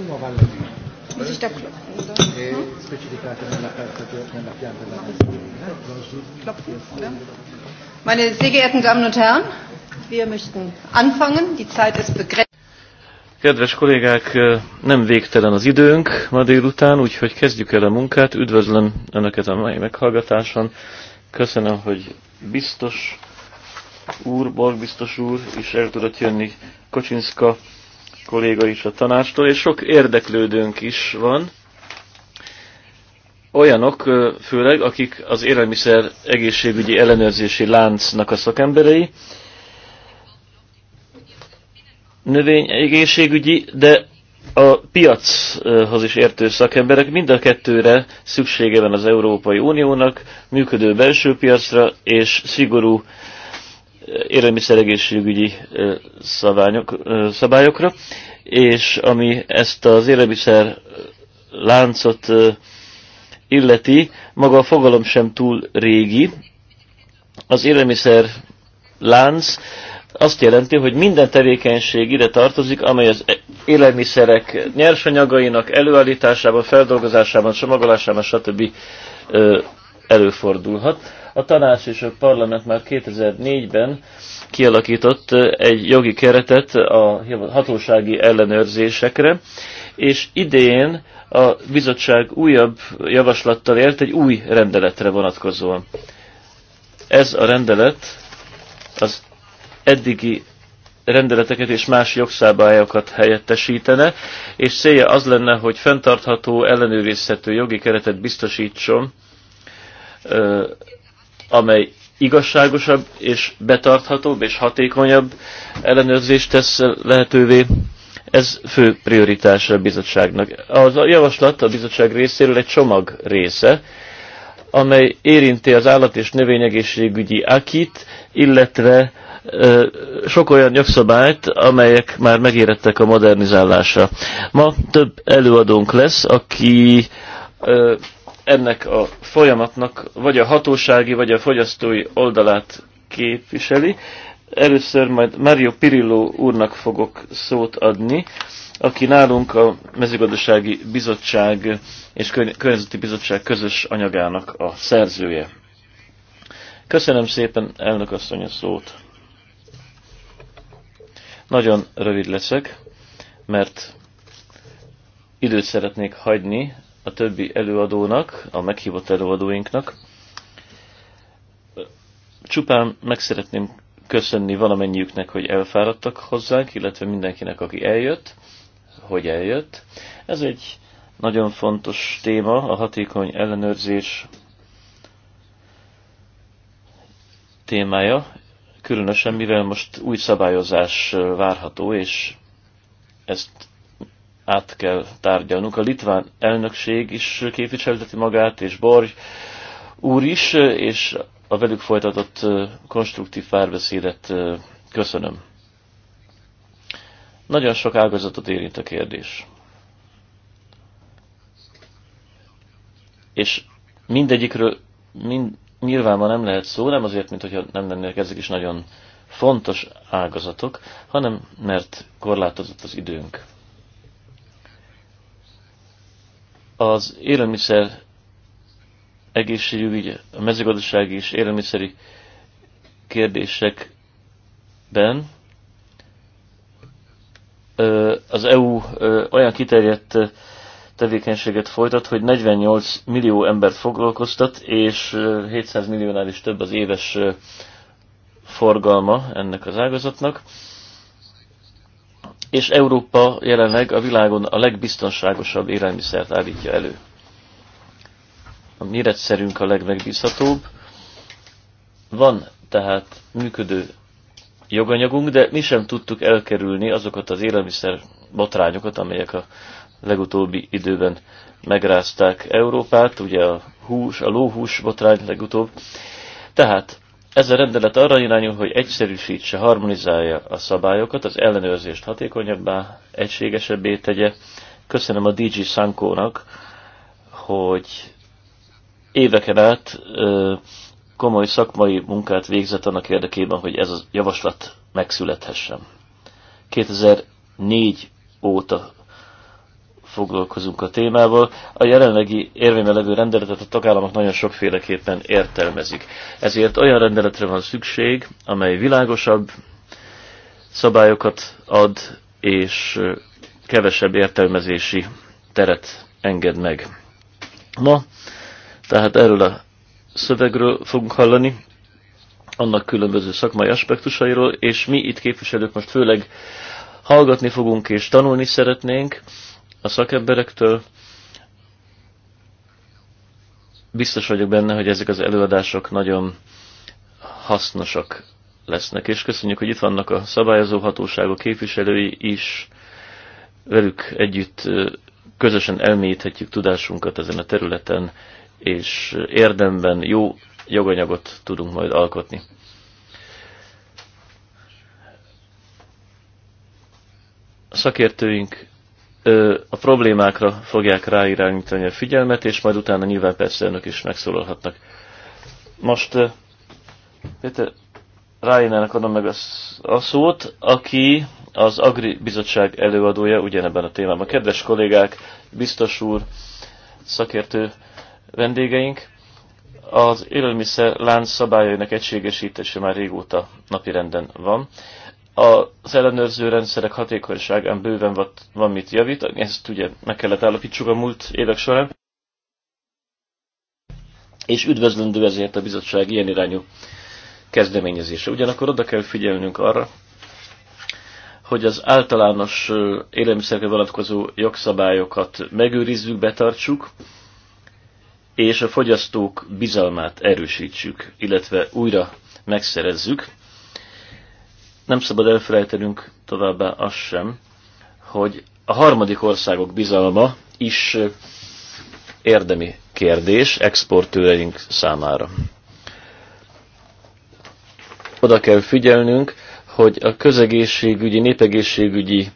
uno va lì. Si Meine sehr geehrten Damen und Herren, wir möchten anfangen. Die Zeit ist begrenzt. Kedves kollégák, nem végtelen az időnk ma délután, úgyhogy kezdjük el a munkát. Üdvözlöm Önöket a mai meghallgatáson. Köszönöm, hogy biztos úr, Borg biztos úr is el tudott jönni Kocsinska kolléga is a tanástól, és sok érdeklődőnk is van. Olyanok főleg, akik az élelmiszer egészségügyi ellenőrzési láncnak a szakemberei, növényegészségügyi, de a piachoz is értő szakemberek mind a kettőre szüksége van az Európai Uniónak, működő belső piacra és szigorú élelmiszeregészségügyi szabályok, szabályokra, és ami ezt az élelmiszer láncot illeti, maga a fogalom sem túl régi. Az élelmiszer lánc azt jelenti, hogy minden tevékenység ide tartozik, amely az élelmiszerek nyersanyagainak előállításában, feldolgozásában, csomagolásában, stb. előfordulhat. A tanács és a parlament már 2004-ben kialakított egy jogi keretet a hatósági ellenőrzésekre, és idén a bizottság újabb javaslattal élt egy új rendeletre vonatkozóan. Ez a rendelet az eddigi rendeleteket és más jogszabályokat helyettesítene, és célja az lenne, hogy fenntartható, ellenőrizhető jogi keretet biztosítson amely igazságosabb és betarthatóbb és hatékonyabb ellenőrzést tesz lehetővé. Ez fő prioritása a bizottságnak. Az a javaslat a bizottság részéről egy csomag része, amely érinti az állat- és növényegészségügyi akit, illetve ö, sok olyan jogszabályt, amelyek már megérettek a modernizálásra. Ma több előadónk lesz, aki ö, ennek a folyamatnak vagy a hatósági, vagy a fogyasztói oldalát képviseli. Először majd Mario Pirillo úrnak fogok szót adni, aki nálunk a mezőgazdasági bizottság és környezeti bizottság közös anyagának a szerzője. Köszönöm szépen, elnök asszony, a szót. Nagyon rövid leszek, mert időt szeretnék hagyni a többi előadónak, a meghívott előadóinknak. Csupán meg szeretném köszönni valamennyiüknek, hogy elfáradtak hozzánk, illetve mindenkinek, aki eljött, hogy eljött. Ez egy nagyon fontos téma, a hatékony ellenőrzés témája, különösen mivel most új szabályozás várható, és ezt át kell tárgyalnunk. A litván elnökség is képviselteti magát, és Borj úr is, és a velük folytatott konstruktív párbeszédet köszönöm. Nagyon sok ágazatot érint a kérdés. És mindegyikről mind, nyilván ma nem lehet szó, nem azért, mintha nem lennének ezek is nagyon fontos ágazatok, hanem mert korlátozott az időnk. az élelmiszer egészségügyi, a mezőgazdasági és élelmiszeri kérdésekben az EU olyan kiterjedt tevékenységet folytat, hogy 48 millió embert foglalkoztat, és 700 milliónál is több az éves forgalma ennek az ágazatnak és Európa jelenleg a világon a legbiztonságosabb élelmiszert állítja elő. A méretszerünk a legmegbízhatóbb. Van tehát működő joganyagunk, de mi sem tudtuk elkerülni azokat az élelmiszer botrányokat, amelyek a legutóbbi időben megrázták Európát, ugye a hús, a lóhús botrány legutóbb. Tehát ez a rendelet arra irányul, hogy egyszerűsítse, harmonizálja a szabályokat, az ellenőrzést hatékonyabbá, egységesebbé tegye. Köszönöm a DG Sankónak, hogy éveken át ö, komoly szakmai munkát végzett annak érdekében, hogy ez a javaslat megszülethessen. 2004 óta foglalkozunk a témával. A jelenlegi érvényben levő rendeletet a tagállamok nagyon sokféleképpen értelmezik. Ezért olyan rendeletre van szükség, amely világosabb szabályokat ad, és kevesebb értelmezési teret enged meg. Ma, tehát erről a szövegről fogunk hallani, annak különböző szakmai aspektusairól, és mi itt képviselők most főleg hallgatni fogunk és tanulni szeretnénk, a szakemberektől. Biztos vagyok benne, hogy ezek az előadások nagyon hasznosak lesznek, és köszönjük, hogy itt vannak a szabályozó hatóságok képviselői is, velük együtt közösen elmélyíthetjük tudásunkat ezen a területen, és érdemben jó joganyagot tudunk majd alkotni. A szakértőink a problémákra fogják ráirányítani a figyelmet, és majd utána nyilván persze önök is megszólalhatnak. Most Péter Ráinának adom meg a szót, aki az Agri Bizottság előadója ugyanebben a témában. Kedves kollégák, biztos úr, szakértő vendégeink, az élelmiszer lánc szabályainak egységesítése már régóta napirenden van az ellenőrző rendszerek hatékonyságán bőven van mit javítani, ezt ugye meg kellett állapítsuk a múlt évek során, és üdvözlendő ezért a bizottság ilyen irányú kezdeményezése. Ugyanakkor oda kell figyelnünk arra, hogy az általános élelmiszerre vonatkozó jogszabályokat megőrizzük, betartsuk, és a fogyasztók bizalmát erősítsük, illetve újra megszerezzük nem szabad elfelejtenünk továbbá azt sem, hogy a harmadik országok bizalma is érdemi kérdés exportőreink számára. Oda kell figyelnünk, hogy a közegészségügyi, népegészségügyi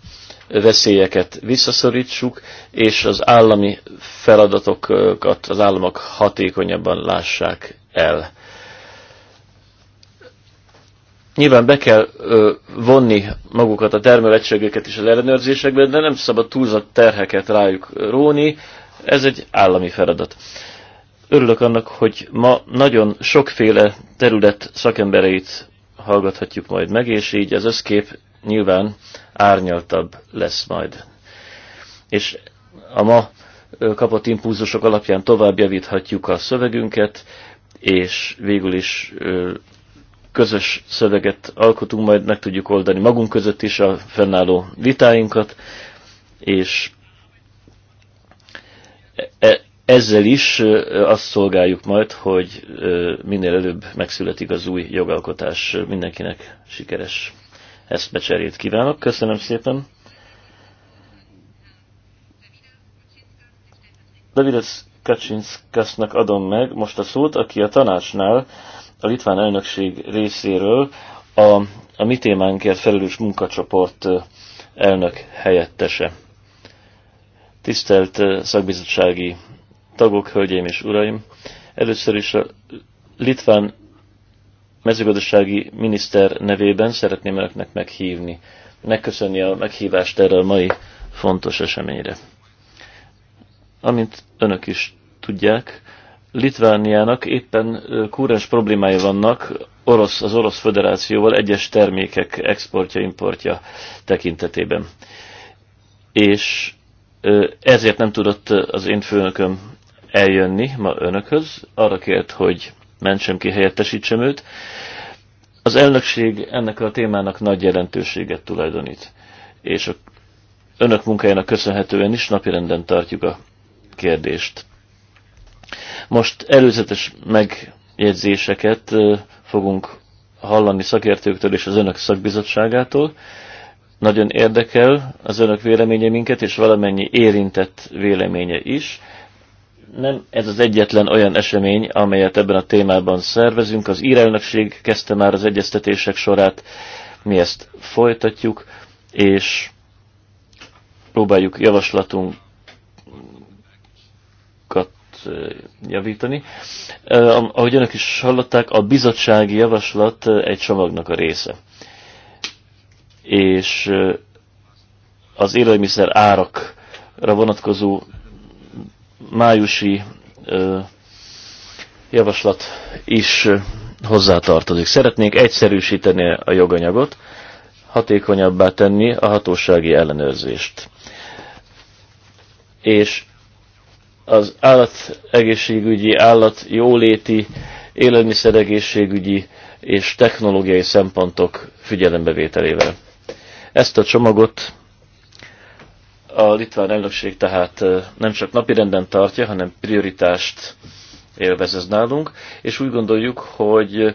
veszélyeket visszaszorítsuk, és az állami feladatokat az államok hatékonyabban lássák el. Nyilván be kell ö, vonni magukat a termőegységeket is az ellenőrzésekbe, de nem szabad túlzott terheket rájuk róni, ez egy állami feladat. Örülök annak, hogy ma nagyon sokféle terület szakembereit hallgathatjuk majd meg, és így az összkép nyilván árnyaltabb lesz majd. És a ma kapott impulzusok alapján tovább javíthatjuk a szövegünket, és végül is közös szöveget alkotunk, majd meg tudjuk oldani magunk között is a fennálló vitáinkat, és e, ezzel is azt szolgáljuk majd, hogy minél előbb megszületik az új jogalkotás. Mindenkinek sikeres ezt becserét kívánok. Köszönöm szépen. Davides Kaczynszkasznak adom meg most a szót, aki a tanácsnál a litván elnökség részéről a, a mi témánkért felelős munkacsoport elnök helyettese. Tisztelt szakbizottsági tagok, hölgyeim és uraim! Először is a litván mezőgazdasági miniszter nevében szeretném önöknek meghívni, megköszönni a meghívást erre a mai fontos eseményre. Amint önök is tudják, Litvániának éppen kúrens problémái vannak orosz, az Orosz Föderációval egyes termékek exportja-importja tekintetében. És ezért nem tudott az én főnököm eljönni ma önökhöz. Arra kért, hogy mentsem ki, helyettesítsem őt. Az elnökség ennek a témának nagy jelentőséget tulajdonít. És a önök munkájának köszönhetően is napirenden tartjuk a kérdést. Most előzetes megjegyzéseket fogunk hallani szakértőktől és az önök szakbizottságától. Nagyon érdekel az önök véleménye minket, és valamennyi érintett véleménye is. Nem ez az egyetlen olyan esemény, amelyet ebben a témában szervezünk. Az írelnökség kezdte már az egyeztetések sorát, mi ezt folytatjuk, és próbáljuk javaslatunk javítani. Ahogy önök is hallották, a bizottsági javaslat egy csomagnak a része. És az élelmiszer árakra vonatkozó májusi javaslat is hozzátartozik. Szeretnénk egyszerűsíteni a joganyagot, hatékonyabbá tenni a hatósági ellenőrzést. És az állategészségügyi, állat jóléti, élelmiszeregészségügyi és technológiai szempontok figyelembevételével. Ezt a csomagot a litván elnökség tehát nem csak napirenden tartja, hanem prioritást élvez ez nálunk, és úgy gondoljuk, hogy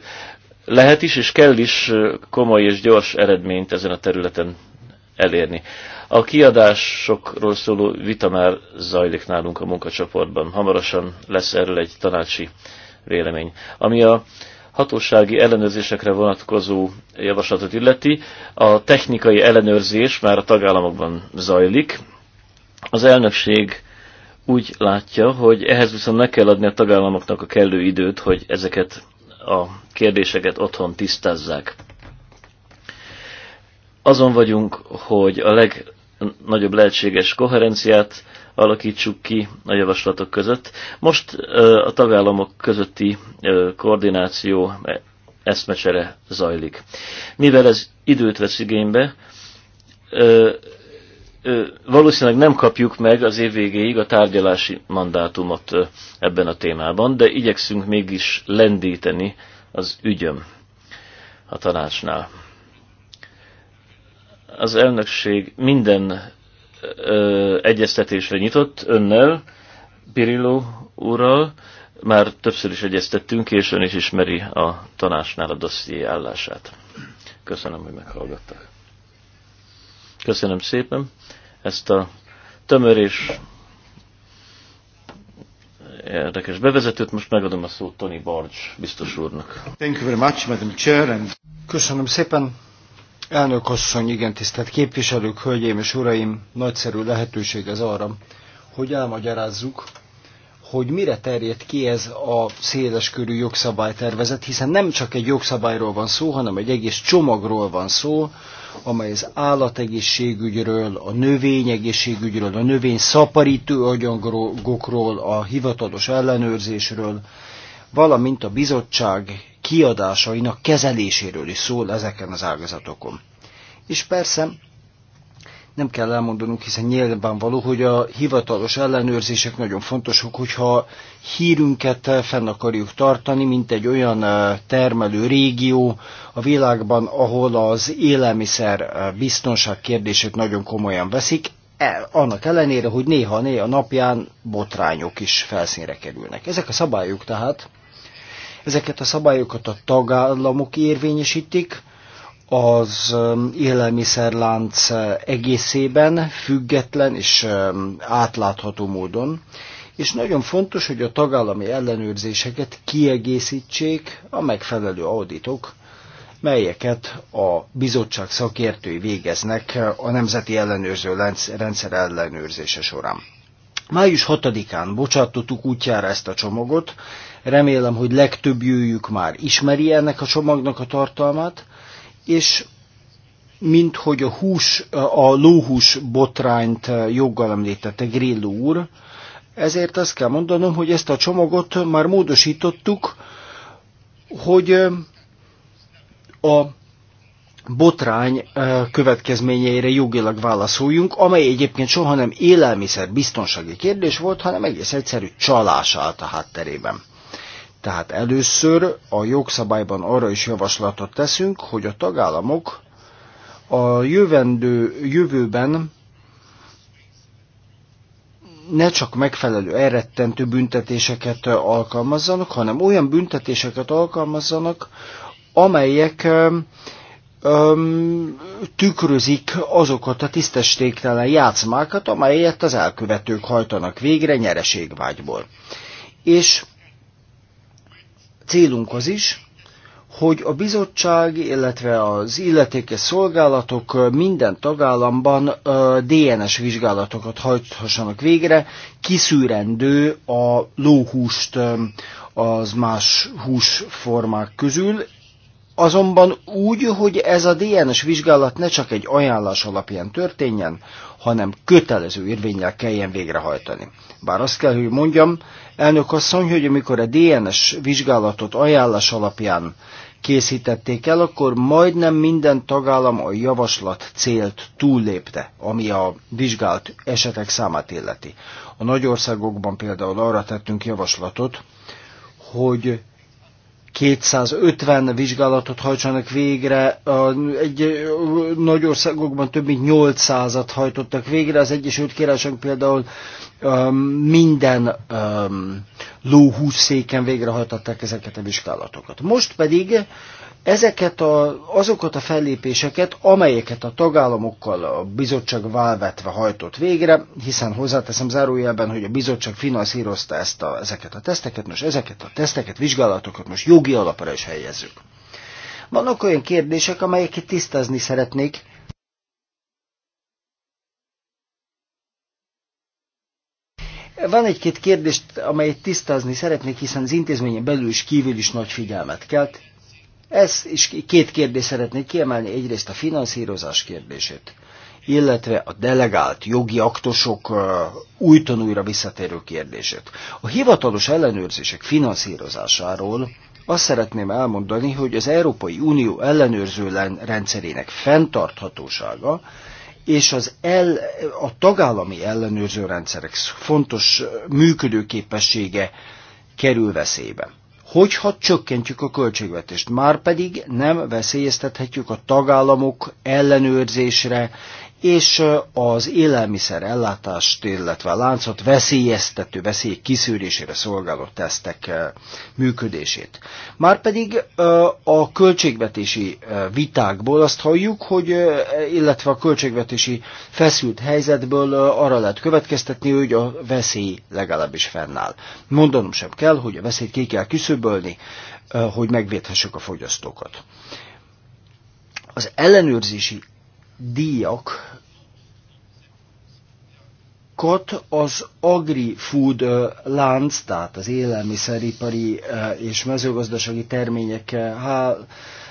lehet is és kell is komoly és gyors eredményt ezen a területen elérni. A kiadásokról szóló vita már zajlik nálunk a munkacsoportban. Hamarosan lesz erről egy tanácsi vélemény. Ami a hatósági ellenőrzésekre vonatkozó javaslatot illeti, a technikai ellenőrzés már a tagállamokban zajlik. Az elnökség úgy látja, hogy ehhez viszont meg kell adni a tagállamoknak a kellő időt, hogy ezeket a kérdéseket otthon tisztázzák. Azon vagyunk, hogy a leg nagyobb lehetséges koherenciát alakítsuk ki a javaslatok között. Most a tagállamok közötti koordináció e, eszmecsere zajlik. Mivel ez időt vesz igénybe, valószínűleg nem kapjuk meg az év végéig a tárgyalási mandátumot ebben a témában, de igyekszünk mégis lendíteni az ügyöm a tanácsnál az elnökség minden ö, egyeztetésre nyitott önnel, Pirillo úrral, már többször is egyeztettünk, és ön is ismeri a tanácsnál a dosszié állását. Köszönöm, hogy meghallgattak. Köszönöm szépen ezt a tömör és érdekes bevezetőt. Most megadom a szót Tony Barge biztos úrnak. Thank you very much, Madam Chair. And... Köszönöm szépen, Elnök asszony, igen, tisztelt képviselők, hölgyeim és uraim, nagyszerű lehetőség ez arra, hogy elmagyarázzuk, hogy mire terjed ki ez a széleskörű jogszabálytervezet, hiszen nem csak egy jogszabályról van szó, hanem egy egész csomagról van szó, amely az állategészségügyről, a növényegészségügyről, a növény szaparító agyangokról, a hivatalos ellenőrzésről, valamint a bizottság kiadásainak kezeléséről is szól ezeken az ágazatokon. És persze nem kell elmondanunk, hiszen nyilvánvaló, hogy a hivatalos ellenőrzések nagyon fontosak, hogyha hírünket fenn akarjuk tartani, mint egy olyan termelő régió a világban, ahol az élelmiszer biztonság kérdését nagyon komolyan veszik, e, annak ellenére, hogy néha-néha napján botrányok is felszínre kerülnek. Ezek a szabályok tehát Ezeket a szabályokat a tagállamok érvényesítik, az um, élelmiszerlánc uh, egészében, független és um, átlátható módon, és nagyon fontos, hogy a tagállami ellenőrzéseket kiegészítsék a megfelelő auditok, melyeket a bizottság szakértői végeznek a Nemzeti Ellenőrző Rendszer ellenőrzése során. Május 6-án bocsátottuk útjára ezt a csomagot, remélem, hogy legtöbbjőjük már ismeri ennek a csomagnak a tartalmát, és mint hogy a hús, a lóhús botrányt joggal említette Grillo úr, ezért azt kell mondanom, hogy ezt a csomagot már módosítottuk, hogy a botrány következményeire jogilag válaszoljunk, amely egyébként soha nem élelmiszer biztonsági kérdés volt, hanem egész egyszerű csalás állt a hátterében. Tehát először a jogszabályban arra is javaslatot teszünk, hogy a tagállamok a jövendő, jövőben ne csak megfelelő elrettentő büntetéseket alkalmazzanak, hanem olyan büntetéseket alkalmazzanak, amelyek öm, tükrözik azokat a tisztességtelen játszmákat, amelyet az elkövetők hajtanak végre nyereségvágyból. És célunk az is, hogy a bizottság, illetve az illetékes szolgálatok minden tagállamban DNS vizsgálatokat hajthassanak végre, kiszűrendő a lóhúst az más húsformák közül, Azonban úgy, hogy ez a DNS vizsgálat ne csak egy ajánlás alapján történjen, hanem kötelező érvényel kelljen végrehajtani. Bár azt kell, hogy mondjam, elnök asszony, hogy amikor a DNS vizsgálatot ajánlás alapján készítették el, akkor majdnem minden tagállam a javaslat célt túllépte, ami a vizsgált esetek számát illeti. A nagy országokban például arra tettünk javaslatot, hogy 250 vizsgálatot hajtsanak végre, egy nagy országokban több mint 800-at hajtottak végre, az Egyesült Királyság például minden lóhúsz széken végrehajtották ezeket a vizsgálatokat. Most pedig ezeket a, azokat a fellépéseket, amelyeket a tagállamokkal a bizottság válvetve hajtott végre, hiszen hozzáteszem zárójelben, hogy a bizottság finanszírozta ezt a, ezeket a teszteket, most ezeket a teszteket, vizsgálatokat most jogi alapra is helyezzük. Vannak olyan kérdések, amelyeket tisztázni szeretnék, Van egy-két kérdést, amelyet tisztázni szeretnék, hiszen az intézményen belül is kívül is nagy figyelmet kelt ez is két kérdést szeretnék kiemelni, egyrészt a finanszírozás kérdését, illetve a delegált jogi aktusok új tanújra visszatérő kérdését. A hivatalos ellenőrzések finanszírozásáról azt szeretném elmondani, hogy az Európai Unió ellenőrző rendszerének fenntarthatósága és az el, a tagállami ellenőrző rendszerek fontos működőképessége kerül veszélybe hogyha csökkentjük a költségvetést. Márpedig nem veszélyeztethetjük a tagállamok ellenőrzésre és az élelmiszer ellátást, illetve a láncot veszélyeztető veszély kiszűrésére szolgáló tesztek működését. Márpedig a költségvetési vitákból azt halljuk, hogy illetve a költségvetési feszült helyzetből arra lehet következtetni, hogy a veszély legalábbis fennáll. Mondanom sem kell, hogy a veszélyt ki kell küszöbölni, hogy megvédhessük a fogyasztókat az ellenőrzési díjak az agri-food lánc, tehát az élelmiszeripari és mezőgazdasági termények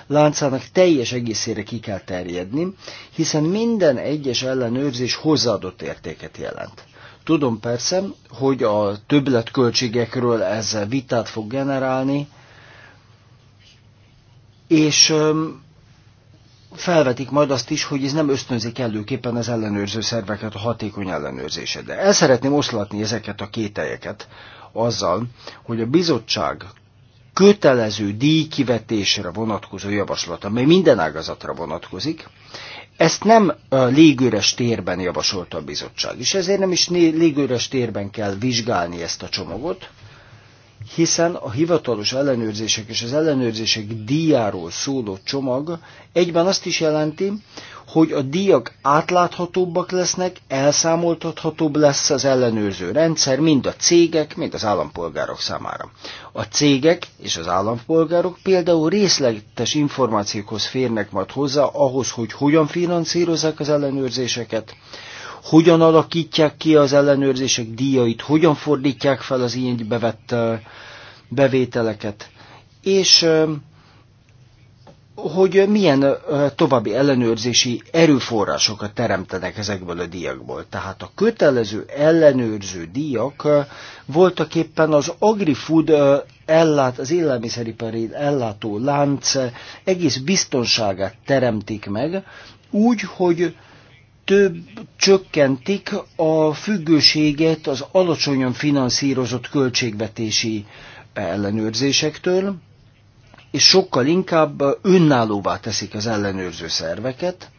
láncának teljes egészére ki kell terjedni, hiszen minden egyes ellenőrzés hozzáadott értéket jelent. Tudom persze, hogy a többletköltségekről ez vitát fog generálni, és felvetik majd azt is, hogy ez nem ösztönzik előképpen az ellenőrző szerveket a hatékony ellenőrzése. De el szeretném oszlatni ezeket a kételyeket azzal, hogy a bizottság kötelező díjkivetésre vonatkozó javaslat, amely minden ágazatra vonatkozik, ezt nem légőres térben javasolta a bizottság, és ezért nem is légőres térben kell vizsgálni ezt a csomagot, hiszen a hivatalos ellenőrzések és az ellenőrzések díjáról szóló csomag egyben azt is jelenti, hogy a díjak átláthatóbbak lesznek, elszámoltathatóbb lesz az ellenőrző rendszer mind a cégek, mind az állampolgárok számára. A cégek és az állampolgárok például részletes információkhoz férnek majd hozzá ahhoz, hogy hogyan finanszírozzák az ellenőrzéseket, hogyan alakítják ki az ellenőrzések díjait, hogyan fordítják fel az ilyen bevett bevételeket, és hogy milyen további ellenőrzési erőforrásokat teremtenek ezekből a díjakból. Tehát a kötelező ellenőrző díjak voltak éppen az agrifood ellát, az élelmiszeripari ellátó lánc egész biztonságát teremtik meg, úgy, hogy több csökkentik a függőséget az alacsonyan finanszírozott költségvetési ellenőrzésektől, és sokkal inkább önállóvá teszik az ellenőrző szerveket,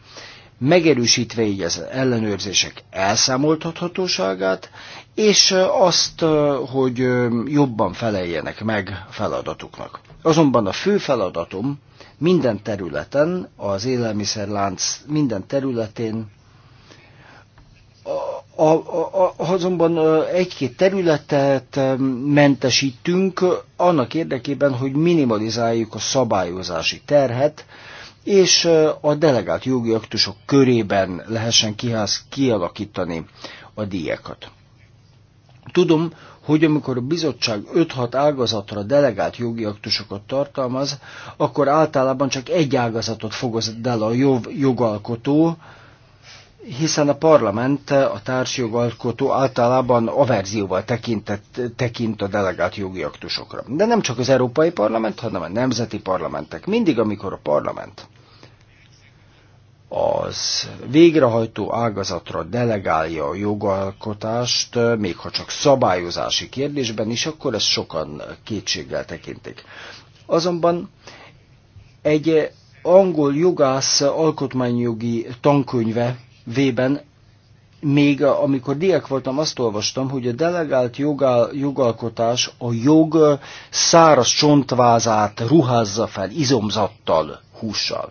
megerősítve így az ellenőrzések elszámoltathatóságát, és azt, hogy jobban feleljenek meg feladatuknak. Azonban a fő feladatom minden területen, az élelmiszerlánc minden területén a, a, a, azonban egy-két területet mentesítünk annak érdekében, hogy minimalizáljuk a szabályozási terhet, és a delegált jogi aktusok körében lehessen kiház kialakítani a díjakat. Tudom, hogy amikor a bizottság 5-6 ágazatra delegált jogi aktusokat tartalmaz, akkor általában csak egy ágazatot fogoz el a jog, jogalkotó, hiszen a parlament, a társjogalkotó általában verzióval tekintett, tekint a delegált jogi aktusokra. De nem csak az Európai Parlament, hanem a nemzeti parlamentek. Mindig, amikor a parlament az végrehajtó ágazatra delegálja a jogalkotást, még ha csak szabályozási kérdésben is, akkor ezt sokan kétséggel tekintik. Azonban egy angol jogász alkotmányjogi tankönyve V-ben, még amikor diák voltam, azt olvastam, hogy a delegált jogál, jogalkotás a jog száraz csontvázát ruházza fel izomzattal, hússal.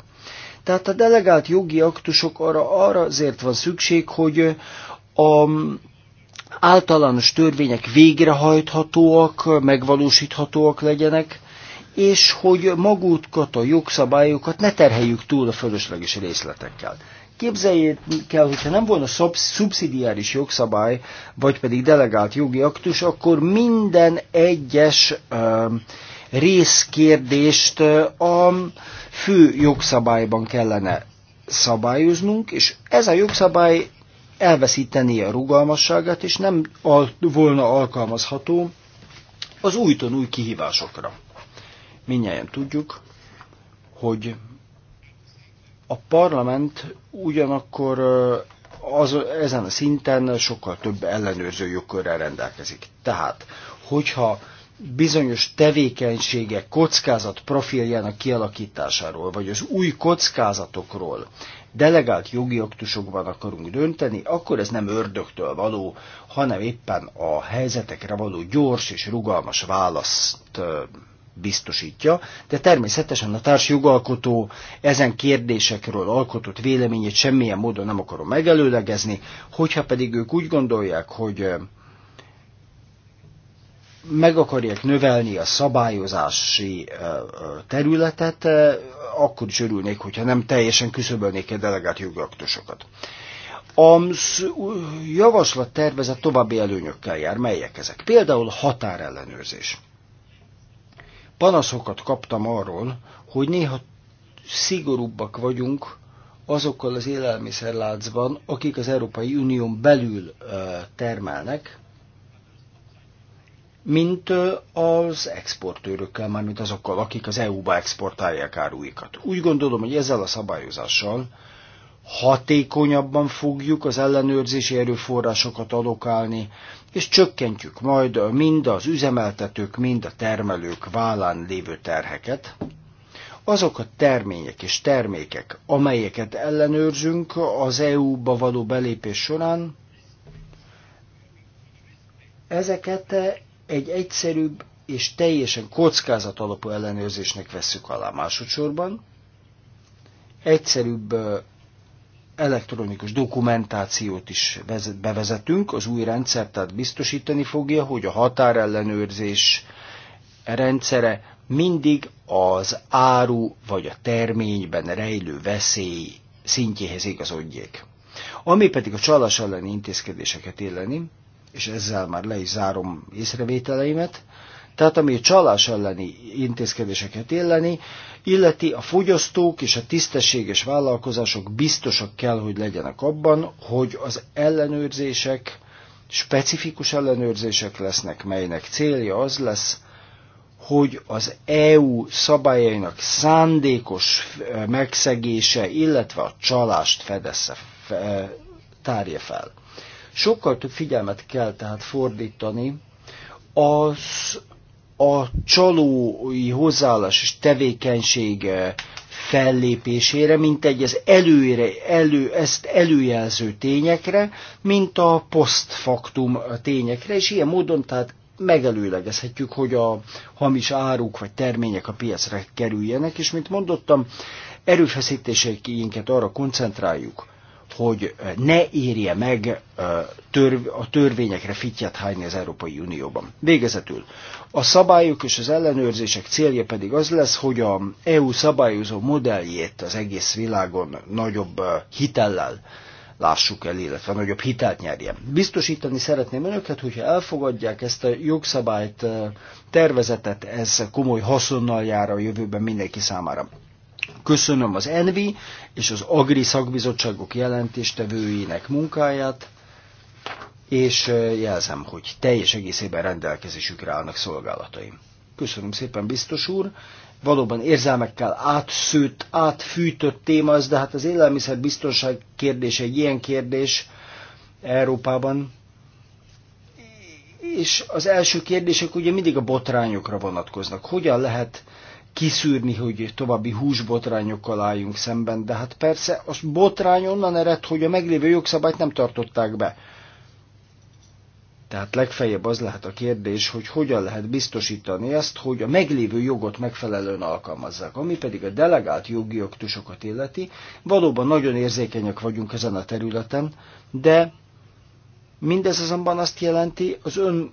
Tehát a delegált jogi aktusok arra, arra azért van szükség, hogy a általános törvények végrehajthatóak, megvalósíthatóak legyenek, és hogy magukat, a jogszabályokat ne terheljük túl a fölösleges részletekkel. Képzeljék el, hogyha nem volna szubszidiáris jogszabály, vagy pedig delegált jogi aktus, akkor minden egyes részkérdést a fő jogszabályban kellene szabályoznunk, és ez a jogszabály elveszítené a rugalmasságát, és nem al- volna alkalmazható az újton új kihívásokra. Mindjárt tudjuk, hogy a parlament ugyanakkor az, ezen a szinten sokkal több ellenőrző jogkörrel rendelkezik. Tehát, hogyha bizonyos tevékenységek kockázat profiljának kialakításáról, vagy az új kockázatokról delegált jogi aktusokban akarunk dönteni, akkor ez nem ördögtől való, hanem éppen a helyzetekre való gyors és rugalmas választ biztosítja, de természetesen a társjogalkotó ezen kérdésekről alkotott véleményét semmilyen módon nem akarom megelőlegezni, hogyha pedig ők úgy gondolják, hogy meg akarják növelni a szabályozási területet, akkor is örülnék, hogyha nem teljesen küszöbölnék a delegált jogaktusokat. A javaslat tervezet további előnyökkel jár, melyek ezek? Például határellenőrzés. Panaszokat kaptam arról, hogy néha szigorúbbak vagyunk azokkal az élelmiszerláncban, akik az Európai Unión belül termelnek, mint az exportőrökkel, mármint azokkal, akik az EU-ba exportálják áruikat. Úgy gondolom, hogy ezzel a szabályozással hatékonyabban fogjuk az ellenőrzési erőforrásokat alokálni, és csökkentjük majd mind az üzemeltetők, mind a termelők vállán lévő terheket. Azok a termények és termékek, amelyeket ellenőrzünk az EU-ba való belépés során, ezeket egy egyszerűbb és teljesen kockázat alapú ellenőrzésnek vesszük alá másodszorban. Egyszerűbb elektronikus dokumentációt is bevezetünk, az új rendszer tehát biztosítani fogja, hogy a határellenőrzés rendszere mindig az áru vagy a terményben rejlő veszély szintjéhez igazodjék. Ami pedig a csalás elleni intézkedéseket illeni, és ezzel már le is zárom észrevételeimet, tehát ami a csalás elleni intézkedéseket illeni, illeti a fogyasztók és a tisztességes vállalkozások biztosak kell, hogy legyenek abban, hogy az ellenőrzések specifikus ellenőrzések lesznek, melynek célja az lesz, hogy az EU szabályainak szándékos megszegése, illetve a csalást fedesse, tárja fel. Sokkal több figyelmet kell tehát fordítani az a csalói hozzáállás és tevékenység eh, fellépésére, mint egy az előre, elő, ezt előjelző tényekre, mint a posztfaktum tényekre, és ilyen módon tehát megelőlegezhetjük, hogy a hamis áruk vagy termények a piacra kerüljenek, és mint mondottam, erőfeszítéseinket arra koncentráljuk, hogy ne érje meg a törvényekre fityet hányni az Európai Unióban. Végezetül. A szabályok és az ellenőrzések célja pedig az lesz, hogy a EU szabályozó modelljét az egész világon nagyobb hitellel lássuk el, illetve nagyobb hitelt nyerjen. Biztosítani szeretném önöket, hogyha elfogadják ezt a jogszabályt, tervezetet, ez komoly haszonnal jár a jövőben mindenki számára. Köszönöm az ENVI és az AGRI szakbizottságok jelentéstevőinek munkáját, és jelzem, hogy teljes egészében rendelkezésükre állnak szolgálataim. Köszönöm szépen, biztos úr! valóban érzelmekkel átszőtt, átfűtött téma ez, de hát az élelmiszerbiztonság kérdése egy ilyen kérdés Európában. És az első kérdések ugye mindig a botrányokra vonatkoznak. Hogyan lehet kiszűrni, hogy további húsbotrányokkal álljunk szemben, de hát persze az botrány onnan ered, hogy a meglévő jogszabályt nem tartották be. Tehát legfeljebb az lehet a kérdés, hogy hogyan lehet biztosítani ezt, hogy a meglévő jogot megfelelően alkalmazzák. Ami pedig a delegált jogi aktusokat illeti, valóban nagyon érzékenyek vagyunk ezen a területen, de Mindez azonban azt jelenti az ön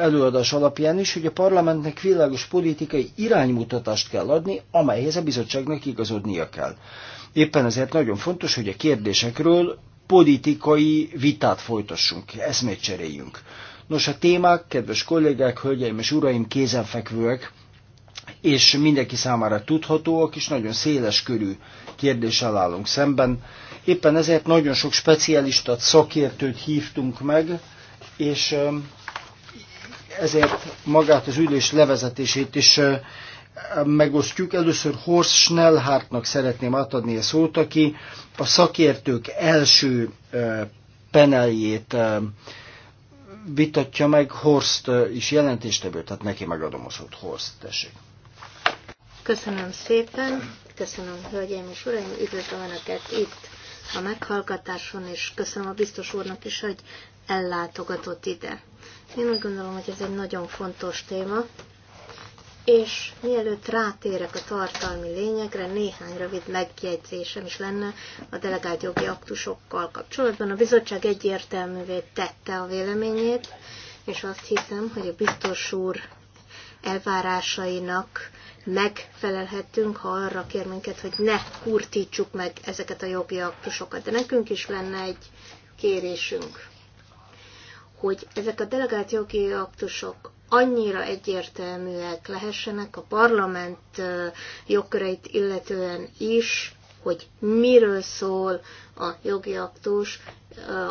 előadás alapján is, hogy a parlamentnek világos politikai iránymutatást kell adni, amelyhez a bizottságnak igazodnia kell. Éppen ezért nagyon fontos, hogy a kérdésekről politikai vitát folytassunk, eszmét cseréljünk. Nos, a témák, kedves kollégák, hölgyeim és uraim, kézenfekvőek, és mindenki számára tudhatóak, és nagyon széles körű kérdéssel állunk szemben Éppen ezért nagyon sok specialistát, szakértőt hívtunk meg, és ezért magát az ülés levezetését is megosztjuk. Először Horst Schnellhartnak szeretném átadni a szót, aki a szakértők első peneljét vitatja meg, Horst is jelentéstevő, tehát neki megadom a szót. Horst, tessék. Köszönöm szépen, köszönöm hölgyeim és uraim, üdvözlöm Önöket itt a meghallgatáson, és köszönöm a biztos úrnak is, hogy ellátogatott ide. Én úgy gondolom, hogy ez egy nagyon fontos téma, és mielőtt rátérek a tartalmi lényegre, néhány rövid megjegyzésem is lenne a delegált jogi aktusokkal kapcsolatban. A bizottság egyértelművé tette a véleményét, és azt hiszem, hogy a biztos úr elvárásainak megfelelhetünk, ha arra kér minket, hogy ne kurtítsuk meg ezeket a jogi aktusokat. De nekünk is lenne egy kérésünk, hogy ezek a delegált jogi aktusok annyira egyértelműek lehessenek a parlament jogköreit illetően is, hogy miről szól a jogi aktus,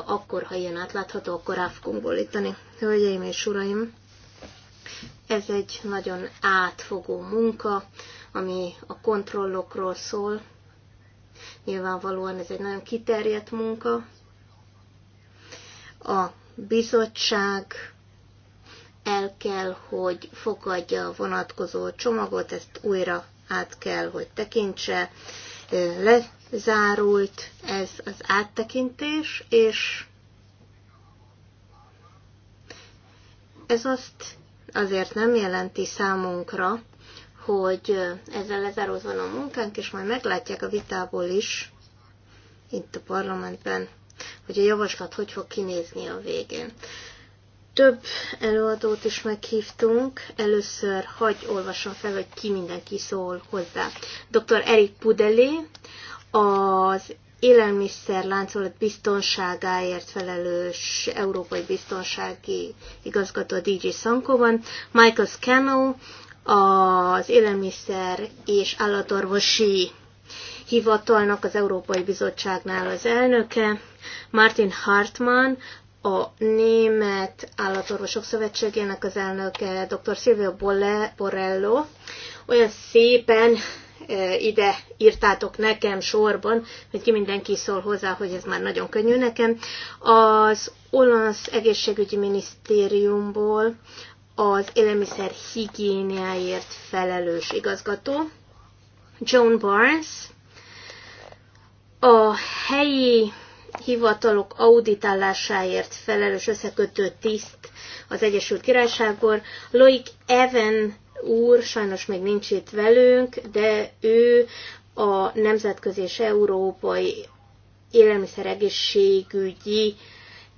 akkor, ha ilyen átlátható, akkor fogunk bólítani. Hölgyeim és uraim, ez egy nagyon átfogó munka, ami a kontrollokról szól. Nyilvánvalóan ez egy nagyon kiterjedt munka. A bizottság el kell, hogy fogadja a vonatkozó csomagot, ezt újra át kell, hogy tekintse. Lezárult ez az áttekintés, és ez azt azért nem jelenti számunkra, hogy ezzel lezárózva a munkánk, és majd meglátják a vitából is, itt a parlamentben, hogy a javaslat hogy fog kinézni a végén. Több előadót is meghívtunk. Először hagy olvasom fel, hogy ki mindenki szól hozzá. Dr. Erik Pudeli az élelmiszerláncolat biztonságáért felelős európai biztonsági igazgató a DG van, Michael Scano, az élelmiszer és állatorvosi hivatalnak az Európai Bizottságnál az elnöke, Martin Hartmann, a Német Állatorvosok Szövetségének az elnöke, dr. Silvio Borello. olyan szépen ide írtátok nekem sorban, hogy ki mindenki szól hozzá, hogy ez már nagyon könnyű nekem. Az olasz egészségügyi minisztériumból az élelmiszer higiéniáért felelős igazgató, Joan Barnes, a helyi hivatalok auditálásáért felelős összekötő tiszt az Egyesült Királyságból, Loic Evan úr sajnos még nincs itt velünk, de ő a Nemzetközi és Európai Élelmiszeregészségügyi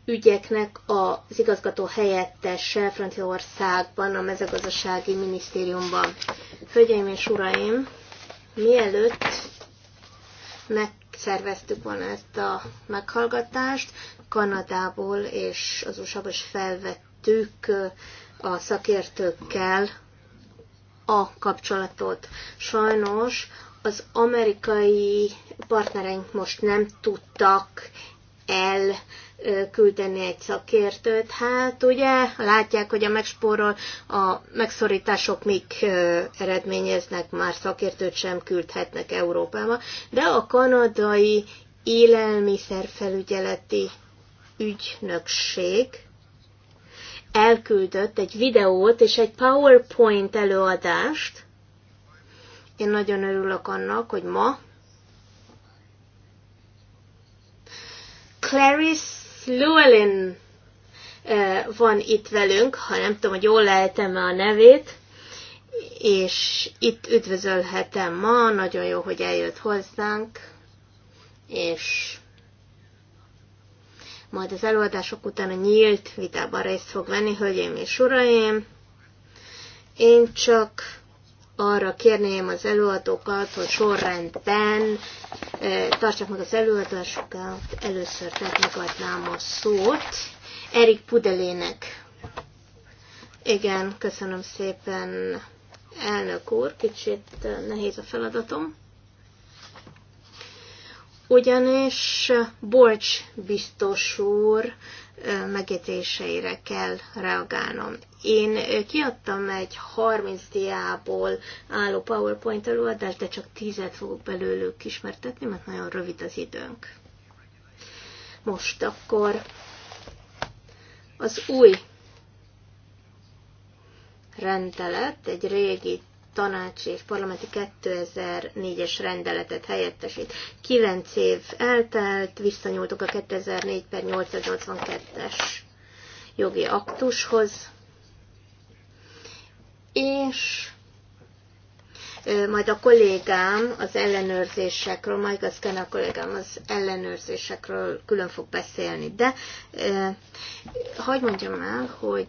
ügyeknek az igazgató helyettese Franciaországban, a mezőgazdasági minisztériumban. Hölgyeim és uraim, mielőtt megszerveztük volna ezt a meghallgatást, Kanadából és az usa is felvettük a szakértőkkel a kapcsolatot. Sajnos az amerikai partnereink most nem tudtak el küldeni egy szakértőt. Hát ugye látják, hogy a megspórol, a megszorítások még eredményeznek, már szakértőt sem küldhetnek Európába, de a kanadai élelmiszerfelügyeleti ügynökség elküldött egy videót és egy PowerPoint előadást. Én nagyon örülök annak, hogy ma Clarice Llewellyn eh, van itt velünk, ha nem tudom, hogy jól lehetem a nevét, és itt üdvözölhetem ma, nagyon jó, hogy eljött hozzánk, és majd az előadások után a nyílt vitában részt fog venni, hölgyeim és uraim. Én csak arra kérném az előadókat, hogy sorrendben tartsák meg az előadásokat. Először tehát megadnám a szót Erik Pudelének. Igen, köszönöm szépen, elnök úr. Kicsit nehéz a feladatom. Ugyanis Bolcs biztos úr megjegyzéseire kell reagálnom. Én kiadtam egy 30 diából álló PowerPoint előadást, de csak 10-et fogok belőlük ismertetni, mert nagyon rövid az időnk. Most akkor az új rendelet egy régi tanácsi és parlamenti 2004-es rendeletet helyettesít. 9 év eltelt, visszanyúltuk a 2004 per 882-es jogi aktushoz, és majd a kollégám az ellenőrzésekről, majd az a kollégám az ellenőrzésekről külön fog beszélni. De eh, hagyd mondjam el, hogy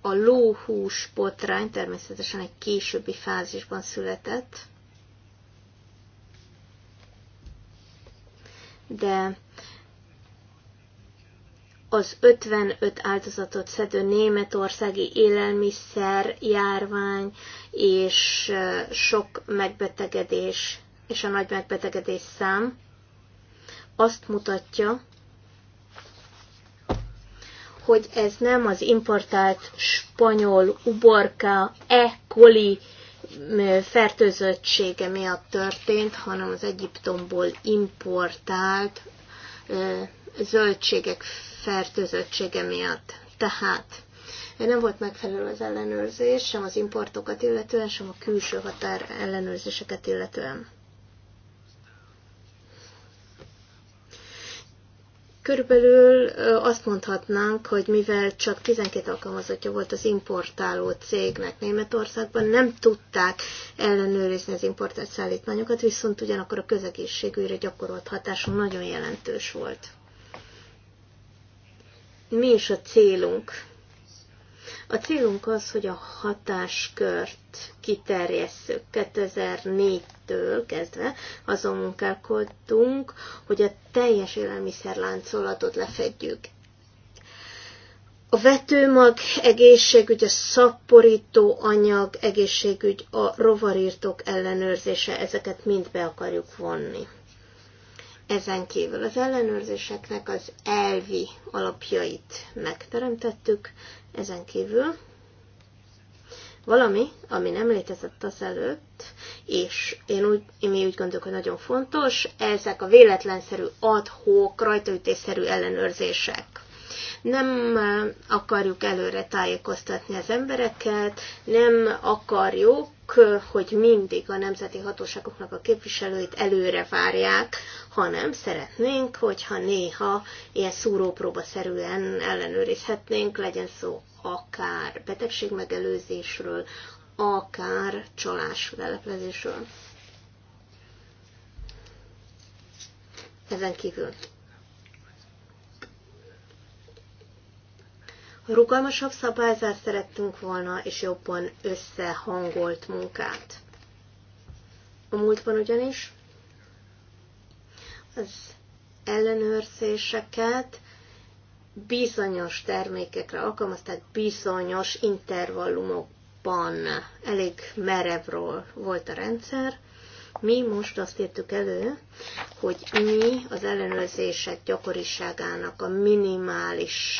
a lóhús botrány természetesen egy későbbi fázisban született, de az 55 áldozatot szedő németországi élelmiszer, járvány és sok megbetegedés és a nagy megbetegedés szám azt mutatja, hogy ez nem az importált spanyol uborka E. coli fertőzöttsége miatt történt, hanem az Egyiptomból importált zöldségek fertőzöttsége miatt. Tehát nem volt megfelelő az ellenőrzés, sem az importokat illetően, sem a külső határ ellenőrzéseket illetően. Körülbelül azt mondhatnánk, hogy mivel csak 12 alkalmazottja volt az importáló cégnek Németországban, nem tudták ellenőrizni az importált szállítmányokat, viszont ugyanakkor a közegészségügyre gyakorolt hatása nagyon jelentős volt. Mi is a célunk? A célunk az, hogy a hatáskört kiterjesszük ettől kezdve azon munkálkodtunk, hogy a teljes élelmiszerláncolatot lefedjük. A vetőmag egészségügy, a szaporító anyag egészségügy, a rovarírtók ellenőrzése, ezeket mind be akarjuk vonni. Ezen kívül az ellenőrzéseknek az elvi alapjait megteremtettük, ezen kívül valami, ami nem létezett azelőtt, és én úgy, én mi úgy gondolok, hogy nagyon fontos, ezek a véletlenszerű adhók, rajtaütésszerű ellenőrzések. Nem akarjuk előre tájékoztatni az embereket, nem akarjuk hogy mindig a nemzeti hatóságoknak a képviselőit előre várják, hanem szeretnénk, hogyha néha ilyen szúrópróbaszerűen ellenőrizhetnénk, legyen szó akár betegségmegelőzésről, akár csalás leleplezésről. Ezen kívül rugalmasabb szabályzást szerettünk volna, és jobban összehangolt munkát. A múltban ugyanis az ellenőrzéseket bizonyos termékekre alkalmazták, bizonyos intervallumokban elég merevről volt a rendszer. Mi most azt írtuk elő, hogy mi az ellenőrzések gyakoriságának a minimális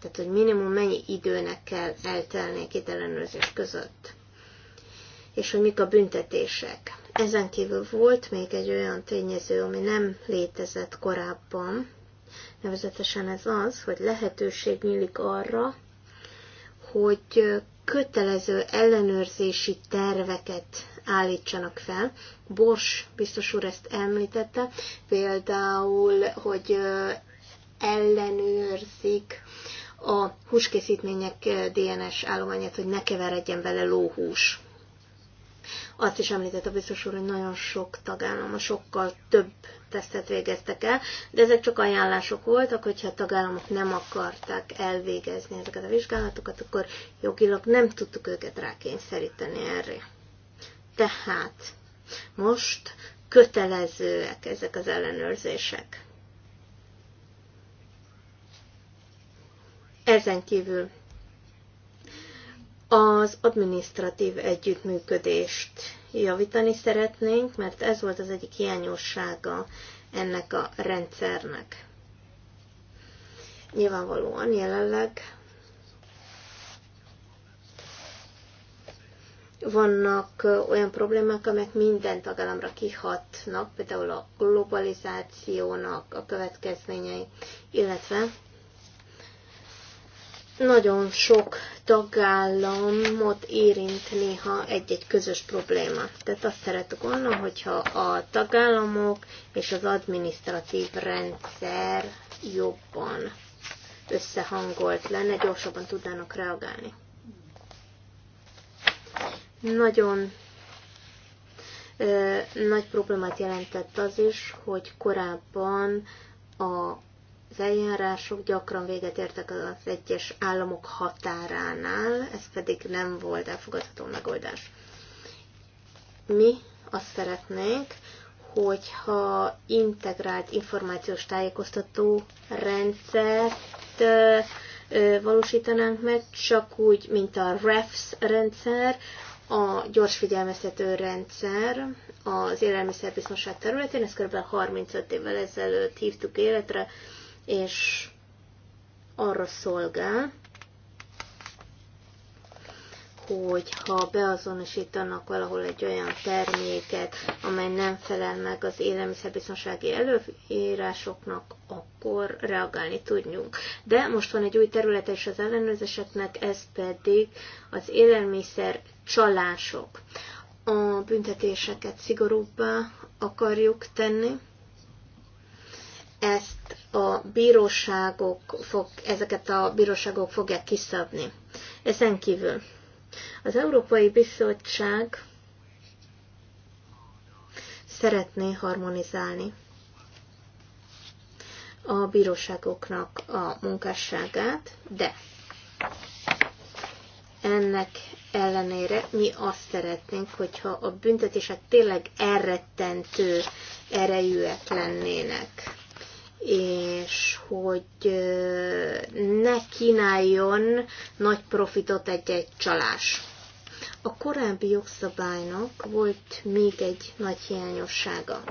tehát, hogy minimum mennyi időnek kell eltelni két ellenőrzés között. És hogy mik a büntetések. Ezen kívül volt még egy olyan tényező, ami nem létezett korábban, nevezetesen ez az, hogy lehetőség nyílik arra, hogy kötelező ellenőrzési terveket állítsanak fel. Bors biztos úr ezt említette, például, hogy ellenőrzik a húskészítmények DNS állományát, hogy ne keveredjen vele lóhús. Azt is említett a biztos úr, hogy nagyon sok tagállam, sokkal több tesztet végeztek el, de ezek csak ajánlások voltak, hogyha a tagállamok nem akarták elvégezni ezeket a vizsgálatokat, akkor jogilag nem tudtuk őket rákényszeríteni erre. Tehát most kötelezőek ezek az ellenőrzések. Ezen kívül az administratív együttműködést javítani szeretnénk, mert ez volt az egyik hiányossága ennek a rendszernek. Nyilvánvalóan jelenleg vannak olyan problémák, amelyek minden tagállamra kihatnak, például a globalizációnak a következményei, illetve nagyon sok tagállamot érint néha egy-egy közös probléma. Tehát azt szeretek volna, hogyha a tagállamok és az adminisztratív rendszer jobban összehangolt lenne, gyorsabban tudnának reagálni. Nagyon ö, nagy problémát jelentett az is, hogy korábban a az eljárások gyakran véget értek az egyes államok határánál, ez pedig nem volt elfogadható megoldás. Mi azt szeretnénk, hogyha integrált információs tájékoztató rendszert valósítanánk meg, csak úgy, mint a REFS rendszer, a gyors figyelmeztető rendszer az élelmiszerbiztonság területén, ezt kb. 35 évvel ezelőtt hívtuk életre, és arra szolgál, hogy ha beazonosítanak valahol egy olyan terméket, amely nem felel meg az élelmiszerbiztonsági előírásoknak, akkor reagálni tudjunk. De most van egy új terület is az ellenőrzéseknek, ez pedig az élelmiszer csalások. A büntetéseket szigorúbbá akarjuk tenni, ezt a bíróságok fog, ezeket a bíróságok fogják kiszabni. Ezen kívül az Európai Bizottság szeretné harmonizálni a bíróságoknak a munkásságát, de ennek ellenére mi azt szeretnénk, hogyha a büntetések tényleg elrettentő erejűek lennének és hogy ne kínáljon nagy profitot egy-egy csalás. A korábbi jogszabálynak volt még egy nagy hiányossága.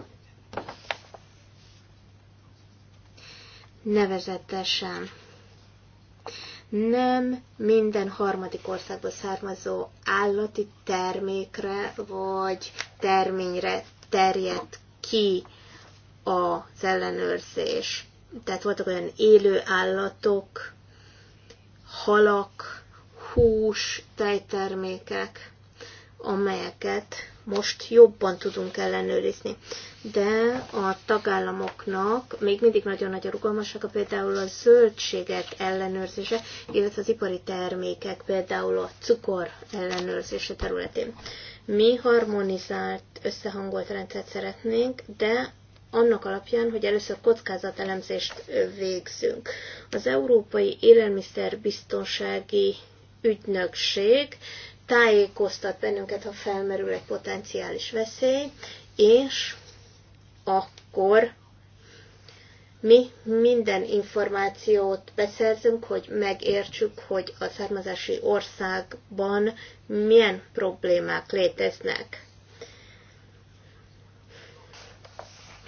Nevezetesen nem minden harmadik országból származó állati termékre vagy terményre terjed ki az ellenőrzés. Tehát voltak olyan élő állatok, halak, hús, tejtermékek, amelyeket most jobban tudunk ellenőrizni. De a tagállamoknak még mindig nagyon nagy a rugalmasak, például a zöldségek ellenőrzése, illetve az ipari termékek, például a cukor ellenőrzése területén. Mi harmonizált, összehangolt rendszert szeretnénk, de annak alapján, hogy először kockázatelemzést végzünk. Az Európai Élelmiszerbiztonsági Ügynökség tájékoztat bennünket, ha felmerül egy potenciális veszély, és akkor mi minden információt beszerzünk, hogy megértsük, hogy a származási országban milyen problémák léteznek.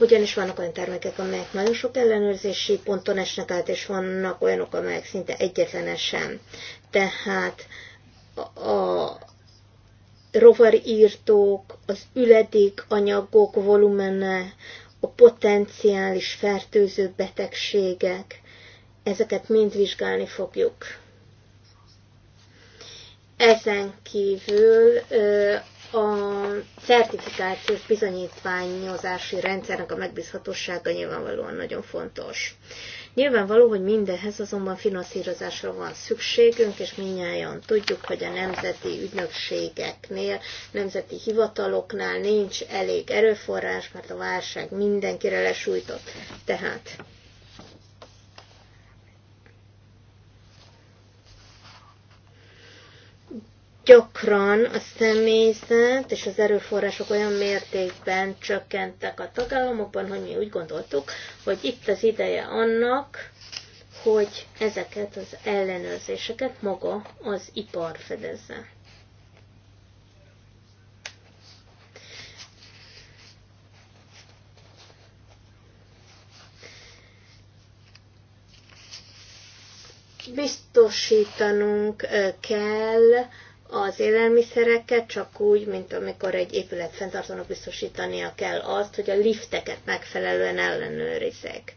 ugyanis vannak olyan termékek, amelyek nagyon sok ellenőrzési ponton esnek át, és vannak olyanok, amelyek szinte egyetlen sem. Tehát a rovarírtók, az üledik anyagok volumene, a potenciális fertőző betegségek, ezeket mind vizsgálni fogjuk. Ezen kívül a certifikációs bizonyítványozási rendszernek a megbízhatósága nyilvánvalóan nagyon fontos. Nyilvánvaló, hogy mindenhez azonban finanszírozásra van szükségünk, és minnyáján tudjuk, hogy a nemzeti ügynökségeknél, nemzeti hivataloknál nincs elég erőforrás, mert a válság mindenkire lesújtott. Tehát gyakran a személyzet és az erőforrások olyan mértékben csökkentek a tagállamokban, hogy mi úgy gondoltuk, hogy itt az ideje annak, hogy ezeket az ellenőrzéseket maga az ipar fedezze. Biztosítanunk kell, az élelmiszereket, csak úgy, mint amikor egy épület fenntartónak biztosítania kell azt, hogy a lifteket megfelelően ellenőrizek.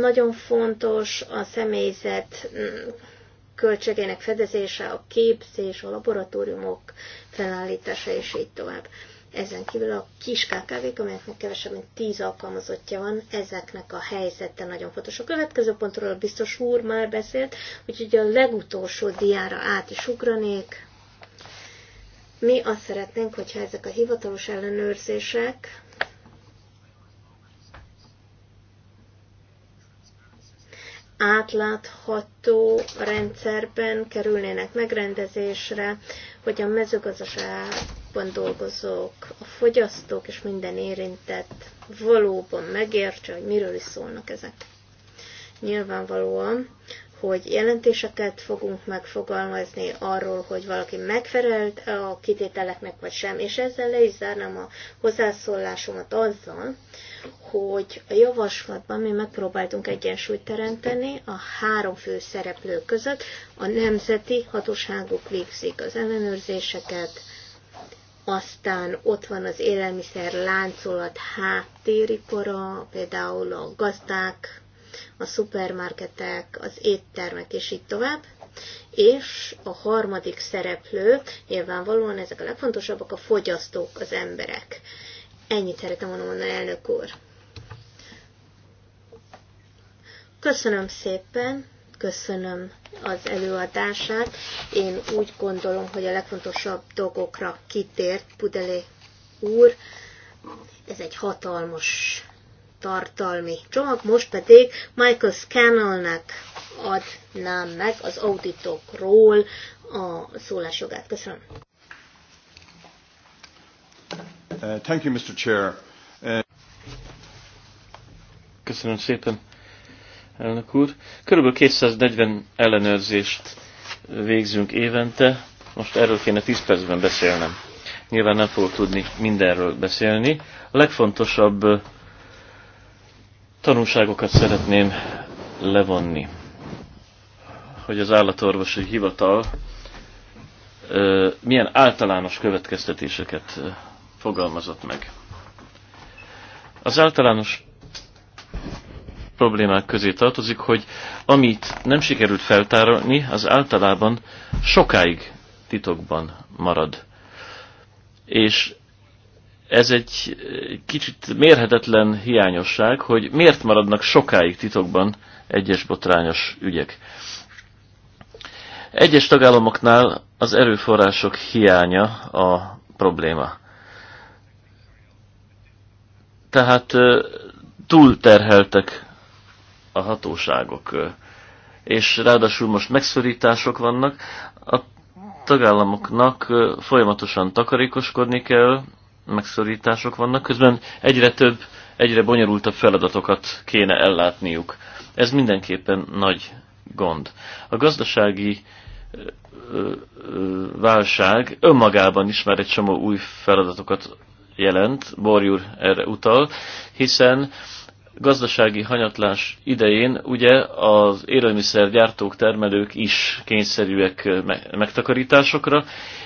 Nagyon fontos a személyzet mm, költségének fedezése, a képzés, a laboratóriumok felállítása, és így tovább. Ezen kívül a kis KKV-k, amelyeknek kevesebb, mint 10 alkalmazottja van, ezeknek a helyzete nagyon fontos. A következő pontról a biztos úr már beszélt, úgyhogy a legutolsó diára át is ugranék. Mi azt szeretnénk, hogyha ezek a hivatalos ellenőrzések átlátható rendszerben kerülnének megrendezésre, hogy a mezőgazdaság szektorban dolgozók, a fogyasztók és minden érintett valóban megértse, hogy miről is szólnak ezek. Nyilvánvalóan, hogy jelentéseket fogunk megfogalmazni arról, hogy valaki megfelelt a kitételeknek, vagy sem, és ezzel le is zárnám a hozzászólásomat azzal, hogy a javaslatban mi megpróbáltunk egyensúlyt teremteni a három fő szereplő között. A nemzeti hatóságok végzik az ellenőrzéseket, aztán ott van az élelmiszer láncolat háttéripora, például a gazdák, a szupermarketek, az éttermek, és így tovább. És a harmadik szereplő, nyilvánvalóan ezek a legfontosabbak, a fogyasztók, az emberek. Ennyit szeretem volna mondani, elnök úr. Köszönöm szépen! köszönöm az előadását. Én úgy gondolom, hogy a legfontosabb dolgokra kitért Pudelé úr. Ez egy hatalmas tartalmi csomag, most pedig Michael Scannellnek adnám meg az auditokról a szólásjogát. Köszönöm. Uh, thank you, Mr. Chair. Uh... Köszönöm szépen elnök úr. Körülbelül 240 ellenőrzést végzünk évente. Most erről kéne 10 percben beszélnem. Nyilván nem fogok tudni mindenről beszélni. A legfontosabb tanulságokat szeretném levonni, hogy az állatorvosi hivatal milyen általános következtetéseket fogalmazott meg. Az általános problémák közé tartozik, hogy amit nem sikerült feltárolni, az általában sokáig titokban marad. És ez egy kicsit mérhetetlen hiányosság, hogy miért maradnak sokáig titokban egyes botrányos ügyek. Egyes tagállamoknál az erőforrások hiánya a probléma. Tehát túlterheltek a hatóságok. És ráadásul most megszorítások vannak, a tagállamoknak folyamatosan takarékoskodni kell, megszorítások vannak, közben egyre több, egyre bonyolultabb feladatokat kéne ellátniuk. Ez mindenképpen nagy gond. A gazdasági válság önmagában is már egy csomó új feladatokat jelent, Borjúr erre utal, hiszen gazdasági hanyatlás idején ugye az élelmiszergyártók, termelők is kényszerűek megtakarításokra,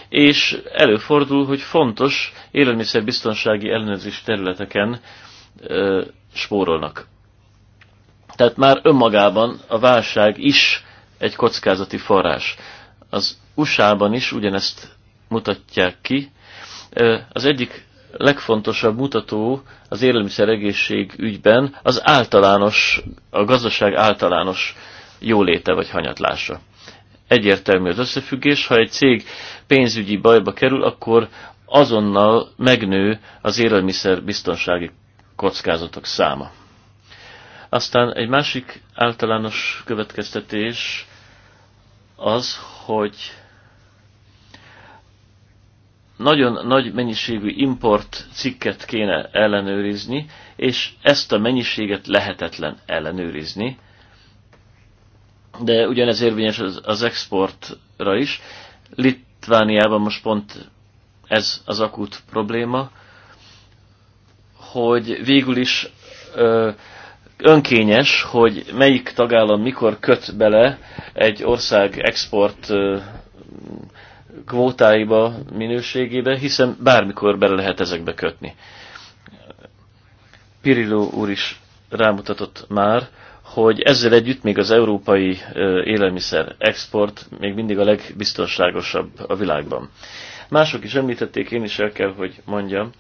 és előfordul, hogy fontos élelmiszerbiztonsági ellenőrzés területeken e, spórolnak. Tehát már önmagában a válság is egy kockázati forrás. Az USA-ban is ugyanezt mutatják ki. Az egyik legfontosabb mutató az egészség ügyben az általános, a gazdaság általános jóléte vagy hanyatlása. Egyértelmű az összefüggés, ha egy cég pénzügyi bajba kerül, akkor azonnal megnő az élelmiszer biztonsági kockázatok száma. Aztán egy másik általános következtetés az, hogy nagyon nagy mennyiségű import cikket kéne ellenőrizni, és ezt a mennyiséget lehetetlen ellenőrizni, de ugyanez érvényes az, az exportra is. Litvániában most pont ez az akut probléma, hogy végül is ö, önkényes, hogy melyik tagállam mikor köt bele egy ország export ö, kvótáiba, minőségébe, hiszen bármikor bele lehet ezekbe kötni. Pirilló úr is rámutatott már, hogy ezzel együtt még az európai élelmiszer export még mindig a legbiztonságosabb a világban. Mások is említették, én is el kell, hogy mondjam,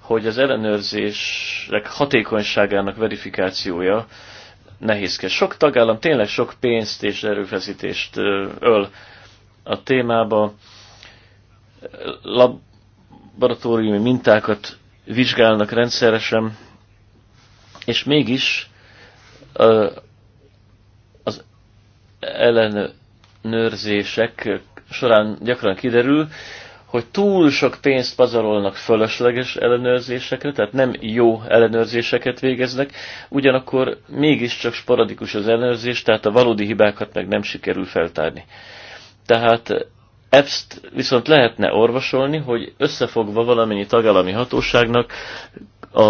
hogy az ellenőrzések hatékonyságának verifikációja nehézkes. Sok tagállam tényleg sok pénzt és erőfeszítést öl a témába, laboratóriumi mintákat vizsgálnak rendszeresen, és mégis az ellenőrzések során gyakran kiderül, hogy túl sok pénzt pazarolnak fölösleges ellenőrzésekre, tehát nem jó ellenőrzéseket végeznek, ugyanakkor mégiscsak sporadikus az ellenőrzés, tehát a valódi hibákat meg nem sikerül feltárni. Tehát ezt viszont lehetne orvosolni, hogy összefogva valamennyi tagállami hatóságnak a,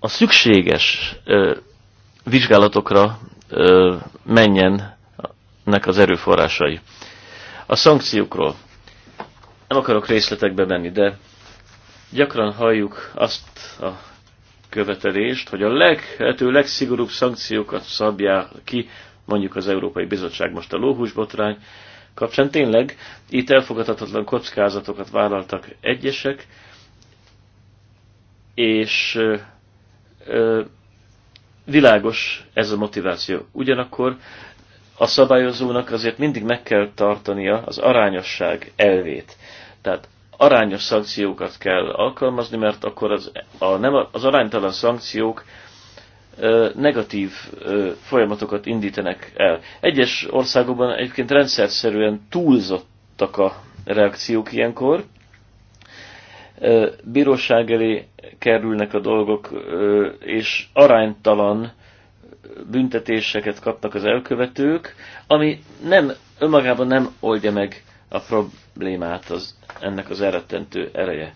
a szükséges ö, vizsgálatokra ö, nek az erőforrásai. A szankciókról nem akarok részletekbe menni, de gyakran halljuk azt a követelést, hogy a lehető legszigorúbb szankciókat szabják ki, mondjuk az Európai Bizottság most a lóhúsbotrány kapcsán. Tényleg itt elfogadhatatlan kockázatokat vállaltak egyesek, és ö, ö, világos ez a motiváció. Ugyanakkor a szabályozónak azért mindig meg kell tartania az arányosság elvét. Tehát arányos szankciókat kell alkalmazni, mert akkor az, a, nem, az aránytalan szankciók negatív folyamatokat indítenek el. Egyes országokban egyébként rendszerszerűen túlzottak a reakciók ilyenkor. Bíróság elé kerülnek a dolgok, és aránytalan büntetéseket kapnak az elkövetők, ami nem önmagában nem oldja meg a problémát az, ennek az elrettentő ereje.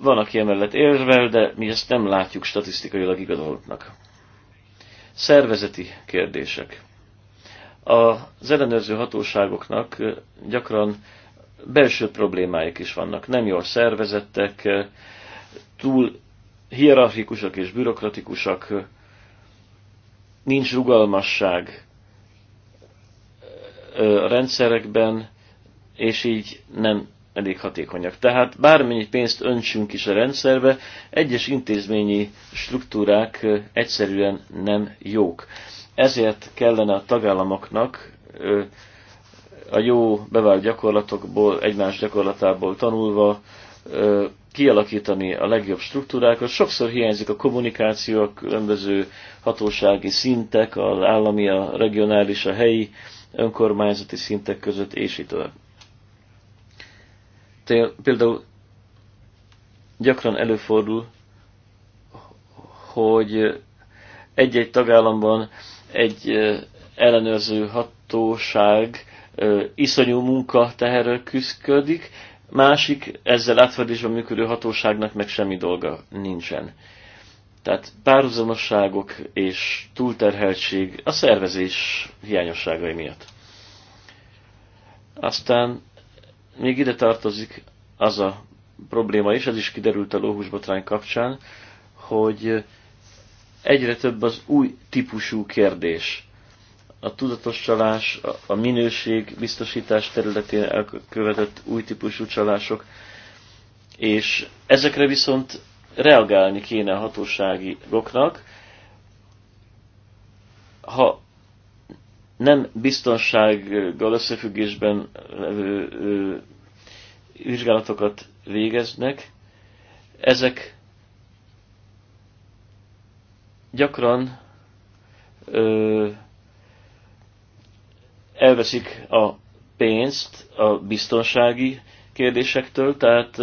Van, aki emellett érvel, de mi ezt nem látjuk statisztikailag igazoltnak. Szervezeti kérdések. Az ellenőrző hatóságoknak gyakran belső problémáik is vannak. Nem jól szervezettek, túl hierarchikusak és bürokratikusak, nincs rugalmasság a rendszerekben, és így nem elég hatékonyak. Tehát bármennyi pénzt öntsünk is a rendszerbe, egyes intézményi struktúrák egyszerűen nem jók. Ezért kellene a tagállamoknak a jó bevált gyakorlatokból, egymás gyakorlatából tanulva kialakítani a legjobb struktúrákat. Sokszor hiányzik a kommunikáció, a különböző hatósági szintek, az állami, a regionális, a helyi önkormányzati szintek között, és így tovább például gyakran előfordul, hogy egy-egy tagállamban egy ellenőrző hatóság iszonyú munka teherrel küzdködik, másik ezzel átfedésben működő hatóságnak meg semmi dolga nincsen. Tehát párhuzamosságok és túlterheltség a szervezés hiányosságai miatt. Aztán még ide tartozik az a probléma is, ez is kiderült a lóhúsbotrány kapcsán, hogy egyre több az új típusú kérdés. A tudatos csalás, a minőség biztosítás területén elkövetett új típusú csalások, és ezekre viszont reagálni kéne a hatósági ha nem biztonsággal összefüggésben levő vizsgálatokat végeznek, ezek gyakran ö, elveszik a pénzt a biztonsági kérdésektől, tehát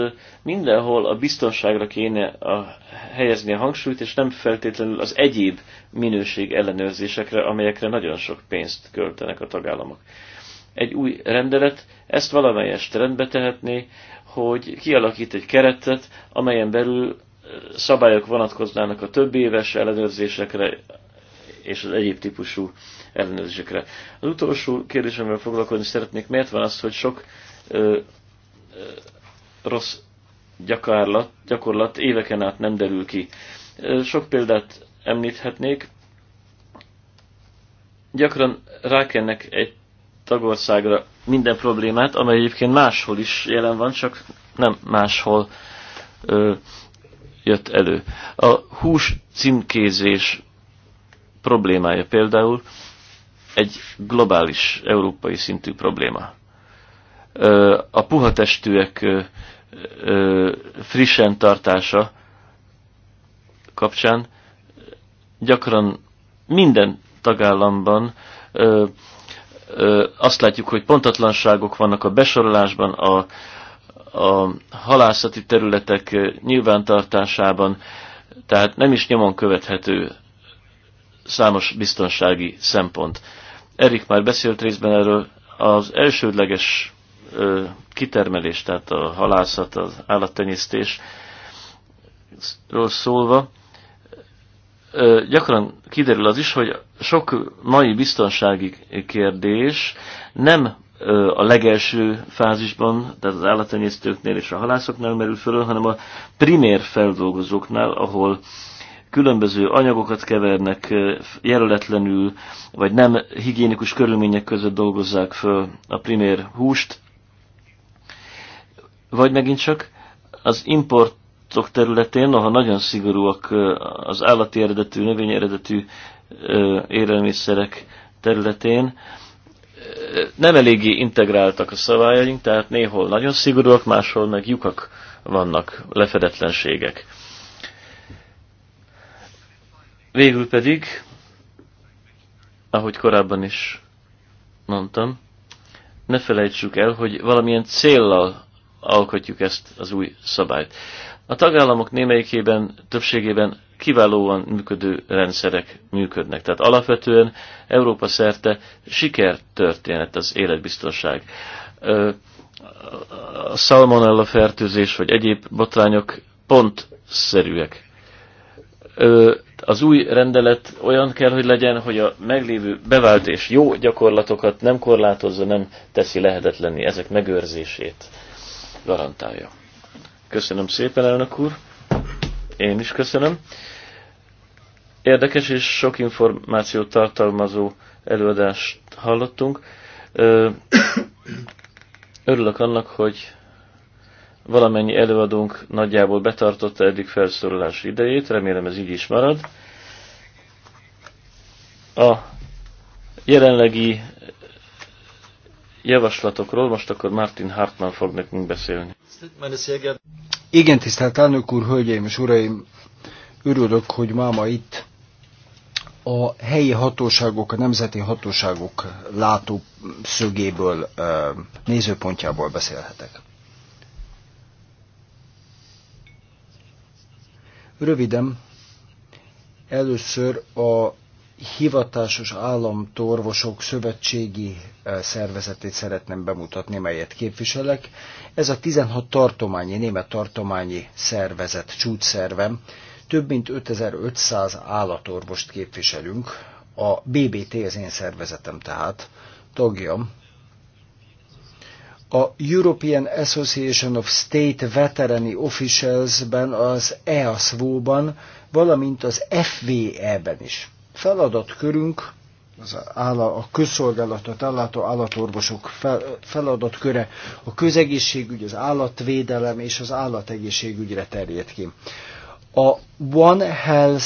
mindenhol a biztonságra kéne a, helyezni a hangsúlyt, és nem feltétlenül az egyéb minőség ellenőrzésekre, amelyekre nagyon sok pénzt költenek a tagállamok. Egy új rendelet ezt valamelyest rendbe tehetné, hogy kialakít egy keretet, amelyen belül szabályok vonatkoznának a több éves ellenőrzésekre és az egyéb típusú ellenőrzésekre. Az utolsó kérdésemmel foglalkozni szeretnék, miért van az, hogy sok rossz gyakorlat, gyakorlat éveken át nem derül ki. Sok példát említhetnék. Gyakran rákennek egy tagországra minden problémát, amely egyébként máshol is jelen van, csak nem máshol ö, jött elő. A hús címkézés problémája például egy globális, európai szintű probléma a puha testűek frissen tartása kapcsán gyakran minden tagállamban azt látjuk, hogy pontatlanságok vannak a besorolásban, a, a halászati területek nyilvántartásában, tehát nem is nyomon követhető számos biztonsági szempont. Erik már beszélt részben erről, az elsődleges kitermelés, tehát a halászat, az állattenyésztésről szólva, gyakran kiderül az is, hogy sok mai biztonsági kérdés nem a legelső fázisban, tehát az állattenyésztőknél és a halászoknál merül föl, hanem a primér feldolgozóknál, ahol különböző anyagokat kevernek jelöletlenül, vagy nem higiénikus körülmények között dolgozzák föl a primér húst, vagy megint csak az importok területén, noha nagyon szigorúak az állati eredetű, növény eredetű élelmiszerek területén, nem eléggé integráltak a szabályaink, tehát néhol nagyon szigorúak, máshol meg lyukak vannak, lefedetlenségek. Végül pedig, ahogy korábban is mondtam, ne felejtsük el, hogy valamilyen céllal alkotjuk ezt az új szabályt. A tagállamok némelyikében, többségében kiválóan működő rendszerek működnek. Tehát alapvetően Európa szerte sikertörténet az életbiztonság. A szalmonella fertőzés vagy egyéb botrányok pont szerűek. Az új rendelet olyan kell, hogy legyen, hogy a meglévő bevált és jó gyakorlatokat nem korlátozza, nem teszi lehetetlenni ezek megőrzését garantálja. Köszönöm szépen, elnök úr. Én is köszönöm. Érdekes és sok információt tartalmazó előadást hallottunk. Örülök annak, hogy valamennyi előadónk nagyjából betartotta eddig felszólalás idejét, remélem ez így is marad. A jelenlegi javaslatokról most akkor Martin Hartmann fog nekünk beszélni. Igen, tisztelt elnök úr, hölgyeim és uraim, örülök, hogy máma itt a helyi hatóságok, a nemzeti hatóságok látó szögéből, nézőpontjából beszélhetek. Röviden, először a hivatásos államtorvosok szövetségi eh, szervezetét szeretném bemutatni, melyet képviselek. Ez a 16 tartományi, német tartományi szervezet, csúcsszervem. Több mint 5500 állatorvost képviselünk. A BBT az én szervezetem tehát, tagjam. A European Association of State Veterani Officials-ben, az EASVO-ban, valamint az FVE-ben is feladatkörünk, az áll, a közszolgálatot ellátó állatorvosok feladatköre a közegészségügy, az állatvédelem és az állategészségügyre terjed ki. A One Health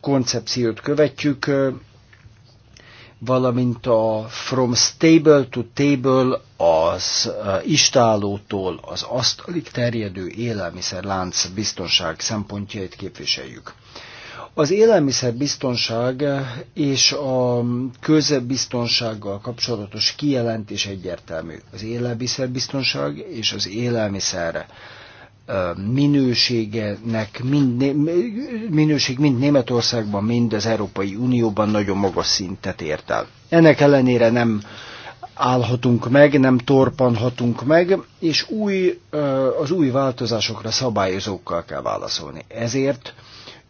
koncepciót követjük, valamint a From Stable to Table, az istálótól az asztalig terjedő élelmiszerlánc biztonság szempontjait képviseljük. Az élelmiszerbiztonság és a közbiztonsággal kapcsolatos kijelentés egyértelmű. Az élelmiszerbiztonság és az élelmiszer minőségenek mind, minőség mind Németországban, mind az Európai Unióban nagyon magas szintet ért el. Ennek ellenére nem állhatunk meg, nem torpanhatunk meg, és új, az új változásokra szabályozókkal kell válaszolni. Ezért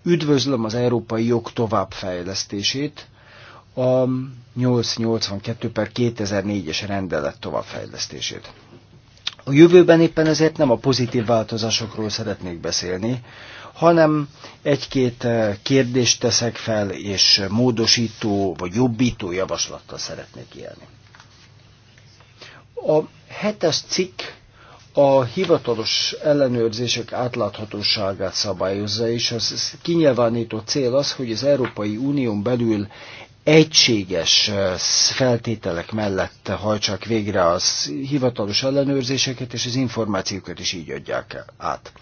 Üdvözlöm az európai jog továbbfejlesztését, a 882 per 2004-es rendelet továbbfejlesztését. A jövőben éppen ezért nem a pozitív változásokról szeretnék beszélni, hanem egy-két eh, kérdést teszek fel, és módosító vagy jobbító javaslattal szeretnék élni. A hetes cikk a hivatalos ellenőrzések átláthatóságát szabályozza, és az kinyilvánító cél az, hogy az Európai Unión belül egységes eh, feltételek mellett hajtsák végre az hivatalos ellenőrzéseket, és az információkat is így adják át.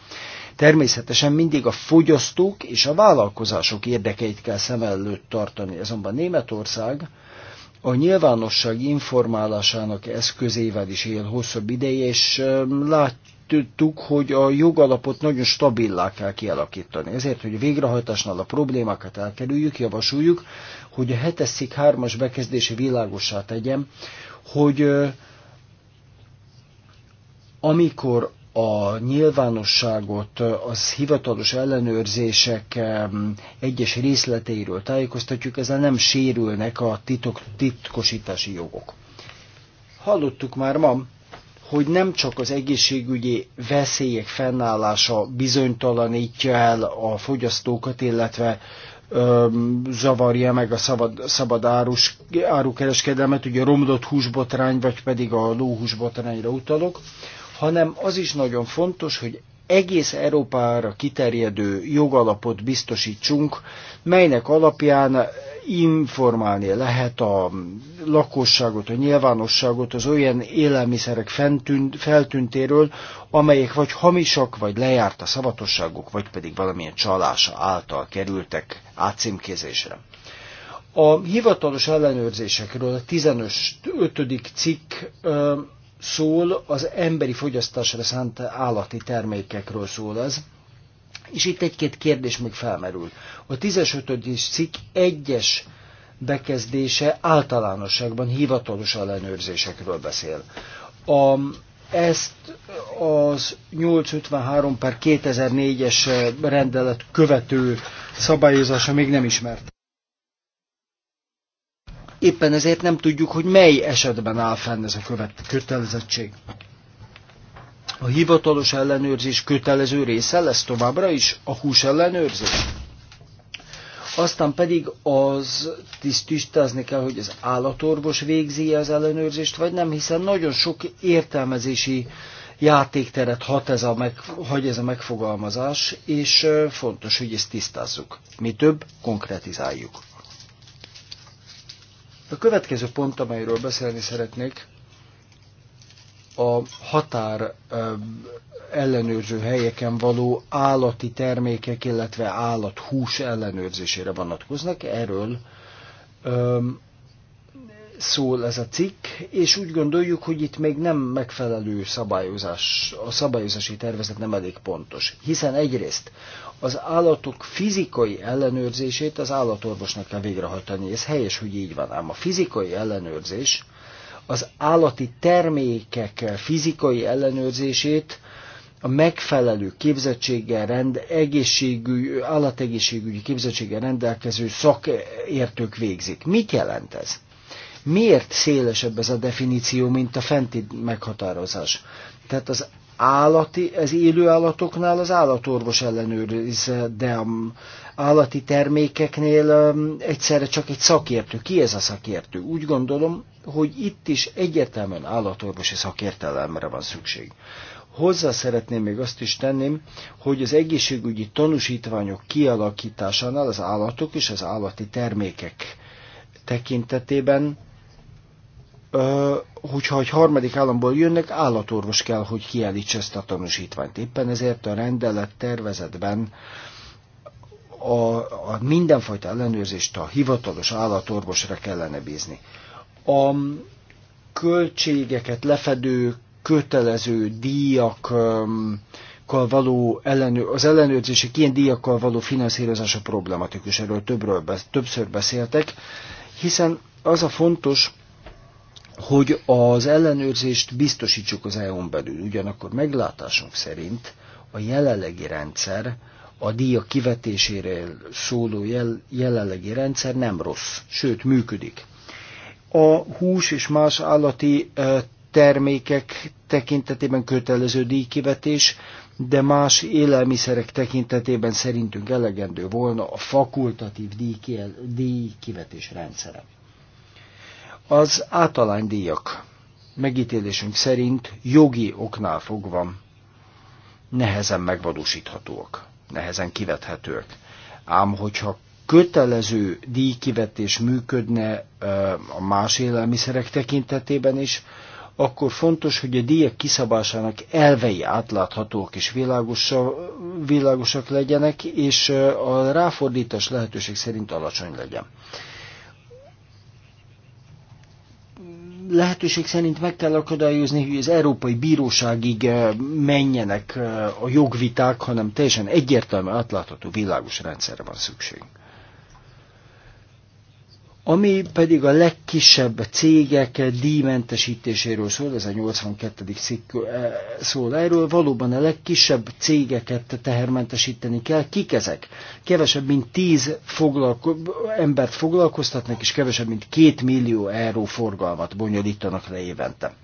Természetesen mindig a fogyasztók és a vállalkozások érdekeit kell szem előtt tartani, azonban Németország a nyilvánosság informálásának eszközével is él hosszabb ideje, és láttuk, hogy a jogalapot nagyon stabilá kell kialakítani. Ezért, hogy a végrehajtásnál a problémákat elkerüljük, javasoljuk, hogy a 7 szik 3-as bekezdése világosá tegyem, hogy amikor a nyilvánosságot az hivatalos ellenőrzések egyes részleteiről tájékoztatjuk, ezzel nem sérülnek a titok, titkosítási jogok. Hallottuk már ma, hogy nem csak az egészségügyi veszélyek fennállása bizonytalanítja el a fogyasztókat, illetve zavarja meg a szabad, szabad árus, árukereskedelmet, ugye a romlott húsbotrány, vagy pedig a lóhúsbotrányra utalok, hanem az is nagyon fontos, hogy egész Európára kiterjedő jogalapot biztosítsunk, melynek alapján informálni lehet a lakosságot, a nyilvánosságot az olyan élelmiszerek fentünt, feltüntéről, amelyek vagy hamisak, vagy lejárt a szavatosságuk, vagy pedig valamilyen csalás által kerültek átcímkézésre. A hivatalos ellenőrzésekről a 15. cikk szól, az emberi fogyasztásra szánt állati termékekről szól ez. És itt egy-két kérdés még felmerül. A 15. cikk egyes bekezdése általánosságban hivatalos ellenőrzésekről beszél. A, ezt az 853 per 2004-es rendelet követő szabályozása még nem ismert. Éppen ezért nem tudjuk, hogy mely esetben áll fenn ez a követ kötelezettség. A hivatalos ellenőrzés kötelező része lesz továbbra is a hús ellenőrzés. Aztán pedig az tisztázni kell, hogy az állatorvos végzi -e az ellenőrzést, vagy nem, hiszen nagyon sok értelmezési játékteret hat ez a meg, hagy ez a megfogalmazás, és fontos, hogy ezt tisztázzuk. Mi több, konkretizáljuk. A következő pont, amelyről beszélni szeretnék, a határ ellenőrző helyeken való állati termékek, illetve állathús ellenőrzésére vonatkoznak. Erről szól ez a cikk, és úgy gondoljuk, hogy itt még nem megfelelő szabályozás, a szabályozási tervezet nem elég pontos. Hiszen egyrészt az állatok fizikai ellenőrzését az állatorvosnak kell végrehajtani, ez helyes, hogy így van, ám a fizikai ellenőrzés az állati termékek fizikai ellenőrzését a megfelelő képzettséggel, rend, egészségügy, állategészségügyi képzettséggel rendelkező szakértők végzik. Mit jelent ez? Miért szélesebb ez a definíció, mint a fenti meghatározás? Tehát az állati, az élő állatoknál az állatorvos ellenőriz, de a állati termékeknél egyszerre csak egy szakértő. Ki ez a szakértő? Úgy gondolom, hogy itt is egyértelműen állatorvosi szakértelemre van szükség. Hozzá szeretném még azt is tenném, hogy az egészségügyi tanúsítványok kialakításánál az állatok és az állati termékek tekintetében hogyha egy harmadik államból jönnek, állatorvos kell, hogy kiállítsa ezt a tanúsítványt. Éppen ezért a rendelet tervezetben a, a mindenfajta ellenőrzést a hivatalos állatorvosra kellene bízni. A költségeket lefedő kötelező díjakkal való ellenő, az ellenőrzések ilyen díjakkal való finanszírozása problematikus, erről többről, többször beszéltek, hiszen az a fontos, hogy az ellenőrzést biztosítsuk az EU-n belül. Ugyanakkor meglátásunk szerint a jelenlegi rendszer, a díja kivetésére szóló jel, jelenlegi rendszer nem rossz, sőt működik. A hús és más állati termékek tekintetében kötelező díjkivetés, de más élelmiszerek tekintetében szerintünk elegendő volna a fakultatív díjkivetés rendszere. Az általánydíjak megítélésünk szerint jogi oknál fogva nehezen megvalósíthatóak, nehezen kivethetők. Ám hogyha kötelező díjkivetés működne a más élelmiszerek tekintetében is, akkor fontos, hogy a díjak kiszabásának elvei átláthatók és világosak legyenek, és a ráfordítás lehetőség szerint alacsony legyen. lehetőség szerint meg kell akadályozni, hogy az Európai Bíróságig eh, menjenek eh, a jogviták, hanem teljesen egyértelmű, átlátható, világos rendszerre van szükség ami pedig a legkisebb cégek díjmentesítéséről szól, ez a 82. cikk eh, szól erről, valóban a legkisebb cégeket tehermentesíteni kell. Kik ezek? Kevesebb, mint 10 foglalko- embert foglalkoztatnak, és kevesebb, mint 2 millió euró forgalmat bonyolítanak le évente.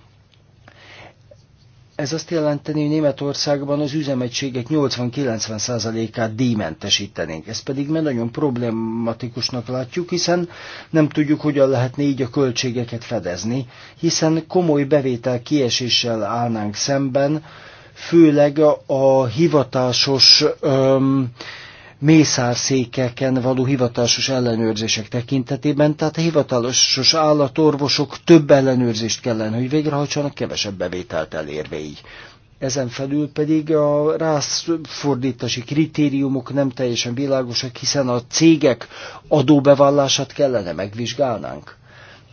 Ez azt jelenteni, hogy Németországban az üzemegységek 80-90%-át díjmentesítenénk. Ezt pedig mi nagyon problematikusnak látjuk, hiszen nem tudjuk, hogyan lehetne így a költségeket fedezni, hiszen komoly bevétel kieséssel állnánk szemben, főleg a hivatásos öm, mészárszékeken való hivatásos ellenőrzések tekintetében, tehát a hivatalos állatorvosok több ellenőrzést kellene, hogy végrehajtsanak, kevesebb bevételt elérve így. Ezen felül pedig a rászfordítási kritériumok nem teljesen világosak, hiszen a cégek adóbevallását kellene megvizsgálnánk.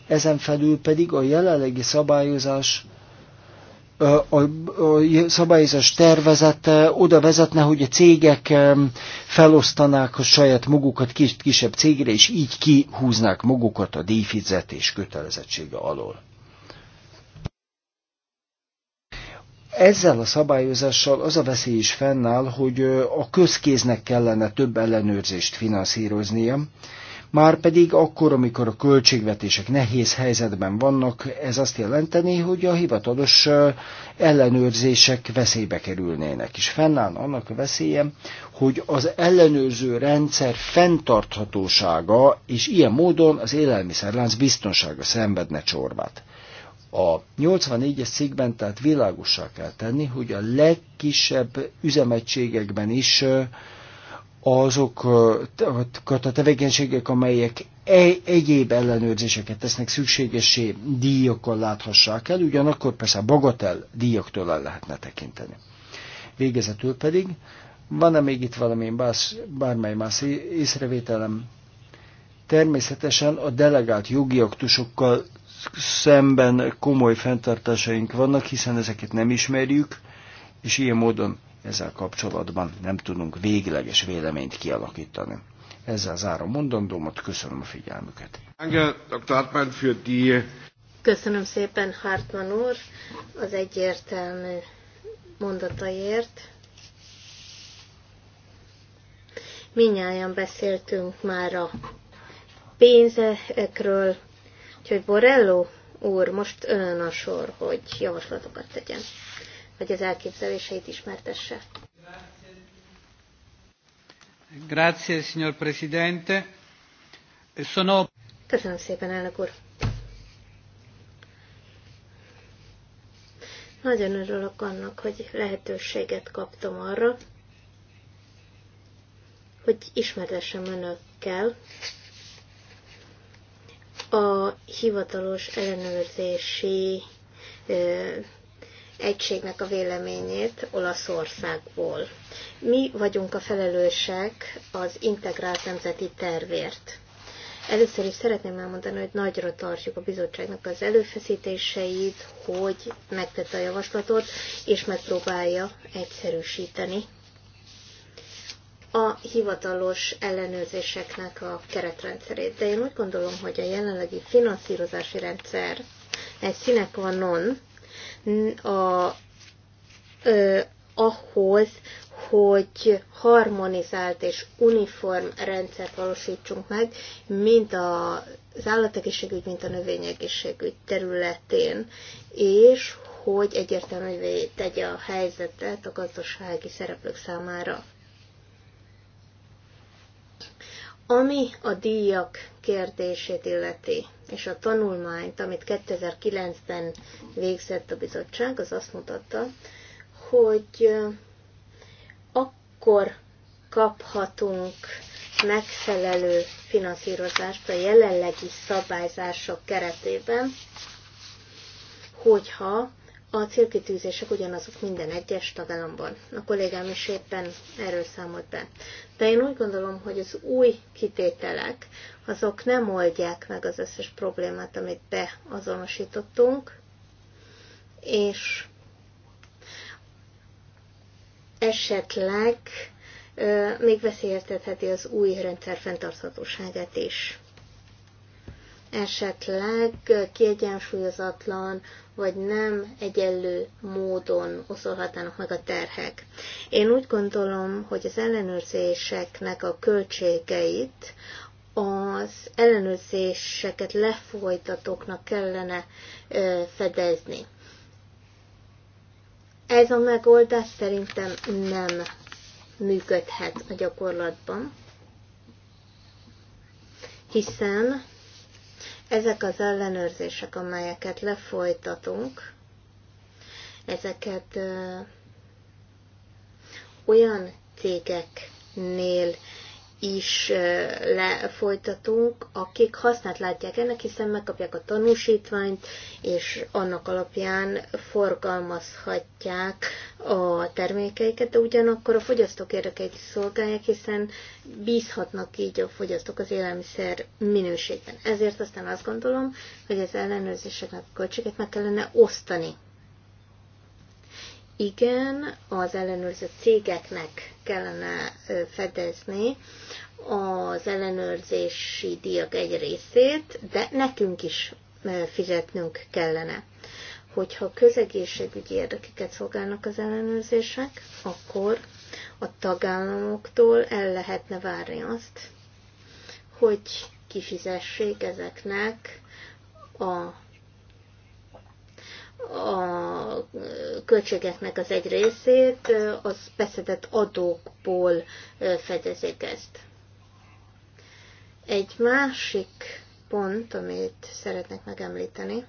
Ezen felül pedig a jelenlegi szabályozás a, a szabályozás tervezete oda vezetne, hogy a cégek felosztanák a saját magukat kis, kisebb cégre, és így kihúznák magukat a díjfizetés kötelezettsége alól. Ezzel a szabályozással az a veszély is fennáll, hogy a közkéznek kellene több ellenőrzést finanszíroznia, már pedig akkor, amikor a költségvetések nehéz helyzetben vannak, ez azt jelenteni, hogy a hivatalos ellenőrzések veszélybe kerülnének. És fennáll annak a veszélye, hogy az ellenőrző rendszer fenntarthatósága és ilyen módon az élelmiszerlánc biztonsága szenvedne csorbát. A 84-es cikkben tehát világossá kell tenni, hogy a legkisebb üzemegységekben is azok a tevékenységek, amelyek e- egyéb ellenőrzéseket tesznek szükségesé, díjakkal láthassák el, ugyanakkor persze a bagatel díjaktól el lehetne tekinteni. Végezetül pedig, van-e még itt valami bász, bármely más észrevételem? Természetesen a delegált jogi aktusokkal szemben komoly fenntartásaink vannak, hiszen ezeket nem ismerjük, és ilyen módon ezzel kapcsolatban nem tudunk végleges véleményt kialakítani. Ezzel zárom mondandómat, köszönöm a figyelmüket. Köszönöm szépen Hartmann úr az egyértelmű mondataért. Minnyáján beszéltünk már a pénzekről, úgyhogy Borello úr, most ön a sor, hogy javaslatokat tegyen hogy az elképzeléseit ismertesse. Grazie, signor Presidente. Sono... Köszönöm szépen, elnök úr. Nagyon örülök annak, hogy lehetőséget kaptam arra, hogy ismertessem önökkel a hivatalos ellenőrzési egységnek a véleményét Olaszországból. Mi vagyunk a felelősek az integrált nemzeti tervért. Először is szeretném elmondani, hogy nagyra tartjuk a bizottságnak az előfeszítéseit, hogy megtette a javaslatot, és megpróbálja egyszerűsíteni a hivatalos ellenőrzéseknek a keretrendszerét. De én úgy gondolom, hogy a jelenlegi finanszírozási rendszer egy színek van non, a, ö, ahhoz, hogy harmonizált és uniform rendszert valósítsunk meg, mint az állategészségügy, mint a növényegészségügy területén, és hogy egyértelművé tegye a helyzetet a gazdasági szereplők számára. Ami a díjak kérdését illeti, és a tanulmányt, amit 2009-ben végzett a bizottság, az azt mutatta, hogy akkor kaphatunk megfelelő finanszírozást a jelenlegi szabályzások keretében, hogyha a célkitűzések ugyanazok minden egyes tagállamban. A kollégám is éppen erről számolt be. De én úgy gondolom, hogy az új kitételek, azok nem oldják meg az összes problémát, amit beazonosítottunk, és esetleg még veszélyeztetheti az új rendszer fenntarthatóságát is esetleg kiegyensúlyozatlan vagy nem egyenlő módon oszolhatnának meg a terhek. Én úgy gondolom, hogy az ellenőrzéseknek a költségeit az ellenőrzéseket lefolytatóknak kellene fedezni. Ez a megoldás szerintem nem működhet a gyakorlatban, hiszen ezek az ellenőrzések, amelyeket lefolytatunk, ezeket olyan cégeknél is lefolytatunk, akik hasznát látják ennek, hiszen megkapják a tanúsítványt, és annak alapján forgalmazhatják a termékeiket, de ugyanakkor a fogyasztók érdekeit is szolgálják, hiszen bízhatnak így a fogyasztók az élelmiszer minőségben. Ezért aztán azt gondolom, hogy az ellenőrzéseknek a költséget meg kellene osztani. Igen, az ellenőrző cégeknek kellene fedezni az ellenőrzési díjak egy részét, de nekünk is fizetnünk kellene. Hogyha közegészségügyi érdekeket szolgálnak az ellenőrzések, akkor a tagállamoktól el lehetne várni azt, hogy kifizessék ezeknek a, a költségeknek az egy részét, az beszedett adókból fedezik ezt. Egy másik pont, amit szeretnék megemlíteni,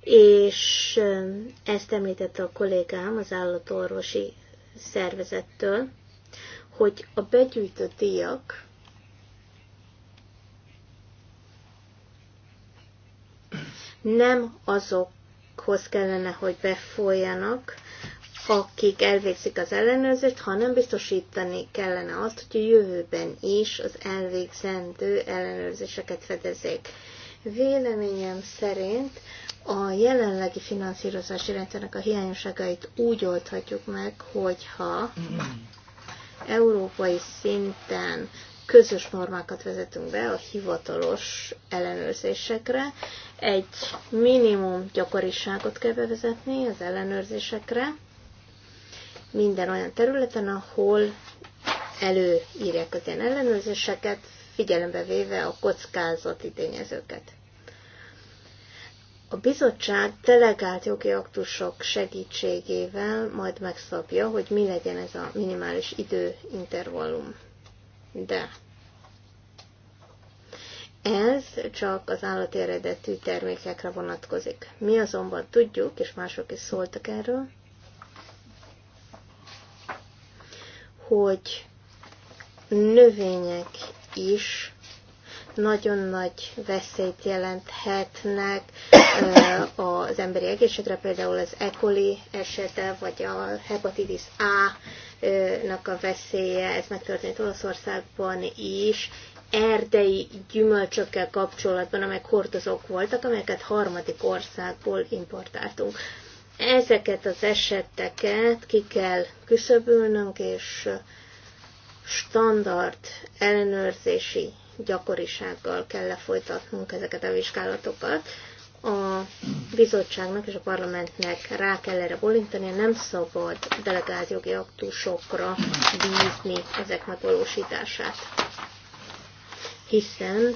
és um, ezt említette a kollégám az állatorvosi szervezettől, hogy a begyűjtött díjak nem azokhoz kellene, hogy befolyjanak, akik elvégzik az ellenőrzést, hanem biztosítani kellene azt, hogy a jövőben is az elvégzendő ellenőrzéseket fedezék. Véleményem szerint a jelenlegi finanszírozási rendszernek a hiányosságait úgy oldhatjuk meg, hogyha európai szinten közös normákat vezetünk be a hivatalos ellenőrzésekre, egy minimum gyakoriságot kell bevezetni az ellenőrzésekre, minden olyan területen, ahol előírják az ilyen ellenőrzéseket, figyelembe véve a kockázati tényezőket. A bizottság delegált jogi aktusok segítségével majd megszabja, hogy mi legyen ez a minimális időintervallum. De ez csak az állati eredetű termékekre vonatkozik. Mi azonban tudjuk, és mások is szóltak erről, hogy növények is nagyon nagy veszélyt jelenthetnek az emberi egészségre, például az E. coli esete, vagy a hepatitis A-nak a veszélye, ez megtörtént Olaszországban is, erdei gyümölcsökkel kapcsolatban, amelyek hordozók voltak, amelyeket harmadik országból importáltunk. Ezeket az eseteket ki kell küszöbölnünk, és standard ellenőrzési gyakorisággal kell lefolytatnunk ezeket a vizsgálatokat. A bizottságnak és a parlamentnek rá kell erre bolintani, nem szabad delegált jogi aktusokra bízni ezek megvalósítását. Hiszen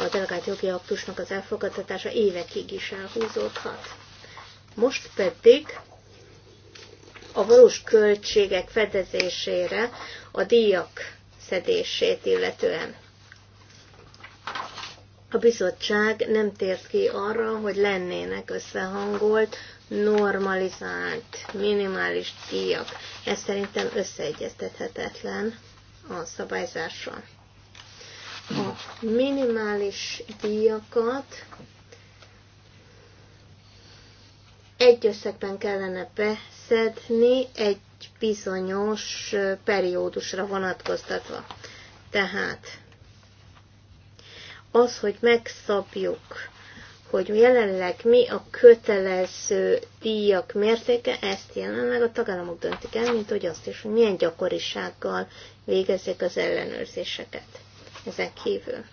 a delegált jogi aktusnak az elfogadtatása évekig is elhúzódhat. Most pedig a valós költségek fedezésére a díjak szedését illetően. A bizottság nem tért ki arra, hogy lennének összehangolt, normalizált, minimális díjak. Ez szerintem összeegyeztethetetlen a szabályzással. A minimális díjakat egy összegben kellene beszedni egy bizonyos periódusra vonatkoztatva. Tehát az, hogy megszabjuk, hogy jelenleg mi a kötelező díjak mértéke, ezt jelenleg a tagállamok döntik el, mint hogy azt is, hogy milyen gyakorisággal végezzék az ellenőrzéseket ezen kívül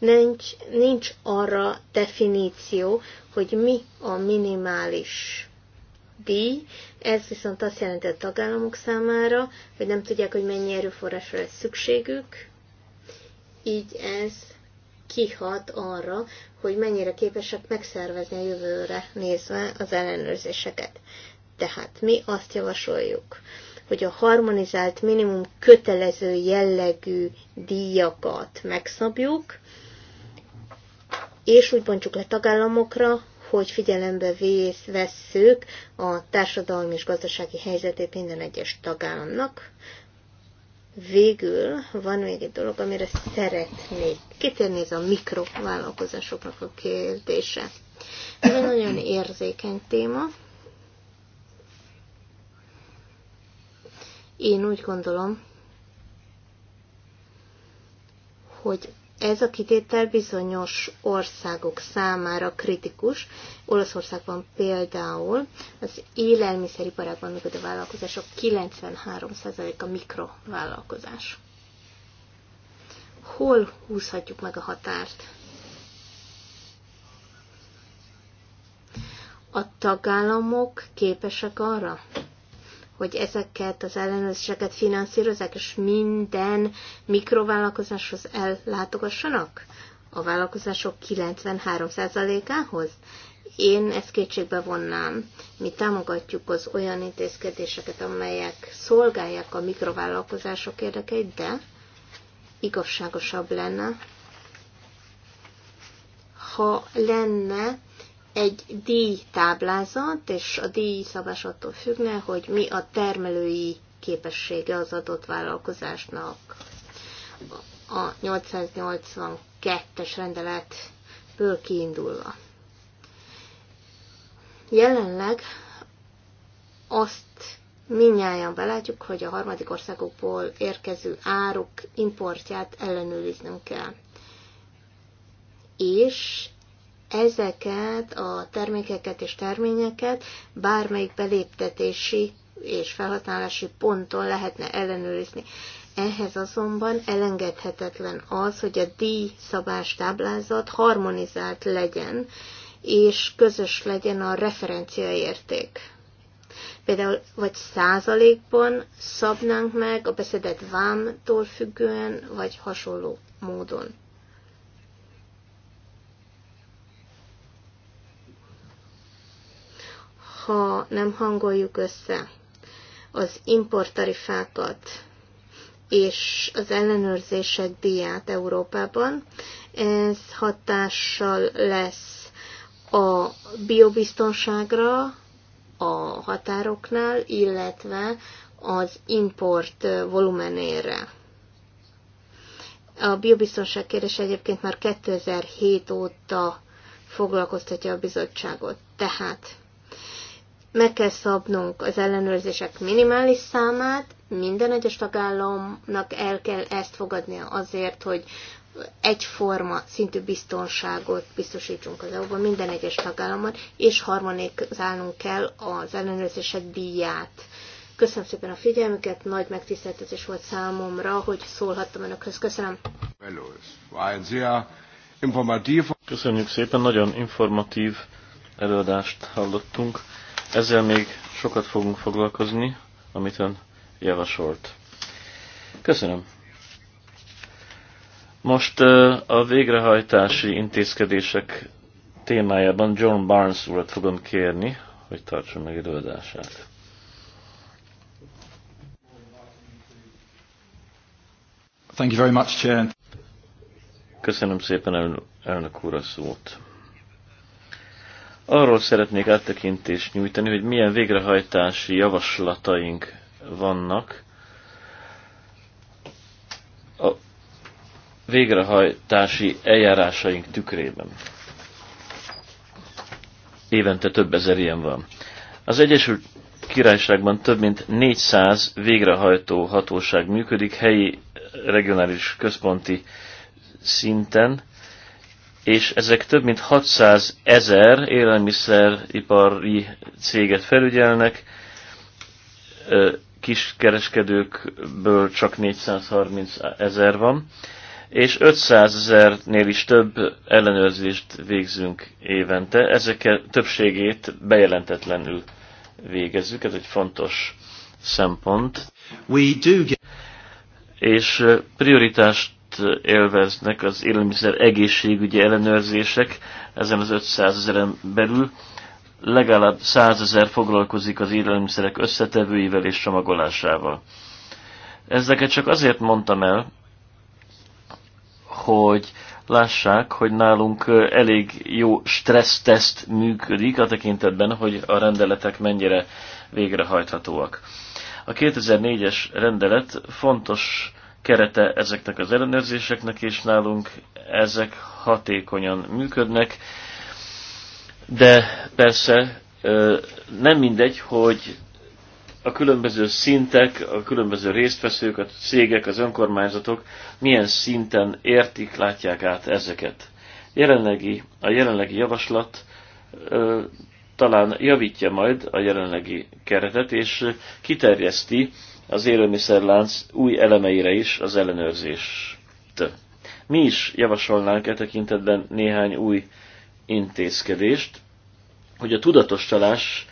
nincs, nincs arra definíció, hogy mi a minimális díj, ez viszont azt jelenti a tagállamok számára, hogy nem tudják, hogy mennyi erőforrásra lesz szükségük, így ez kihat arra, hogy mennyire képesek megszervezni a jövőre nézve az ellenőrzéseket. Tehát mi azt javasoljuk, hogy a harmonizált minimum kötelező jellegű díjakat megszabjuk, és úgy bontjuk le tagállamokra, hogy figyelembe vész, vesszük a társadalmi és gazdasági helyzetét minden egyes tagállamnak. Végül van még egy dolog, amire szeretnék kitérni, ez a mikrovállalkozásoknak a kérdése. Ez egy nagyon érzékeny téma. Én úgy gondolom, hogy ez a kitétel bizonyos országok számára kritikus. Olaszországban például az élelmiszeriparában működő vállalkozások 93%-a mikrovállalkozás. Hol húzhatjuk meg a határt? A tagállamok képesek arra, hogy ezeket az ellenőrzéseket finanszírozzák, és minden mikrovállalkozáshoz ellátogassanak a vállalkozások 93%-ához? Én ezt kétségbe vonnám. Mi támogatjuk az olyan intézkedéseket, amelyek szolgálják a mikrovállalkozások érdekeit, de igazságosabb lenne, ha lenne egy díjtáblázat, és a díjszabás attól függne, hogy mi a termelői képessége az adott vállalkozásnak. A 882-es rendeletből kiindulva. Jelenleg azt minnyáján belátjuk, hogy a harmadik országokból érkező áruk importját ellenőriznünk kell. És ezeket a termékeket és terményeket bármelyik beléptetési és felhasználási ponton lehetne ellenőrizni. Ehhez azonban elengedhetetlen az, hogy a díjszabás táblázat harmonizált legyen, és közös legyen a referenciaérték. Például vagy százalékban szabnánk meg a beszedett vámtól függően, vagy hasonló módon. ha nem hangoljuk össze az importtarifákat és az ellenőrzések díját Európában, ez hatással lesz a biobiztonságra, a határoknál, illetve az import volumenére. A biobiztonság kérdés egyébként már 2007 óta foglalkoztatja a bizottságot. Tehát meg kell szabnunk az ellenőrzések minimális számát, minden egyes tagállamnak el kell ezt fogadnia azért, hogy egyforma szintű biztonságot biztosítsunk az EU-ban minden egyes tagállamban, és harmonizálnunk kell az ellenőrzések díját. Köszönöm szépen a figyelmüket, nagy megtiszteltetés volt számomra, hogy szólhattam önökhöz. Köszönöm. Köszönjük szépen, nagyon informatív előadást hallottunk. Ezzel még sokat fogunk foglalkozni, amit ön javasolt. Köszönöm. Most a végrehajtási intézkedések témájában John Barnes urat fogom kérni, hogy tartson meg időadását. Thank you very much, Chair. Köszönöm szépen, elnök úr, a szót. Arról szeretnék áttekintést nyújtani, hogy milyen végrehajtási javaslataink vannak a végrehajtási eljárásaink tükrében. Évente több ezer ilyen van. Az Egyesült Királyságban több mint 400 végrehajtó hatóság működik helyi, regionális, központi szinten, és ezek több mint 600 ezer élelmiszeripari céget felügyelnek, kiskereskedőkből csak 430 ezer van, és 500 ezernél is több ellenőrzést végzünk évente. Ezek többségét bejelentetlenül végezzük, ez egy fontos szempont. We do get... És prioritást élveznek az élelmiszer egészségügyi ellenőrzések ezen az 500 ezeren belül. Legalább 100 ezer foglalkozik az élelmiszerek összetevőivel és csomagolásával. Ezeket csak azért mondtam el, hogy lássák, hogy nálunk elég jó stresszteszt működik a tekintetben, hogy a rendeletek mennyire végrehajthatóak. A 2004-es rendelet fontos kerete ezeknek az ellenőrzéseknek, és nálunk ezek hatékonyan működnek, de persze nem mindegy, hogy a különböző szintek, a különböző résztveszők, a cégek, az önkormányzatok milyen szinten értik, látják át ezeket. Jelenlegi, a jelenlegi javaslat ö, talán javítja majd a jelenlegi keretet, és kiterjeszti az élelmiszerlánc új elemeire is az ellenőrzést. Mi is javasolnánk e tekintetben néhány új intézkedést, hogy a tudatos csalás,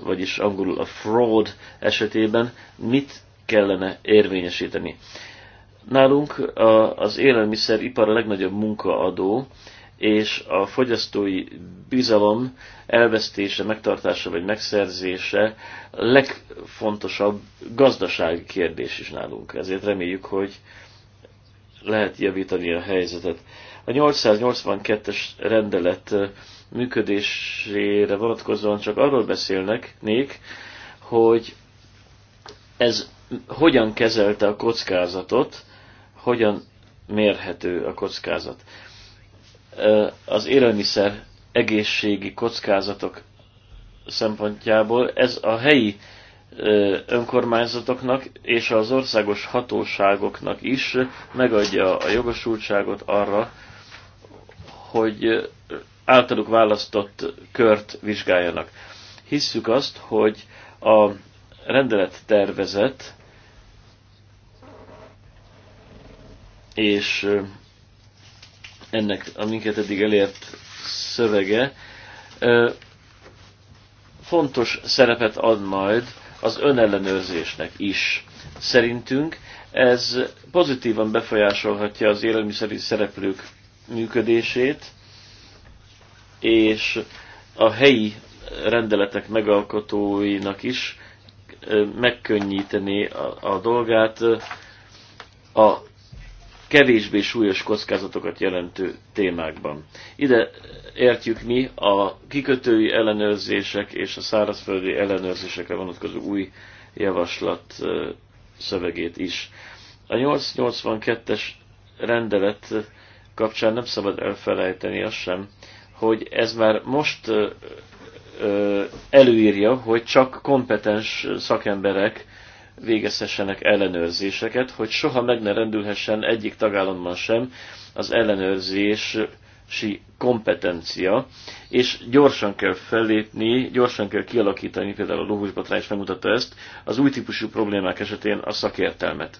vagyis angolul a fraud esetében mit kellene érvényesíteni. Nálunk az élelmiszeripar a legnagyobb munkaadó, és a fogyasztói bizalom elvesztése, megtartása vagy megszerzése legfontosabb gazdasági kérdés is nálunk. Ezért reméljük, hogy lehet javítani a helyzetet. A 882-es rendelet működésére vonatkozóan csak arról beszélnek nék, hogy ez hogyan kezelte a kockázatot, hogyan mérhető a kockázat az élelmiszer egészségi kockázatok szempontjából ez a helyi önkormányzatoknak és az országos hatóságoknak is megadja a jogosultságot arra, hogy általuk választott kört vizsgáljanak. Hisszük azt, hogy a rendelet tervezet és ennek a minket eddig elért szövege fontos szerepet ad majd az önellenőrzésnek is. Szerintünk ez pozitívan befolyásolhatja az élelmiszeri szereplők működését, és a helyi rendeletek megalkotóinak is megkönnyíteni a, a dolgát a kevésbé súlyos kockázatokat jelentő témákban. Ide értjük mi a kikötői ellenőrzések és a szárazföldi ellenőrzésekre vonatkozó új javaslat szövegét is. A 882-es rendelet kapcsán nem szabad elfelejteni azt sem, hogy ez már most előírja, hogy csak kompetens szakemberek végezhessenek ellenőrzéseket, hogy soha meg ne rendülhessen egyik tagállamban sem az ellenőrzési kompetencia, és gyorsan kell fellépni, gyorsan kell kialakítani, például a Lóhus Botrány is megmutatta ezt, az új típusú problémák esetén a szakértelmet.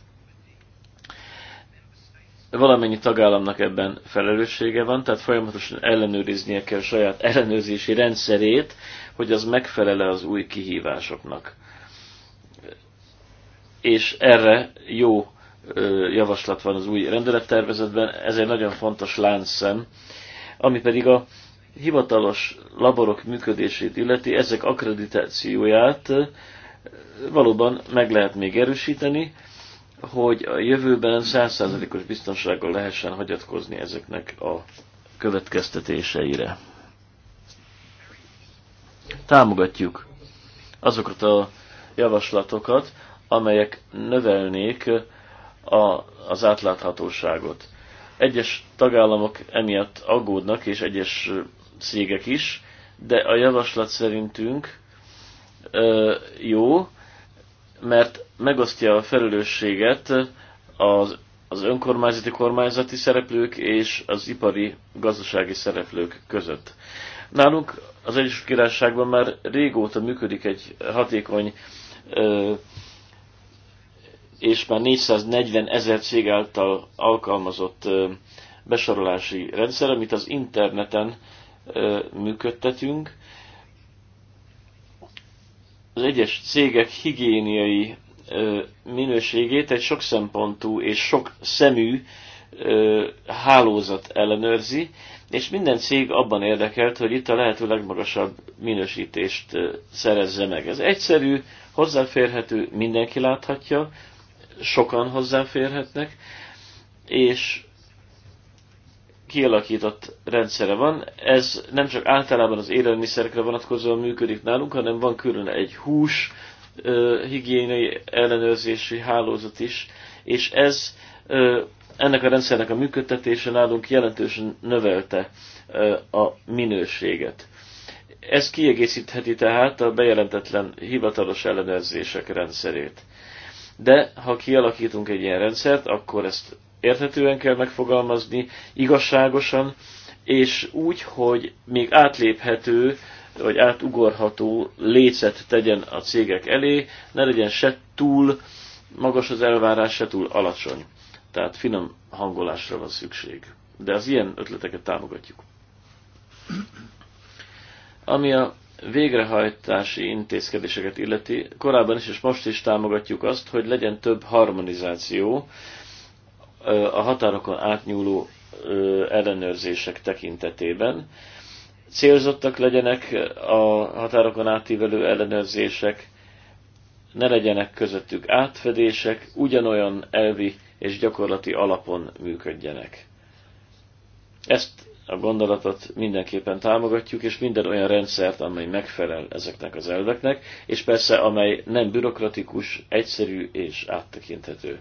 Valamennyi tagállamnak ebben felelőssége van, tehát folyamatosan ellenőriznie kell saját ellenőrzési rendszerét, hogy az megfelele az új kihívásoknak és erre jó javaslat van az új rendelettervezetben, ez egy nagyon fontos láncszem, ami pedig a hivatalos laborok működését illeti, ezek akkreditációját valóban meg lehet még erősíteni, hogy a jövőben százszázalékos biztonsággal lehessen hagyatkozni ezeknek a következtetéseire. Támogatjuk azokat a javaslatokat, amelyek növelnék a, az átláthatóságot. Egyes tagállamok emiatt aggódnak, és egyes cégek is, de a javaslat szerintünk ö, jó, mert megosztja a felelősséget az, az önkormányzati kormányzati szereplők és az ipari gazdasági szereplők között. Nálunk az Egyesült Királyságban már régóta működik egy hatékony ö, és már 440 ezer cég által alkalmazott besorolási rendszer, amit az interneten működtetünk. Az egyes cégek higiéniai minőségét egy sok szempontú és sok szemű hálózat ellenőrzi, és minden cég abban érdekelt, hogy itt a lehető legmagasabb minősítést szerezze meg. Ez egyszerű, hozzáférhető, mindenki láthatja, sokan férhetnek, és kialakított rendszere van. Ez nem csak általában az élelmiszerekre vonatkozóan működik nálunk, hanem van külön egy hús higiéniai ellenőrzési hálózat is, és ez ennek a rendszernek a működtetése nálunk jelentősen növelte a minőséget. Ez kiegészítheti tehát a bejelentetlen hivatalos ellenőrzések rendszerét de ha kialakítunk egy ilyen rendszert, akkor ezt érthetően kell megfogalmazni, igazságosan, és úgy, hogy még átléphető, vagy átugorható lécet tegyen a cégek elé, ne legyen se túl magas az elvárás, se túl alacsony. Tehát finom hangolásra van szükség. De az ilyen ötleteket támogatjuk. Ami a végrehajtási intézkedéseket illeti, korábban is és most is támogatjuk azt, hogy legyen több harmonizáció a határokon átnyúló ellenőrzések tekintetében. Célzottak legyenek a határokon átívelő ellenőrzések, ne legyenek közöttük átfedések, ugyanolyan elvi és gyakorlati alapon működjenek. Ezt a gondolatot mindenképpen támogatjuk, és minden olyan rendszert, amely megfelel ezeknek az elveknek, és persze amely nem bürokratikus, egyszerű és áttekinthető.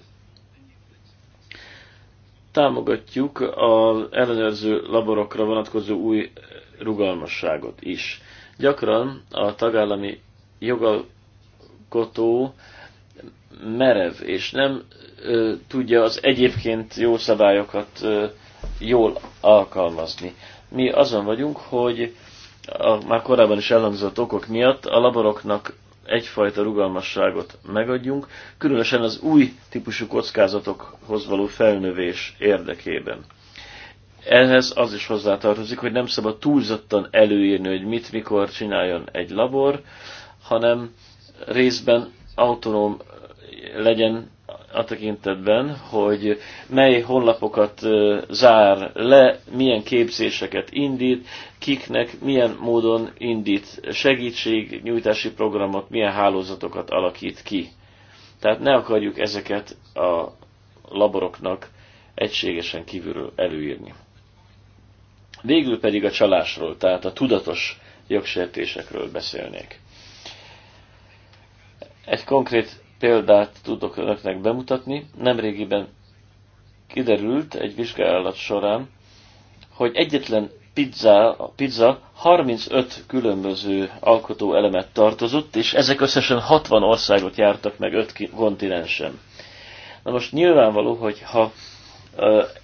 Támogatjuk az ellenőrző laborokra vonatkozó új rugalmasságot is. Gyakran a tagállami jogalkotó merev, és nem ö, tudja az egyébként jó szabályokat ö, jól alkalmazni. Mi azon vagyunk, hogy a már korábban is elhangzott okok miatt a laboroknak egyfajta rugalmasságot megadjunk, különösen az új típusú kockázatokhoz való felnövés érdekében. Ehhez az is hozzátartozik, hogy nem szabad túlzottan előírni, hogy mit, mikor csináljon egy labor, hanem részben autonóm legyen a tekintetben, hogy mely honlapokat zár le, milyen képzéseket indít, kiknek milyen módon indít segítségnyújtási programot, milyen hálózatokat alakít ki. Tehát ne akarjuk ezeket a laboroknak egységesen kívülről előírni. Végül pedig a csalásról, tehát a tudatos jogsértésekről beszélnék. Egy konkrét példát tudok önöknek bemutatni. Nemrégiben kiderült egy vizsgálat során, hogy egyetlen pizza, a pizza 35 különböző alkotó elemet tartozott, és ezek összesen 60 országot jártak meg 5 kontinensen. Na most nyilvánvaló, hogy ha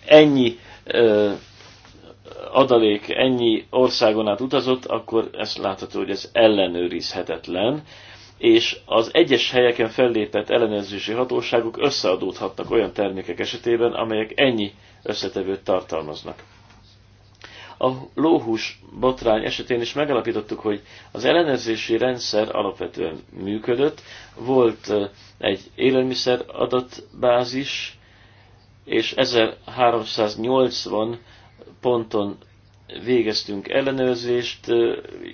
ennyi adalék ennyi országon át utazott, akkor ezt látható, hogy ez ellenőrizhetetlen és az egyes helyeken fellépett ellenőrzési hatóságok összeadódhatnak olyan termékek esetében, amelyek ennyi összetevőt tartalmaznak. A lóhús botrány esetén is megalapítottuk, hogy az ellenőrzési rendszer alapvetően működött, volt egy élelmiszer adatbázis, és 1380 ponton végeztünk ellenőrzést,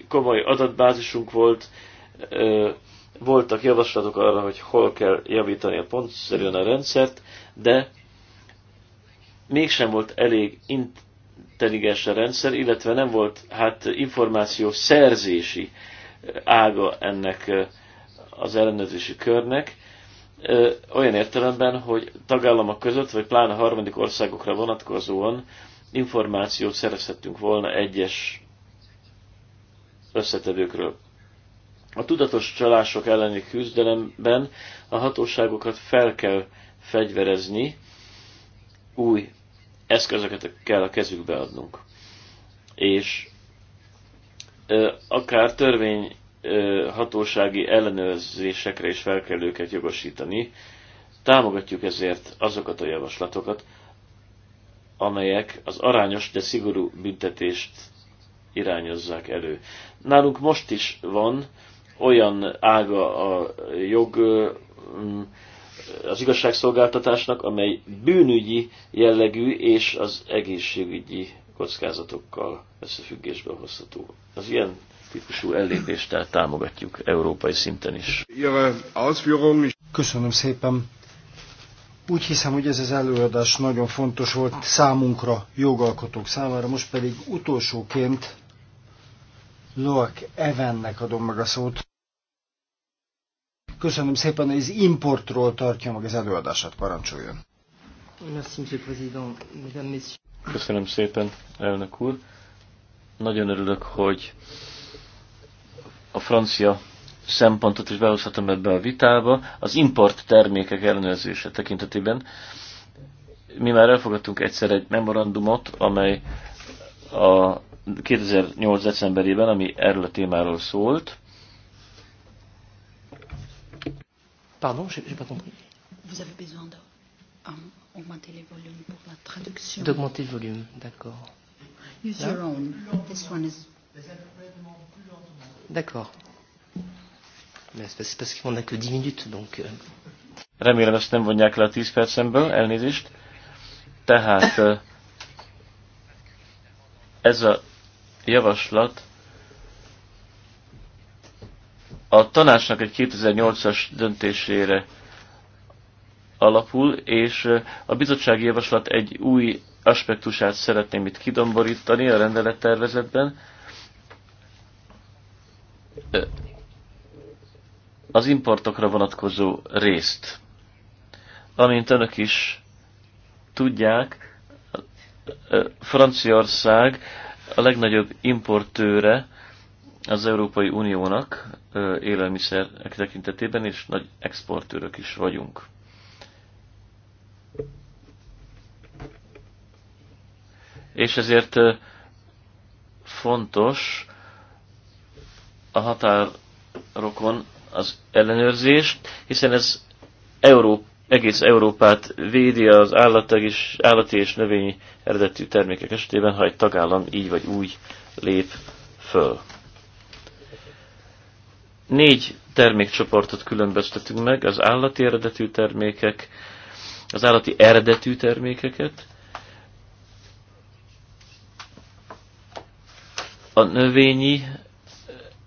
komoly adatbázisunk volt, voltak javaslatok arra, hogy hol kell javítani a pontszerűen a rendszert, de mégsem volt elég intelligens a rendszer, illetve nem volt hát információ szerzési eh, ága ennek eh, az ellenőrzési körnek, eh, olyan értelemben, hogy tagállamok között, vagy pláne harmadik országokra vonatkozóan információt szerezhettünk volna egyes összetevőkről. A tudatos csalások elleni küzdelemben a hatóságokat fel kell fegyverezni, új eszközöket kell a kezükbe adnunk. És akár törvény hatósági ellenőrzésekre is fel kell őket jogosítani. Támogatjuk ezért azokat a javaslatokat, amelyek az arányos, de szigorú büntetést irányozzák elő. Nálunk most is van olyan ága a jog mm, az igazságszolgáltatásnak, amely bűnügyi jellegű és az egészségügyi kockázatokkal összefüggésbe hozható. Az ilyen típusú ellépést támogatjuk európai szinten is. Köszönöm szépen. Úgy hiszem, hogy ez az előadás nagyon fontos volt számunkra, jogalkotók számára. Most pedig utolsóként Loak Evennek adom meg a szót. Köszönöm szépen, hogy az importról tartja meg az előadását, parancsoljon. Köszönöm szépen, elnök úr. Nagyon örülök, hogy a francia szempontot is behozhatom ebbe a vitába. Az import termékek ellenőrzése tekintetében mi már elfogadtunk egyszer egy memorandumot, amely a 2008. decemberében, ami erről a témáról szólt, Pardon, je n'ai pas compris. Vous avez besoin d'augmenter um, le volume pour la traduction. D'augmenter le volume, d'accord. Use your own. This one is... D'accord. Mais c'est parce qu'on n'a que 10 minutes, donc... Euh. Remélem ezt nem vonják le a 10 percemből, elnézést. Tehát ez a javaslat a tanácsnak egy 2008-as döntésére alapul, és a bizottsági javaslat egy új aspektusát szeretném itt kidomborítani a rendelettervezetben. Az importokra vonatkozó részt. Amint önök is tudják, Franciaország a legnagyobb importőre az Európai Uniónak élelmiszerek tekintetében, és nagy exportőrök is vagyunk. És ezért fontos a határokon az ellenőrzés, hiszen ez Európa, egész Európát védi az állatag és, állati és növényi eredetű termékek esetében, ha egy tagállam így vagy úgy lép föl. Négy termékcsoportot különböztetünk meg, az állati eredetű termékek, az állati eredetű termékeket, a növényi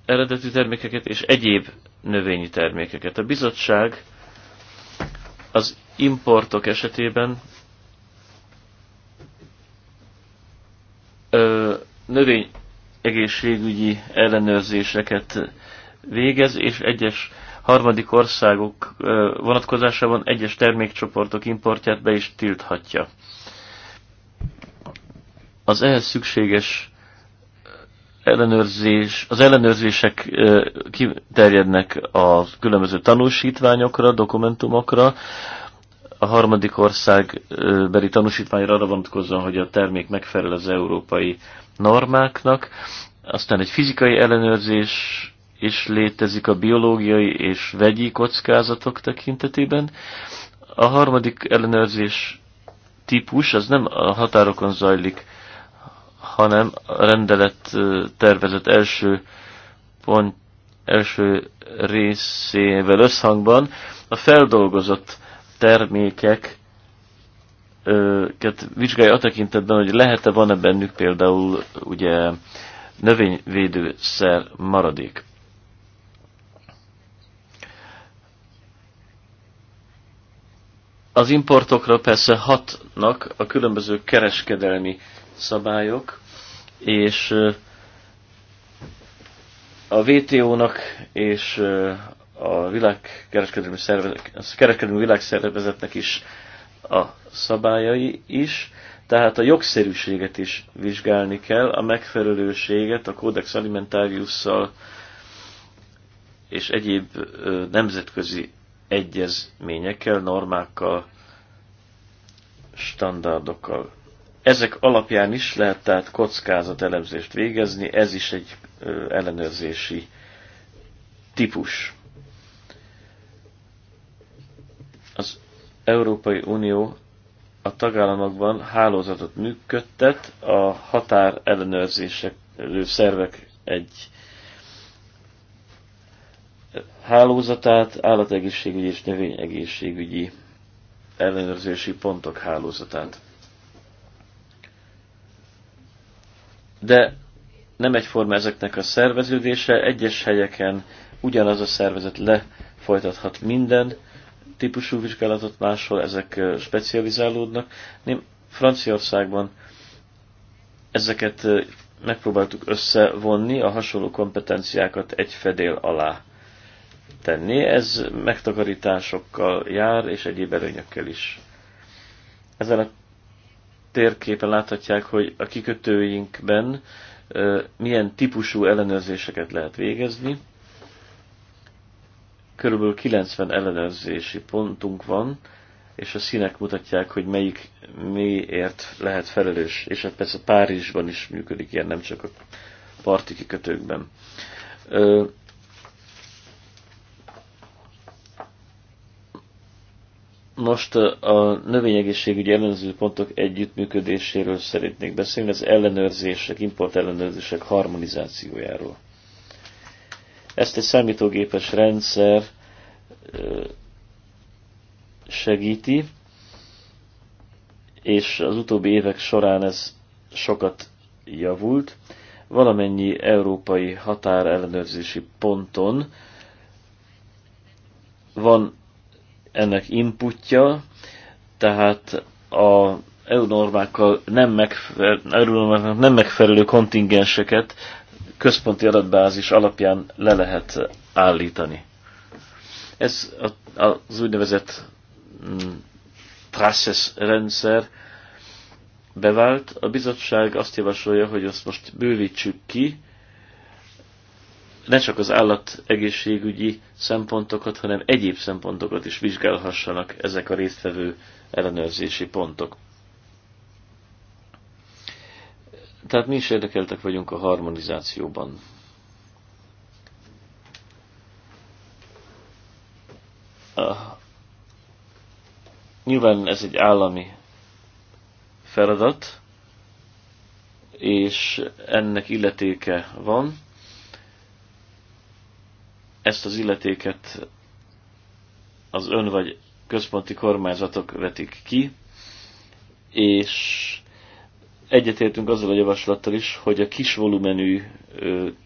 eredetű termékeket és egyéb növényi termékeket. A bizottság az importok esetében növényegészségügyi ellenőrzéseket végez, és egyes harmadik országok vonatkozásában egyes termékcsoportok importját be is tilthatja. Az ehhez szükséges ellenőrzés, az ellenőrzések kiterjednek a különböző tanúsítványokra, dokumentumokra, a harmadik ország beli tanúsítványra arra vonatkozóan, hogy a termék megfelel az európai normáknak, aztán egy fizikai ellenőrzés is létezik a biológiai és vegyi kockázatok tekintetében. A harmadik ellenőrzés típus az nem a határokon zajlik, hanem a rendelet tervezett első pont első részével összhangban a feldolgozott termékek vizsgálja a tekintetben, hogy lehet-e van-e bennük például ugye növényvédőszer maradék. Az importokra persze hatnak a különböző kereskedelmi szabályok, és a WTO-nak és a világkereskedelmi a kereskedelmi világszervezetnek is a szabályai is, tehát a jogszerűséget is vizsgálni kell, a megfelelőséget a Codex Alimentariusszal és egyéb nemzetközi egyezményekkel, normákkal, standardokkal. Ezek alapján is lehet tehát elemzést végezni, ez is egy ellenőrzési típus. Az Európai Unió a tagállamokban hálózatot működtet, a határ ellenőrzések szervek egy hálózatát, állategészségügyi és növényegészségügyi ellenőrzési pontok hálózatát. De nem egyforma ezeknek a szerveződése, egyes helyeken ugyanaz a szervezet lefolytathat minden típusú vizsgálatot, máshol ezek specializálódnak. Nem Franciaországban ezeket megpróbáltuk összevonni, a hasonló kompetenciákat egy fedél alá tenni. Ez megtakarításokkal jár, és egyéb előnyökkel is. Ezen a térképen láthatják, hogy a kikötőinkben milyen típusú ellenőrzéseket lehet végezni. Körülbelül 90 ellenőrzési pontunk van, és a színek mutatják, hogy melyik miért lehet felelős, és hát persze Párizsban is működik ilyen, nem csak a parti kikötőkben. Most a növényegészségügyi pontok együttműködéséről szeretnék beszélni, az ellenőrzések, import ellenőrzések harmonizációjáról. Ezt egy számítógépes rendszer segíti, és az utóbbi évek során ez sokat javult. Valamennyi európai határellenőrzési ponton van ennek inputja, tehát a EU normákkal nem, megfelelő, normáknak nem megfelelő kontingenseket központi adatbázis alapján le lehet állítani. Ez az úgynevezett Traces mm, rendszer bevált. A bizottság azt javasolja, hogy azt most bővítsük ki, ne csak az állat egészségügyi szempontokat, hanem egyéb szempontokat is vizsgálhassanak ezek a résztvevő ellenőrzési pontok. Tehát mi is érdekeltek vagyunk a harmonizációban. Uh, nyilván ez egy állami feladat, és ennek illetéke van, ezt az illetéket az ön vagy központi kormányzatok vetik ki, és egyetértünk azzal a javaslattal is, hogy a kis volumenű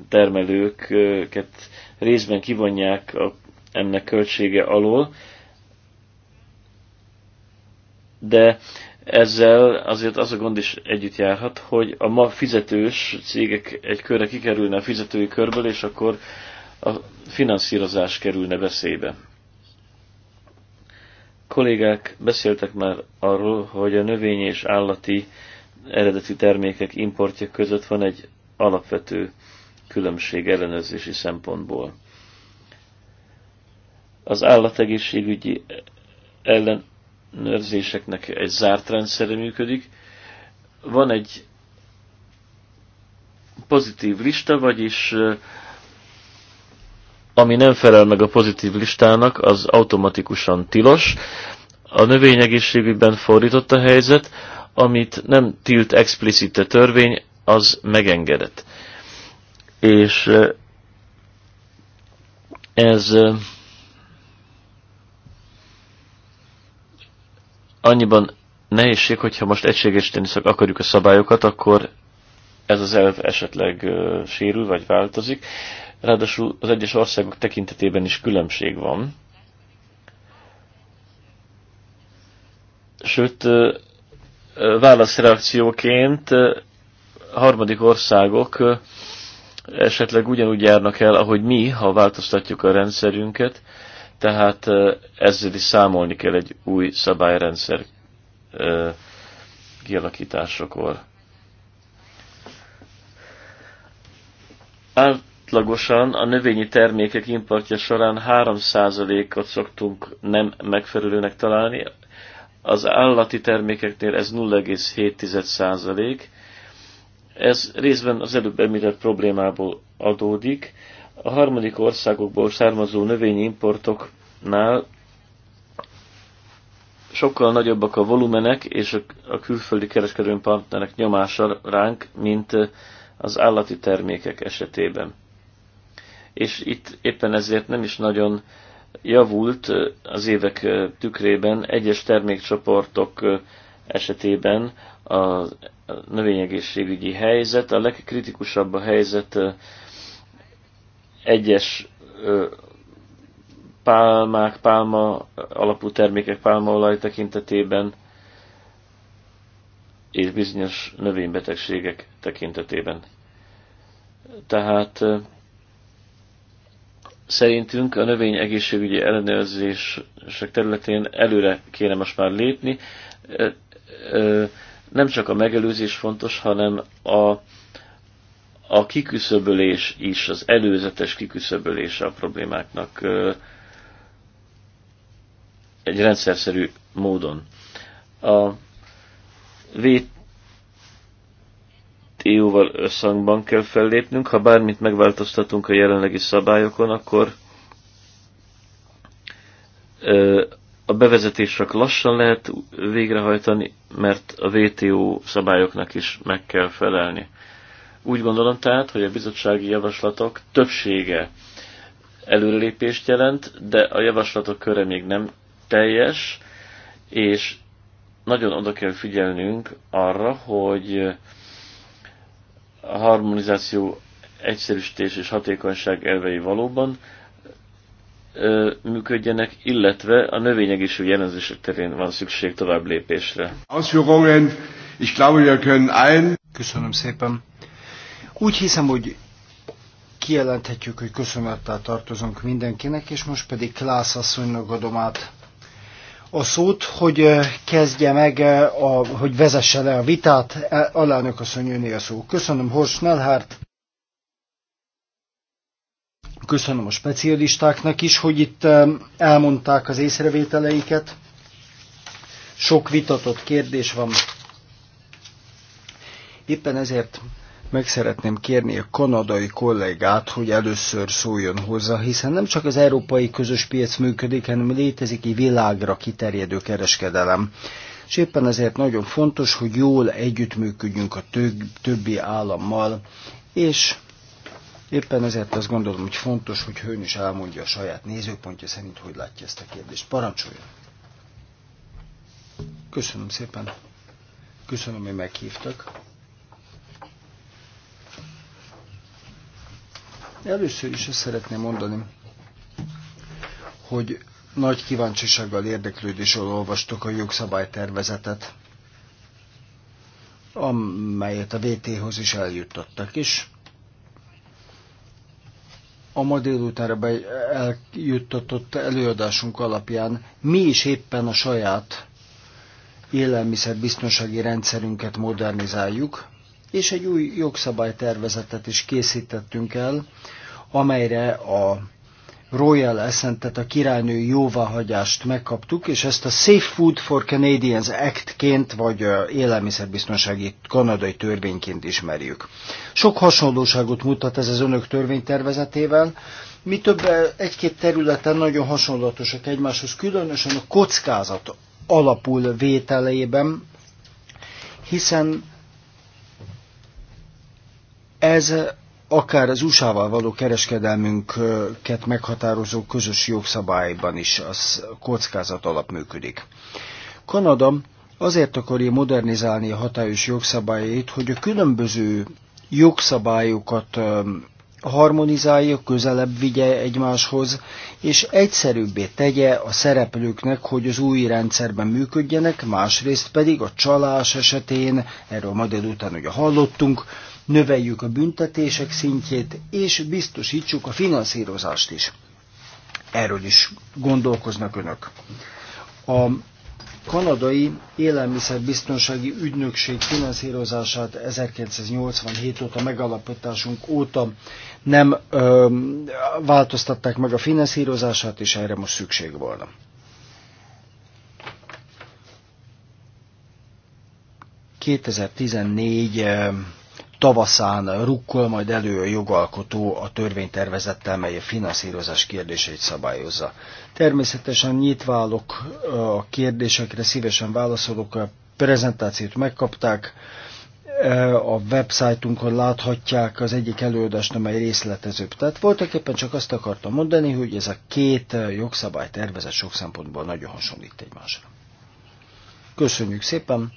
termelőket részben kivonják a, ennek költsége alól, de ezzel azért az a gond is együtt járhat, hogy a ma fizetős cégek egy körre kikerülne a fizetői körből, és akkor a finanszírozás kerülne veszélybe. Kollégák beszéltek már arról, hogy a növény és állati eredeti termékek importja között van egy alapvető különbség ellenőrzési szempontból. Az állategészségügyi ellenőrzéseknek egy zárt rendszere működik. Van egy pozitív lista, vagyis ami nem felel meg a pozitív listának, az automatikusan tilos. A növényegészségügyben fordított a helyzet, amit nem tilt explicite törvény, az megengedett. És eh, ez eh, annyiban nehézség, hogyha most egységesíteni akarjuk a szabályokat, akkor ez az elv esetleg eh, sérül vagy változik. Ráadásul az egyes országok tekintetében is különbség van. Sőt, válaszreakcióként harmadik országok esetleg ugyanúgy járnak el, ahogy mi, ha változtatjuk a rendszerünket, tehát ezzel is számolni kell egy új szabályrendszer kialakításakor átlagosan a növényi termékek importja során 3%-ot szoktunk nem megfelelőnek találni, az állati termékeknél ez 0,7%. Ez részben az előbb említett problémából adódik. A harmadik országokból származó növényi importoknál sokkal nagyobbak a volumenek és a külföldi kereskedelmi partnerek nyomása ránk, mint az állati termékek esetében és itt éppen ezért nem is nagyon javult az évek tükrében egyes termékcsoportok esetében a növényegészségügyi helyzet. A legkritikusabb a helyzet egyes pálmák, pálma alapú termékek, pálmaolaj tekintetében és bizonyos növénybetegségek tekintetében. Tehát szerintünk a növény egészségügyi ellenőrzések területén előre kéne most már lépni. Nem csak a megelőzés fontos, hanem a, a kiküszöbölés is, az előzetes kiküszöbölése a problémáknak egy rendszerszerű módon. A vét EU-val összhangban kell fellépnünk. Ha bármit megváltoztatunk a jelenlegi szabályokon, akkor a bevezetés csak lassan lehet végrehajtani, mert a WTO szabályoknak is meg kell felelni. Úgy gondolom tehát, hogy a bizottsági javaslatok többsége előrelépést jelent, de a javaslatok köre még nem teljes, és nagyon oda kell figyelnünk arra, hogy a harmonizáció egyszerűsítés és hatékonyság elvei valóban ö, működjenek, illetve a növényegészség jelenzések terén van szükség tovább lépésre. Köszönöm szépen. Úgy hiszem, hogy kijelenthetjük, hogy köszönettel tartozunk mindenkinek, és most pedig Klász asszonynak adom át a szót, hogy kezdje meg, a, hogy vezesse le a vitát. E, alelnök asszony jönné a szó. Köszönöm Horst Nelhárt. Köszönöm a specialistáknak is, hogy itt elmondták az észrevételeiket. Sok vitatott kérdés van. Éppen ezért meg szeretném kérni a kanadai kollégát, hogy először szóljon hozzá, hiszen nem csak az európai közös piac működik, hanem létezik egy világra kiterjedő kereskedelem. És éppen ezért nagyon fontos, hogy jól együttműködjünk a többi állammal, és éppen ezért azt gondolom, hogy fontos, hogy hőn is elmondja a saját nézőpontja szerint, hogy látja ezt a kérdést. Parancsoljon! Köszönöm szépen! Köszönöm, hogy meghívtak. Először is azt szeretném mondani, hogy nagy kíváncsisággal, érdeklődésről olvastok a jogszabálytervezetet, amelyet a VT-hoz is eljuttattak is. A ma délutára be eljuttatott előadásunk alapján mi is éppen a saját élelmiszerbiztonsági rendszerünket modernizáljuk, és egy új jogszabálytervezetet is készítettünk el, amelyre a Royal Ascentet, a királynő jóváhagyást megkaptuk, és ezt a Safe Food for Canadians Act-ként, vagy élelmiszerbiztonsági kanadai törvényként ismerjük. Sok hasonlóságot mutat ez az önök törvénytervezetével, mi több egy-két területen nagyon hasonlatosak egymáshoz, különösen a kockázat alapul vételeiben, hiszen ez akár az USA-val való kereskedelmünket meghatározó közös jogszabályban is az kockázat alap működik. Kanada azért akarja modernizálni a hatályos jogszabályait, hogy a különböző jogszabályokat harmonizálja, közelebb vigye egymáshoz, és egyszerűbbé tegye a szereplőknek, hogy az új rendszerben működjenek, másrészt pedig a csalás esetén, erről majd után ugye hallottunk, növeljük a büntetések szintjét, és biztosítsuk a finanszírozást is. Erről is gondolkoznak önök. A kanadai élelmiszerbiztonsági ügynökség finanszírozását 1987 óta megalapításunk óta nem ö, változtatták meg a finanszírozását, és erre most szükség volna. ...2014 tavaszán rukkol majd elő a jogalkotó a törvénytervezettel, mely a finanszírozás kérdéseit szabályozza. Természetesen nyitva állok a kérdésekre, szívesen válaszolok, a prezentációt megkapták, a websájtunkon láthatják az egyik előadást, amely részletezőbb. Tehát voltak éppen csak azt akartam mondani, hogy ez a két jogszabálytervezet sok szempontból nagyon hasonlít egymásra. Köszönjük szépen!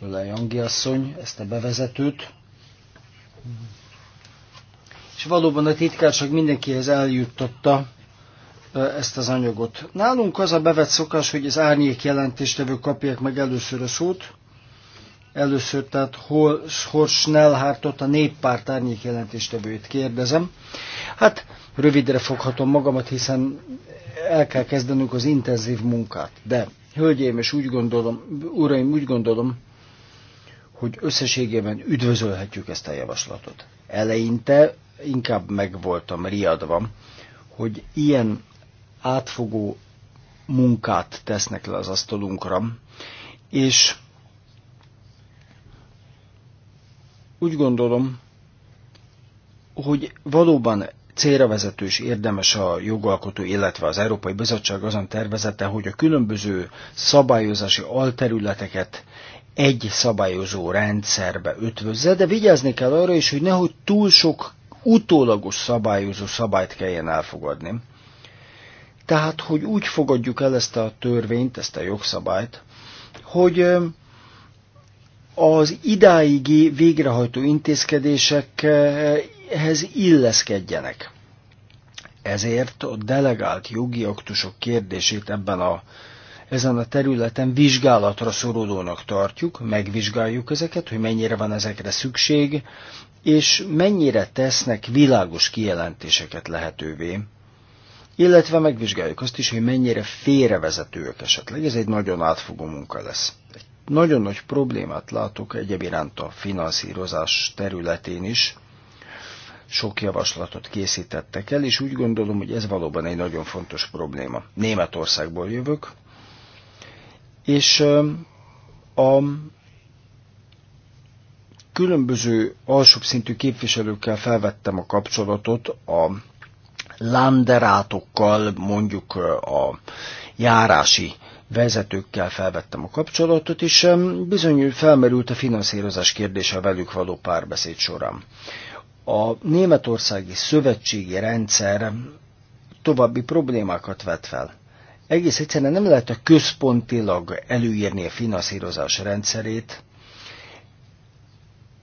Lejangi asszony ezt a bevezetőt. És valóban a titkárság mindenkihez eljuttatta ezt az anyagot. Nálunk az a bevett szokás, hogy az árnyék jelentéstevő kapják meg először a szót, először, tehát Horst Schnellhártot, a néppárt árnyék jelentéstevőjét kérdezem. Hát rövidre foghatom magamat, hiszen el kell kezdenünk az intenzív munkát. De, hölgyeim, és úgy gondolom, uraim, úgy gondolom, hogy összességében üdvözölhetjük ezt a javaslatot. Eleinte inkább meg voltam riadva, hogy ilyen átfogó munkát tesznek le az asztalunkra, és úgy gondolom, hogy valóban célra vezető és érdemes a jogalkotó, illetve az Európai Bizottság azon tervezete, hogy a különböző szabályozási alterületeket egy szabályozó rendszerbe ötvözze, de vigyázni kell arra is, hogy nehogy túl sok utólagos szabályozó szabályt kelljen elfogadni. Tehát, hogy úgy fogadjuk el ezt a törvényt, ezt a jogszabályt, hogy az idáigi végrehajtó intézkedésekhez illeszkedjenek. Ezért a delegált jogi aktusok kérdését ebben a ezen a területen vizsgálatra szorulónak tartjuk, megvizsgáljuk ezeket, hogy mennyire van ezekre szükség, és mennyire tesznek világos kijelentéseket lehetővé, illetve megvizsgáljuk azt is, hogy mennyire félrevezetőek esetleg. Ez egy nagyon átfogó munka lesz. Egy nagyon nagy problémát látok iránt a finanszírozás területén is. Sok javaslatot készítettek el, és úgy gondolom, hogy ez valóban egy nagyon fontos probléma. Németországból jövök, és a különböző alsóbb szintű képviselőkkel felvettem a kapcsolatot, a landerátokkal, mondjuk a járási vezetőkkel felvettem a kapcsolatot, és bizony felmerült a finanszírozás kérdése a velük való párbeszéd során. A németországi szövetségi rendszer további problémákat vet fel. Egész egyszerűen nem lehet a központilag előírni a finanszírozás rendszerét,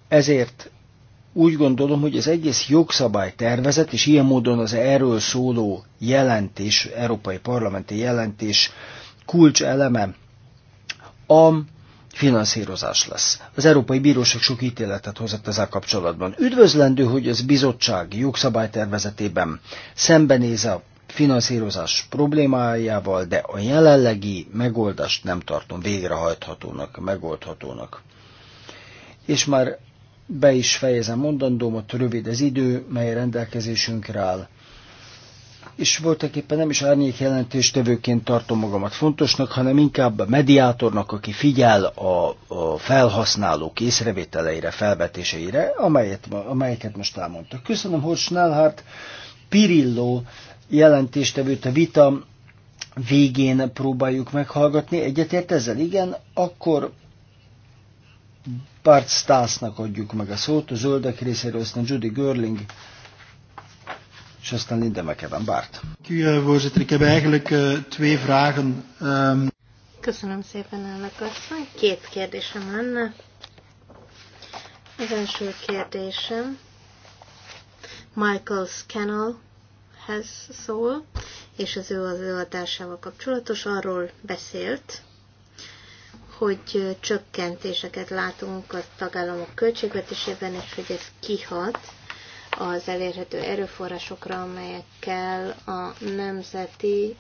ezért úgy gondolom, hogy az egész jogszabály tervezet, és ilyen módon az erről szóló jelentés, Európai Parlamenti jelentés kulcs eleme a finanszírozás lesz. Az Európai Bíróság sok ítéletet hozott ezzel kapcsolatban. Üdvözlendő, hogy az bizottság jogszabálytervezetében szembenéz a finanszírozás problémájával, de a jelenlegi megoldást nem tartom végrehajthatónak, megoldhatónak. És már be is fejezem mondandómat, rövid az idő, mely rendelkezésünkre áll. És voltak éppen nem is árnyék jelentéstevőként tartom magamat fontosnak, hanem inkább a mediátornak, aki figyel a, a felhasználók észrevételeire, felvetéseire, amelyet, amelyeket most elmondtak. Köszönöm Horst Schnellhardt, Pirillo jelentéstevőt a vita végén próbáljuk meghallgatni. Egyetért ezzel igen, akkor Bart Stásznak adjuk meg a szót, a zöldek részéről aztán Judy Görling, és aztán Linda McEwan Bart. Köszönöm szépen, elnök asszony. Két kérdésem lenne. Az első kérdésem Michael Scannell hez szól, és az ő az előadásával kapcsolatos arról beszélt, hogy csökkentéseket látunk a tagállamok költségvetésében, és hogy ez kihat az elérhető erőforrásokra, amelyekkel a nemzeti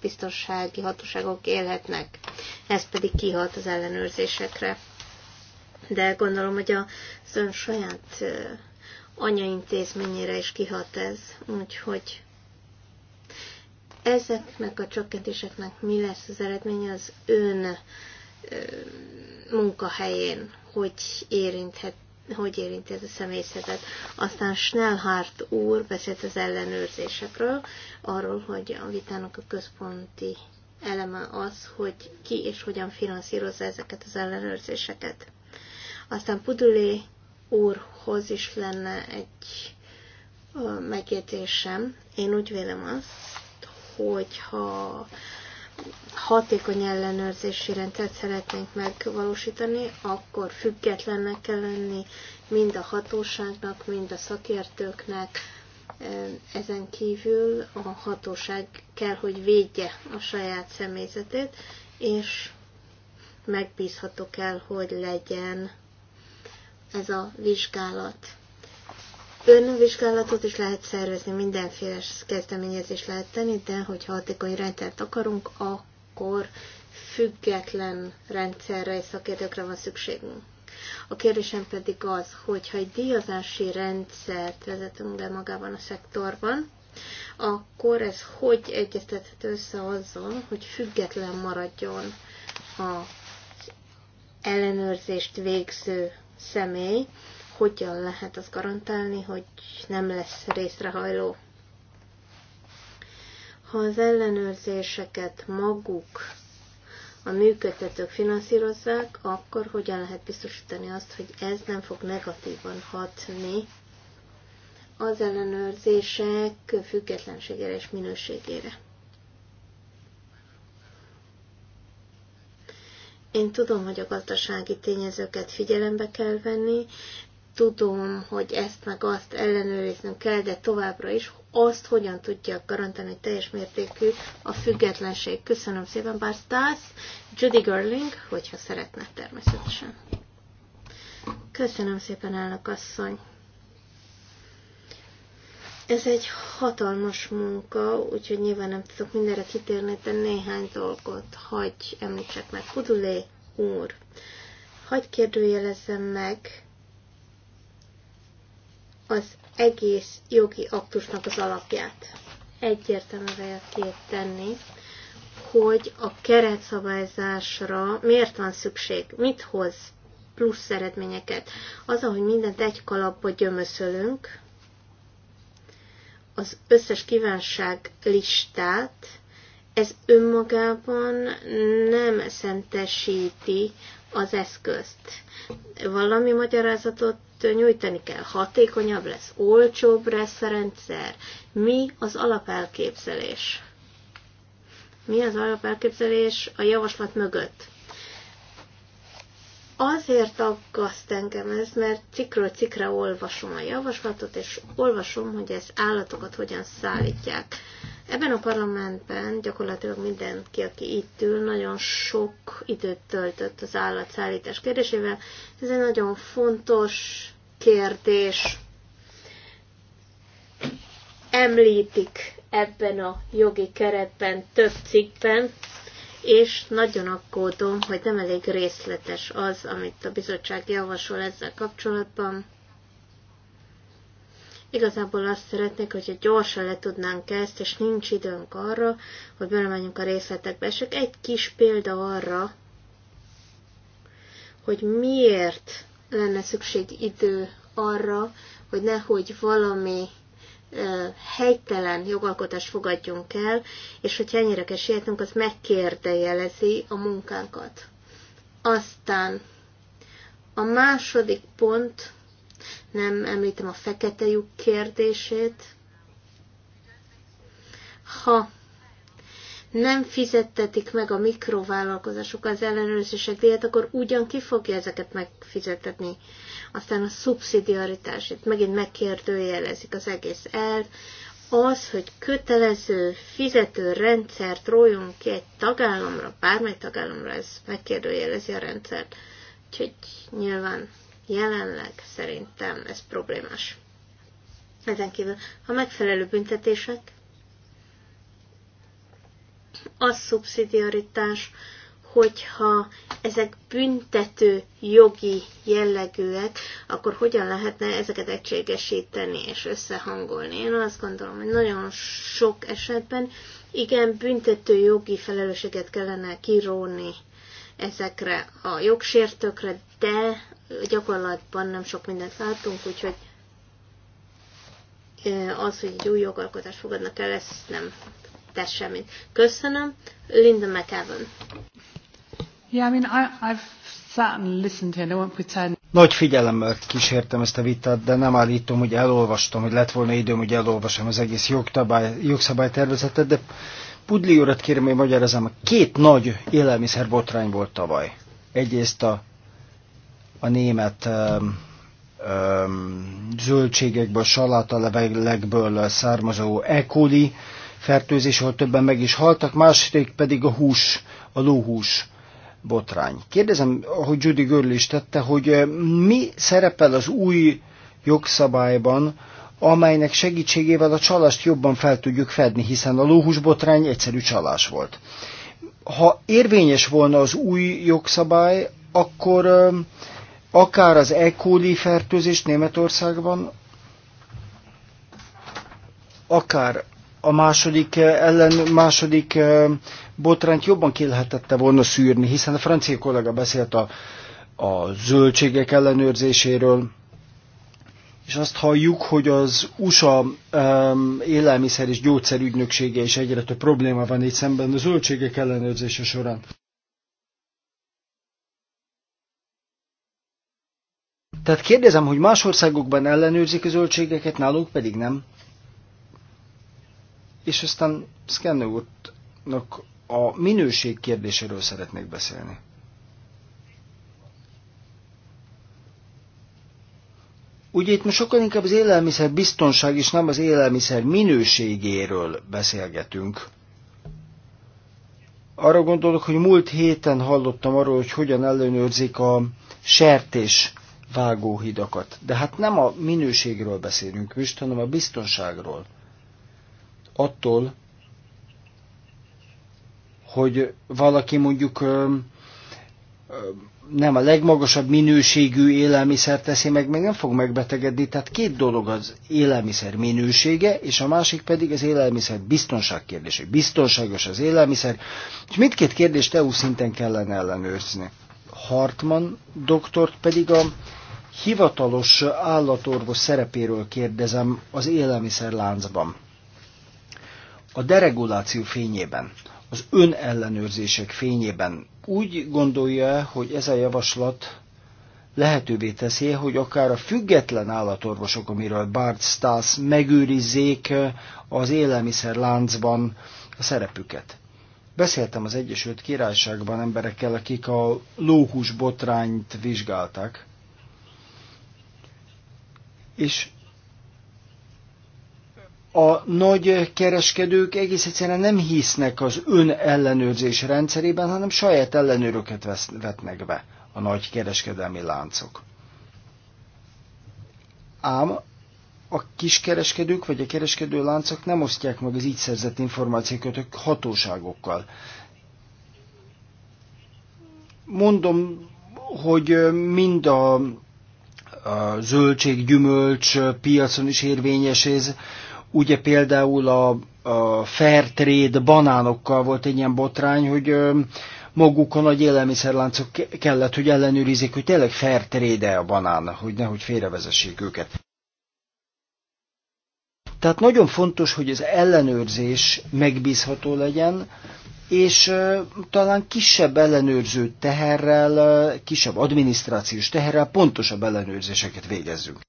biztonsági hatóságok élhetnek. Ez pedig kihat az ellenőrzésekre. De gondolom, hogy az ön saját anya intézményére is kihat ez, úgyhogy ezeknek a csökkentéseknek mi lesz az eredménye az ön munkahelyén, hogy érinthet hogy érinti ez a személyzetet. Aztán Schnellhardt úr beszélt az ellenőrzésekről, arról, hogy a vitának a központi eleme az, hogy ki és hogyan finanszírozza ezeket az ellenőrzéseket. Aztán Pudulé úrhoz is lenne egy megjegyzésem. Én úgy vélem azt, hogy ha hatékony ellenőrzési rendszert szeretnénk megvalósítani, akkor függetlennek kell lenni mind a hatóságnak, mind a szakértőknek. Ezen kívül a hatóság kell, hogy védje a saját személyzetét, és megbízható kell, hogy legyen ez a vizsgálat. Önvizsgálatot is lehet szervezni, mindenféle kezdeményezést lehet tenni, de hogyha hatékony rendszert akarunk, akkor független rendszerre és szakértőkre van szükségünk. A kérdésem pedig az, hogyha egy díjazási rendszert vezetünk be magában a szektorban, akkor ez hogy egyeztethető össze azzal, hogy független maradjon az ellenőrzést végző személy, hogyan lehet azt garantálni, hogy nem lesz részrehajló. Ha az ellenőrzéseket maguk a működtetők finanszírozzák, akkor hogyan lehet biztosítani azt, hogy ez nem fog negatívan hatni az ellenőrzések függetlenségére és minőségére. Én tudom, hogy a gazdasági tényezőket figyelembe kell venni, tudom, hogy ezt meg azt ellenőriznünk kell, de továbbra is azt hogyan tudja garantálni, hogy teljes mértékű a függetlenség. Köszönöm szépen, bár Stász, Judy Girling, hogyha szeretne természetesen. Köszönöm szépen, elnök asszony. Ez egy hatalmas munka, úgyhogy nyilván nem tudok mindenre kitérni, de néhány dolgot hagy említsek meg. Kudulé úr, hagy kérdőjelezzem meg az egész jogi aktusnak az alapját. Egyértelművel kell tenni, hogy a keretszabályzásra miért van szükség, mit hoz plusz eredményeket. Az, hogy mindent egy kalapba gyömöszölünk, az összes kívánság listát, ez önmagában nem szentesíti az eszközt. Valami magyarázatot nyújtani kell. Hatékonyabb lesz, olcsóbb lesz a rendszer. Mi az alapelképzelés? Mi az alapelképzelés a javaslat mögött? Azért aggaszt engem ez, mert cikről cikre olvasom a javaslatot, és olvasom, hogy ez állatokat hogyan szállítják. Ebben a parlamentben gyakorlatilag mindenki, aki itt ül, nagyon sok időt töltött az állatszállítás kérdésével. Ez egy nagyon fontos kérdés. Említik ebben a jogi keretben több cikkben, és nagyon aggódom, hogy nem elég részletes az, amit a bizottság javasol ezzel kapcsolatban. Igazából azt szeretnék, hogyha gyorsan le tudnánk ezt, és nincs időnk arra, hogy belemenjünk a részletekbe. És csak egy kis példa arra, hogy miért lenne szükség idő arra, hogy nehogy valami helytelen jogalkotást fogadjunk el, és hogyha ennyire kell sietnünk, az megkérdejelezi a munkánkat. Aztán a második pont, nem említem a fekete lyuk kérdését, ha nem fizettetik meg a mikrovállalkozások az ellenőrzések díjat, akkor ugyan ki fogja ezeket megfizetetni. Aztán a szubszidiaritás, megint megkérdőjelezik az egész elv, az, hogy kötelező fizető rendszert rójunk ki egy tagállamra, bármely tagállamra, ez megkérdőjelezi a rendszert. Úgyhogy nyilván jelenleg szerintem ez problémás. Ezen kívül a megfelelő büntetések a szubszidiaritás, hogyha ezek büntető jogi jellegűek, akkor hogyan lehetne ezeket egységesíteni és összehangolni? Én azt gondolom, hogy nagyon sok esetben igen, büntető jogi felelősséget kellene kiróni ezekre a jogsértőkre, de gyakorlatban nem sok mindent látunk, úgyhogy az, hogy egy új jogalkotást fogadnak el, ezt nem tesz semmit. Köszönöm. Linda McEwan. Yeah, I mean, I, I've sat and listened here. I won't pretend. Nagy figyelemmel kísértem ezt a vitát, de nem állítom, hogy elolvastam, hogy lett volna időm, hogy elolvasom az egész jogtabály, jogszabálytervezetet, de Pudli urat kérem, hogy magyarázom, két nagy élelmiszerbotrány volt tavaly. Egyrészt a, a német um, um, zöldségekből, salátalevegekből származó E. coli fertőzés, ahol többen meg is haltak, másrészt pedig a hús, a lóhús botrány. Kérdezem, ahogy Judy Görl is tette, hogy mi szerepel az új jogszabályban, amelynek segítségével a csalást jobban fel tudjuk fedni, hiszen a lóhús botrány egyszerű csalás volt. Ha érvényes volna az új jogszabály, akkor akár az E. coli fertőzés Németországban, akár a második eh, ellen, második eh, botrányt jobban ki lehetette volna szűrni, hiszen a francia kollega beszélt a, a zöldségek ellenőrzéséről, és azt halljuk, hogy az USA um, élelmiszer és gyógyszerügynöksége is egyre több probléma van itt szemben a zöldségek ellenőrzése során. Tehát kérdezem, hogy más országokban ellenőrzik a zöldségeket, nálunk pedig nem. És aztán Szkenne úrnak a minőség kérdéséről szeretnék beszélni. Ugye itt most sokkal inkább az élelmiszer biztonság és nem az élelmiszer minőségéről beszélgetünk. Arra gondolok, hogy múlt héten hallottam arról, hogy hogyan ellenőrzik a sertés vágóhidakat. De hát nem a minőségről beszélünk most, hanem a biztonságról attól, hogy valaki mondjuk nem a legmagasabb minőségű élelmiszer teszi meg, meg nem fog megbetegedni. Tehát két dolog az élelmiszer minősége, és a másik pedig az élelmiszer biztonság kérdése. Biztonságos az élelmiszer, és mindkét kérdést EU szinten kellene ellenőrzni. Hartman doktort pedig a hivatalos állatorvos szerepéről kérdezem az élelmiszer láncban a dereguláció fényében, az önellenőrzések fényében úgy gondolja, hogy ez a javaslat lehetővé teszi, hogy akár a független állatorvosok, amiről Bart Stas megőrizzék eh, az láncban a szerepüket. Beszéltem az Egyesült Királyságban emberekkel, akik a lóhús botrányt vizsgálták, és a nagy kereskedők egész egyszerűen nem hisznek az önellenőrzés rendszerében, hanem saját ellenőröket vetnek be a nagy kereskedelmi láncok. Ám a kiskereskedők vagy a kereskedő láncok nem osztják meg az így szerzett információkat a hatóságokkal. Mondom, hogy mind a, a zöldség, gyümölcs piacon is érvényes ez, Ugye például a, a fair trade banánokkal volt egy ilyen botrány, hogy maguk a nagy élelmiszerláncok kellett, hogy ellenőrizzék, hogy tényleg fair trade-e a banán, hogy nehogy félrevezessék őket. Tehát nagyon fontos, hogy az ellenőrzés megbízható legyen, és talán kisebb ellenőrző teherrel, kisebb adminisztrációs teherrel pontosabb ellenőrzéseket végezzünk.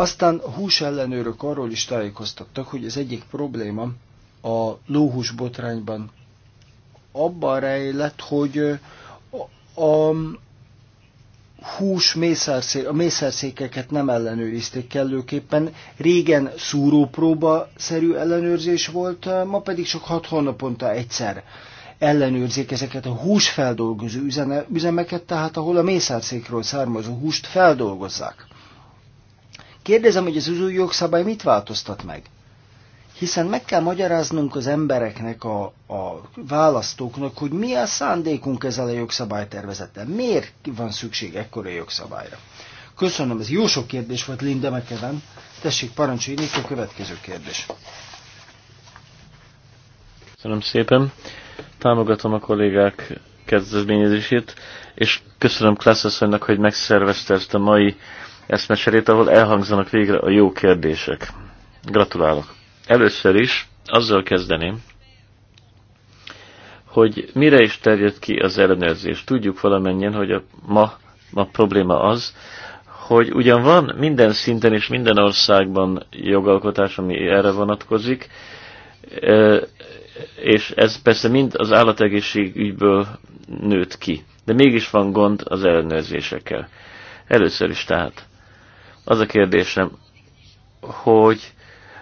Aztán hús ellenőrök arról is tájékoztattak, hogy az egyik probléma a lóhús botrányban abban rejlett, hogy a hús mészárszé, a mészárszékeket nem ellenőrizték kellőképpen. Régen szúrópróba szerű ellenőrzés volt, ma pedig csak hat hónaponta egyszer ellenőrzik ezeket a húsfeldolgozó üzemeket, tehát ahol a mészárszékről származó húst feldolgozzák. Kérdezem, hogy az új jogszabály mit változtat meg? Hiszen meg kell magyaráznunk az embereknek, a, a választóknak, hogy mi a szándékunk ezzel a jogszabálytervezettel. Miért van szükség ekkora jogszabályra? Köszönöm, ez jó sok kérdés volt Linda Mekeven. Tessék, parancsolj, itt a következő kérdés. Köszönöm szépen. Támogatom a kollégák kezdeményezését, és köszönöm Klasszasszonynak, hogy megszervezte ezt a mai eszmecserét, ahol elhangzanak végre a jó kérdések. Gratulálok! Először is azzal kezdeném, hogy mire is terjed ki az ellenőrzés. Tudjuk valamennyien, hogy a, ma, ma probléma az, hogy ugyan van minden szinten és minden országban jogalkotás, ami erre vonatkozik, és ez persze mind az állategészség ügyből nőtt ki. De mégis van gond az ellenőrzésekkel. Először is tehát az a kérdésem, hogy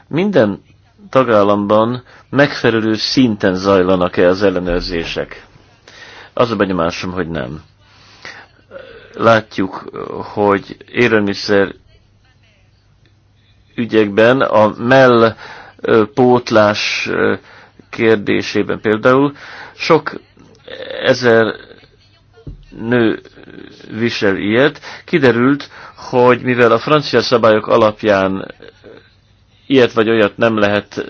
minden tagállamban megfelelő szinten zajlanak-e az ellenőrzések? Az a benyomásom, hogy nem. Látjuk, hogy élelmiszer ügyekben a mell pótlás kérdésében például sok ezer nő visel ilyet. Kiderült, hogy mivel a francia szabályok alapján ilyet vagy olyat nem lehet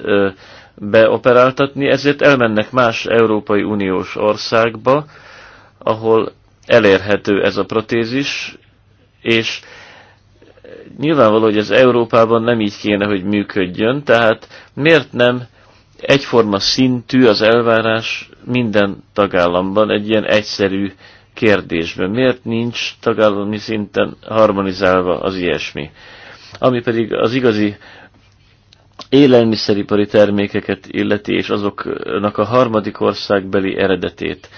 beoperáltatni, ezért elmennek más Európai Uniós országba, ahol elérhető ez a protézis, és nyilvánvaló, hogy ez Európában nem így kéne, hogy működjön, tehát miért nem egyforma szintű az elvárás minden tagállamban egy ilyen egyszerű kérdésben. Miért nincs tagállami szinten harmonizálva az ilyesmi? Ami pedig az igazi élelmiszeripari termékeket illeti, és azoknak a harmadik országbeli eredetét.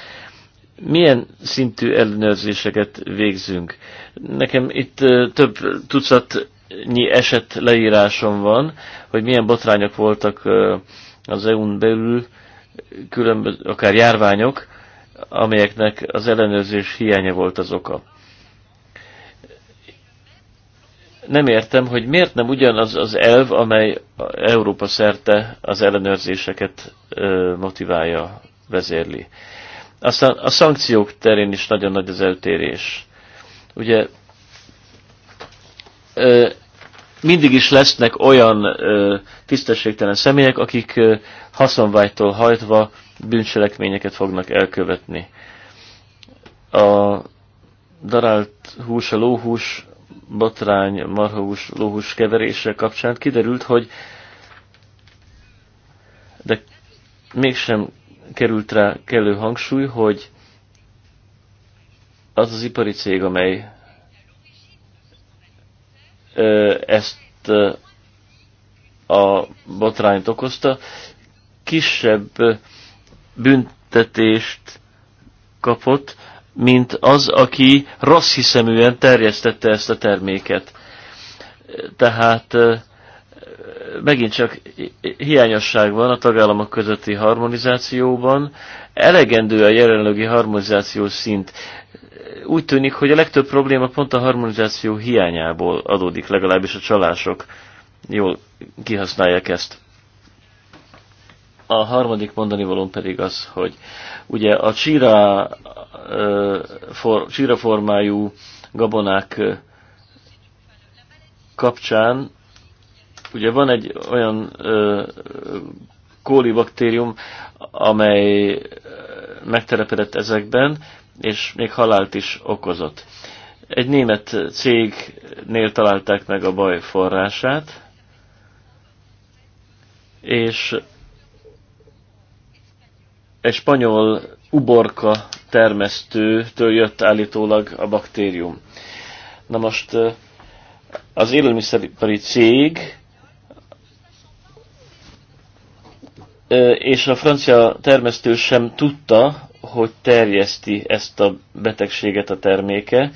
Milyen szintű ellenőrzéseket végzünk? Nekem itt több tucatnyi eset leírásom van, hogy milyen botrányok voltak az EU-n belül, különböző, akár járványok, amelyeknek az ellenőrzés hiánya volt az oka. Nem értem, hogy miért nem ugyanaz az elv, amely Európa szerte az ellenőrzéseket motiválja, vezérli. Aztán a szankciók terén is nagyon nagy az eltérés. Ugye mindig is lesznek olyan tisztességtelen személyek, akik haszonvágytól hajtva bűncselekményeket fognak elkövetni. A darált hús, a lóhús, botrány, marhahús, lóhús keverése kapcsán kiderült, hogy de mégsem került rá kellő hangsúly, hogy az az ipari cég, amely ezt a botrányt okozta, kisebb büntetést kapott, mint az, aki rossz hiszeműen terjesztette ezt a terméket. Tehát megint csak hiányosság van a tagállamok közötti harmonizációban. Elegendő a jelenlegi harmonizációs szint. Úgy tűnik, hogy a legtöbb probléma pont a harmonizáció hiányából adódik, legalábbis a csalások jól kihasználják ezt. A harmadik mondani valóm pedig az, hogy ugye a csíra, for, csíra formájú gabonák kapcsán ugye van egy olyan ö, kólibaktérium, amely megterepedett ezekben, és még halált is okozott. Egy német cégnél találták meg a baj forrását, és egy spanyol uborka termesztőtől jött állítólag a baktérium. Na most az élelmiszeripari cég és a francia termesztő sem tudta, hogy terjeszti ezt a betegséget a terméke,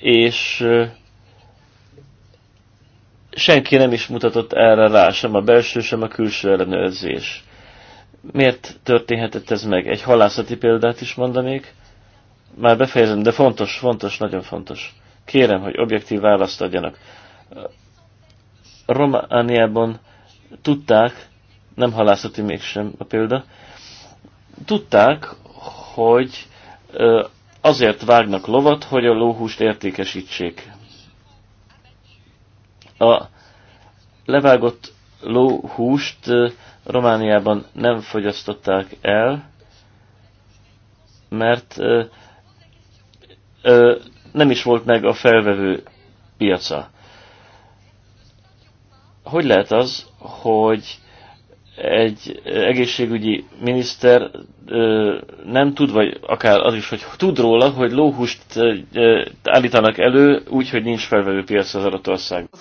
és senki nem is mutatott erre rá, sem a belső, sem a külső ellenőrzés. Miért történhetett ez meg? Egy halászati példát is mondanék. Már befejezem, de fontos, fontos, nagyon fontos. Kérem, hogy objektív választ adjanak. Romániában tudták, nem halászati mégsem a példa, tudták, hogy azért vágnak lovat, hogy a lóhúst értékesítsék. A levágott lóhúst Romániában nem fogyasztották el, mert ö, ö, nem is volt meg a felvevő piaca. Hogy lehet az, hogy egy egészségügyi miniszter ö, nem tud, vagy akár az is, hogy tud róla, hogy lóhúst ö, állítanak elő, úgy, hogy nincs felvevő piac az adott országban.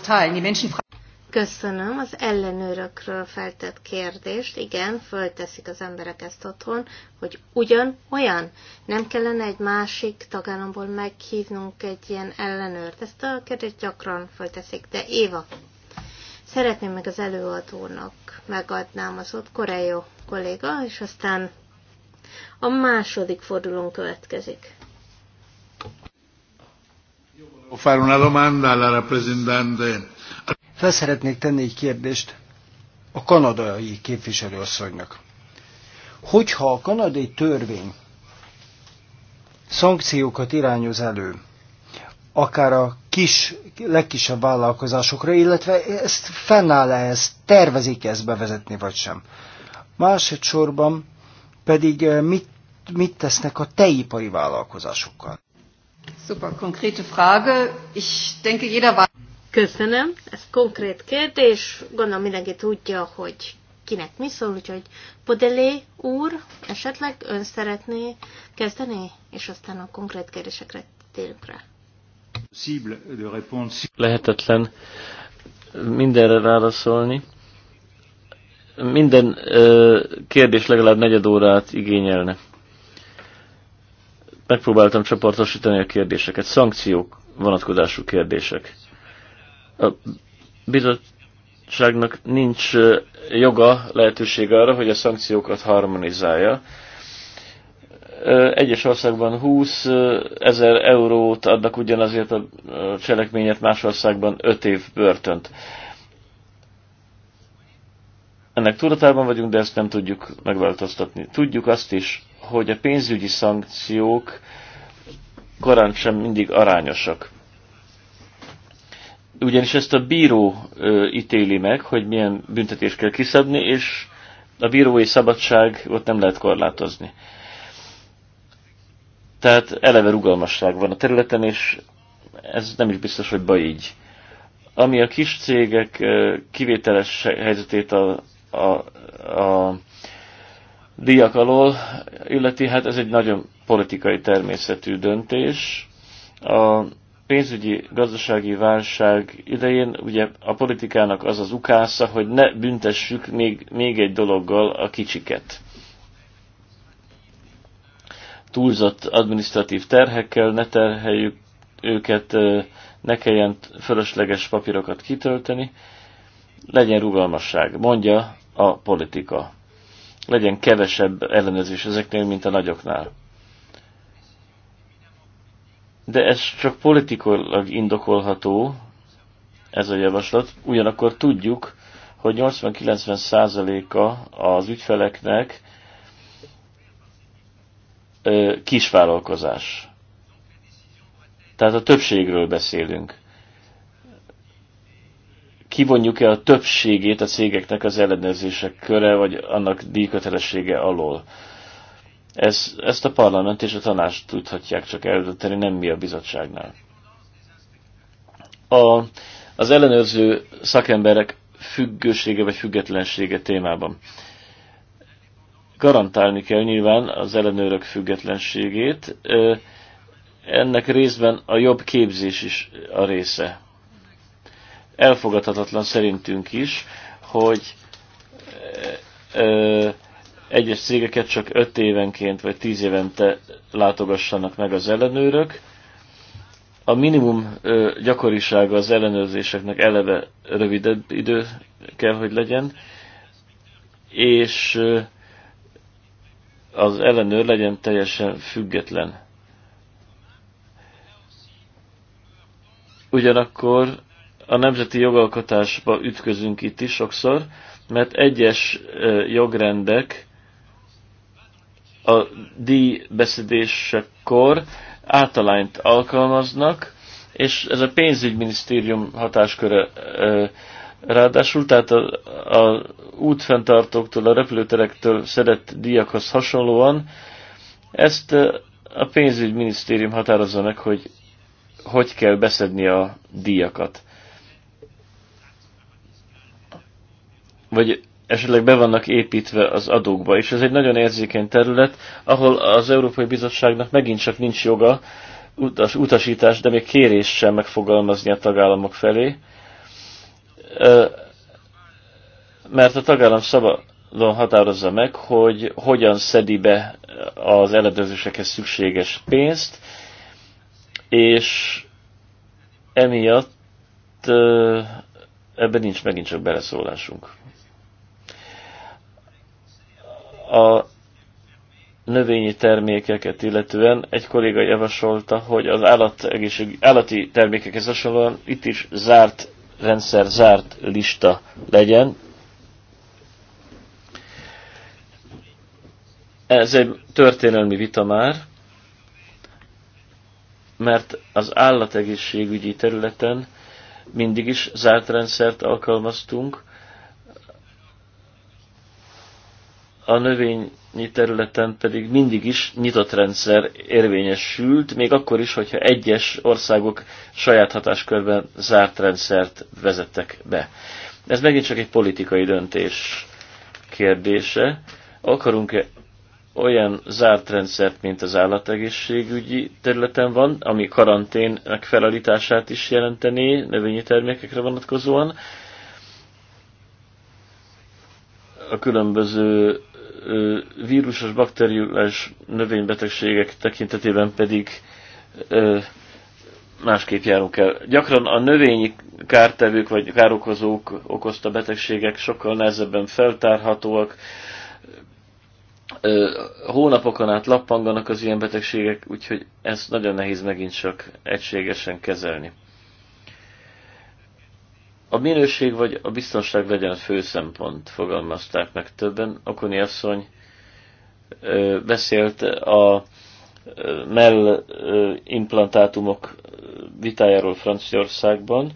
Köszönöm. Az ellenőrökről feltett kérdést, igen, fölteszik az emberek ezt otthon, hogy ugyan olyan. Nem kellene egy másik tagállamból meghívnunk egy ilyen ellenőrt. Ezt a kérdést gyakran fölteszik, de Éva, szeretném meg az előadónak megadnám az ott Korejó kolléga, és aztán a második fordulón következik. Fare una domanda alla rappresentante fel szeretnék tenni egy kérdést a kanadai képviselőasszonynak. Hogyha a kanadai törvény szankciókat irányoz elő, akár a kis, legkisebb vállalkozásokra, illetve ezt fennáll ezt tervezik ezt bevezetni, vagy sem. Másodszorban pedig eh, mit, mit tesznek a tejipari vállalkozásokkal? Super, konkrete Frage. Ich denke, jeder Köszönöm, ez konkrét kérdés, gondolom mindenki tudja, hogy kinek mi szól, úgyhogy Podelé úr, esetleg ön szeretné kezdeni, és aztán a konkrét kérdésekre térünk rá. Lehetetlen mindenre válaszolni. Minden ö, kérdés legalább negyed órát igényelne. Megpróbáltam csoportosítani a kérdéseket. Szankciók vonatkozású kérdések. A bizottságnak nincs joga, lehetősége arra, hogy a szankciókat harmonizálja. Egyes országban 20 ezer eurót adnak ugyanazért a cselekményet, más országban 5 év börtönt. Ennek tudatában vagyunk, de ezt nem tudjuk megváltoztatni. Tudjuk azt is, hogy a pénzügyi szankciók korán sem mindig arányosak ugyanis ezt a bíró ö, ítéli meg, hogy milyen büntetést kell kiszabni, és a bírói szabadság ott nem lehet korlátozni. Tehát eleve rugalmasság van a területen, és ez nem is biztos, hogy baj így. Ami a kis cégek kivételes helyzetét a, a, a díjak alól illeti, hát ez egy nagyon politikai természetű döntés. A pénzügyi gazdasági válság idején ugye a politikának az az ukásza, hogy ne büntessük még, még egy dologgal a kicsiket. Túlzott administratív terhekkel, ne terheljük őket, ne kelljen fölösleges papírokat kitölteni, legyen rugalmasság, mondja a politika. Legyen kevesebb ellenőrzés ezeknél, mint a nagyoknál de ez csak politikailag indokolható, ez a javaslat. Ugyanakkor tudjuk, hogy 80-90 százaléka az ügyfeleknek kisvállalkozás. Tehát a többségről beszélünk. Kivonjuk-e a többségét a cégeknek az ellenőrzések köre, vagy annak díjkötelessége alól? Ez, ezt a parlament és a tanács tudhatják csak eldönteni, nem mi a bizottságnál. A, az ellenőrző szakemberek függősége vagy függetlensége témában. Garantálni kell nyilván az ellenőrök függetlenségét, ennek részben a jobb képzés is a része. Elfogadhatatlan szerintünk is, hogy egyes cégeket csak 5 évenként vagy 10 évente látogassanak meg az ellenőrök. A minimum gyakorisága az ellenőrzéseknek eleve rövidebb idő kell, hogy legyen, és az ellenőr legyen teljesen független. Ugyanakkor a nemzeti jogalkotásba ütközünk itt is sokszor, mert egyes jogrendek a díjbeszedésekor általányt alkalmaznak, és ez a pénzügyminisztérium hatásköre ráadásul, tehát a, a útfenntartóktól, a repülőterektől szedett díjakhoz hasonlóan ezt a pénzügyminisztérium határozza meg, hogy hogy kell beszedni a díjakat. Vagy esetleg be vannak építve az adókba, és ez egy nagyon érzékeny terület, ahol az Európai Bizottságnak megint csak nincs joga utas, utasítás, de még kérés sem megfogalmazni a tagállamok felé, mert a tagállam szabadon határozza meg, hogy hogyan szedi be az eledőzésekhez szükséges pénzt, és emiatt ebben nincs megint csak beleszólásunk. A növényi termékeket illetően egy kolléga javasolta, hogy az állategészség, állati termékekhez hasonlóan itt is zárt rendszer, zárt lista legyen. Ez egy történelmi vita már, mert az állategészségügyi területen mindig is zárt rendszert alkalmaztunk, a növényi területen pedig mindig is nyitott rendszer érvényesült, még akkor is, hogyha egyes országok saját hatáskörben zárt rendszert vezettek be. Ez megint csak egy politikai döntés kérdése. Akarunk-e olyan zárt rendszert, mint az állategészségügyi területen van, ami karantén megfelelítását is jelenteni növényi termékekre vonatkozóan, a különböző vírusos, bakteriális növénybetegségek tekintetében pedig másképp járunk el. Gyakran a növényi kártevők vagy károkozók okozta betegségek sokkal nehezebben feltárhatóak, hónapokon át lappanganak az ilyen betegségek, úgyhogy ezt nagyon nehéz megint csak egységesen kezelni. A minőség vagy a biztonság legyen fő szempont, fogalmazták meg többen. Akoni asszony beszélt a mell implantátumok vitájáról Franciaországban.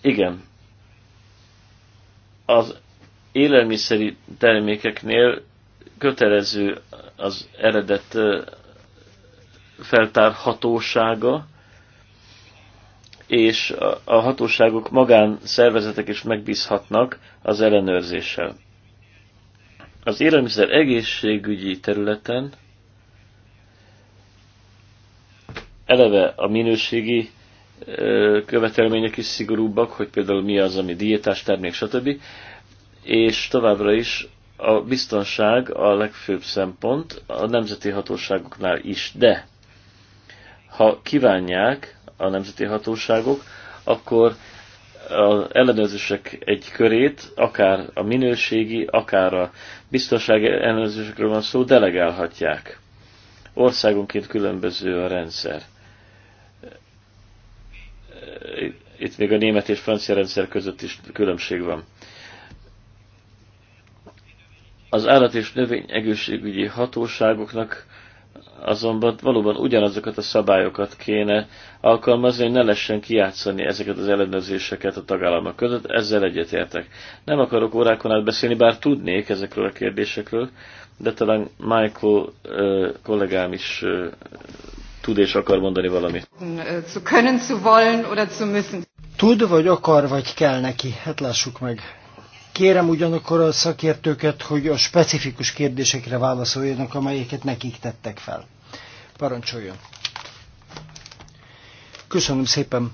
Igen, az élelmiszeri termékeknél kötelező az eredet feltárhatósága, és a, hatóságok magán szervezetek is megbízhatnak az ellenőrzéssel. Az élelmiszer egészségügyi területen eleve a minőségi követelmények is szigorúbbak, hogy például mi az, ami diétás termék, stb. És továbbra is a biztonság a legfőbb szempont a nemzeti hatóságoknál is. De ha kívánják, a nemzeti hatóságok, akkor az ellenőrzések egy körét, akár a minőségi, akár a biztonsági ellenőrzésekről van szó, delegálhatják. Országonként különböző a rendszer. Itt még a német és francia rendszer között is különbség van. Az állat és növény egészségügyi hatóságoknak azonban valóban ugyanazokat a szabályokat kéne alkalmazni, hogy ne lessen kijátszani ezeket az ellenőrzéseket a tagállamok között, ezzel egyetértek. Nem akarok órákon át beszélni, bár tudnék ezekről a kérdésekről, de talán Michael uh, kollégám is uh, tud és akar mondani valamit. Tud, vagy akar, vagy kell neki. Hát lássuk meg. Kérem ugyanakkor a szakértőket, hogy a specifikus kérdésekre válaszoljanak, amelyeket nekik tettek fel. Parancsoljon! Köszönöm szépen!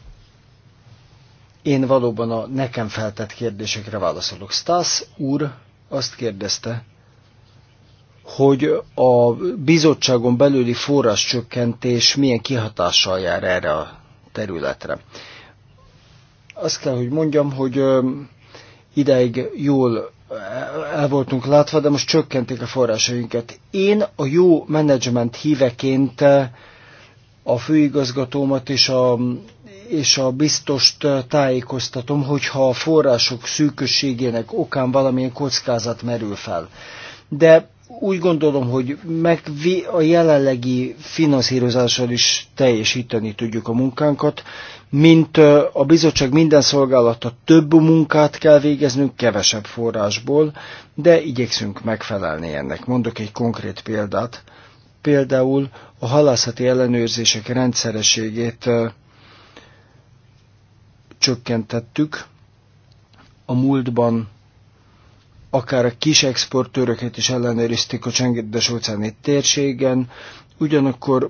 Én valóban a nekem feltett kérdésekre válaszolok. Stasz úr azt kérdezte, hogy a bizottságon belüli forráscsökkentés milyen kihatással jár erre a területre. Azt kell, hogy mondjam, hogy ideig jól eh, el voltunk látva, de most csökkentik a forrásainkat. Én a jó menedzsment híveként eh, a főigazgatómat és a, és a biztost eh, tájékoztatom, hogyha a források szűkösségének okán valamilyen kockázat merül fel. De úgy gondolom, hogy meg a jelenlegi finanszírozással is teljesíteni tudjuk a munkánkat, mint a bizottság minden szolgálata több munkát kell végeznünk kevesebb forrásból, de igyekszünk megfelelni ennek. Mondok egy konkrét példát. Például a halászati ellenőrzések rendszerességét csökkentettük. A múltban akár a kis exportőröket is ellenőrizték a csengedes óceáni térségen, ugyanakkor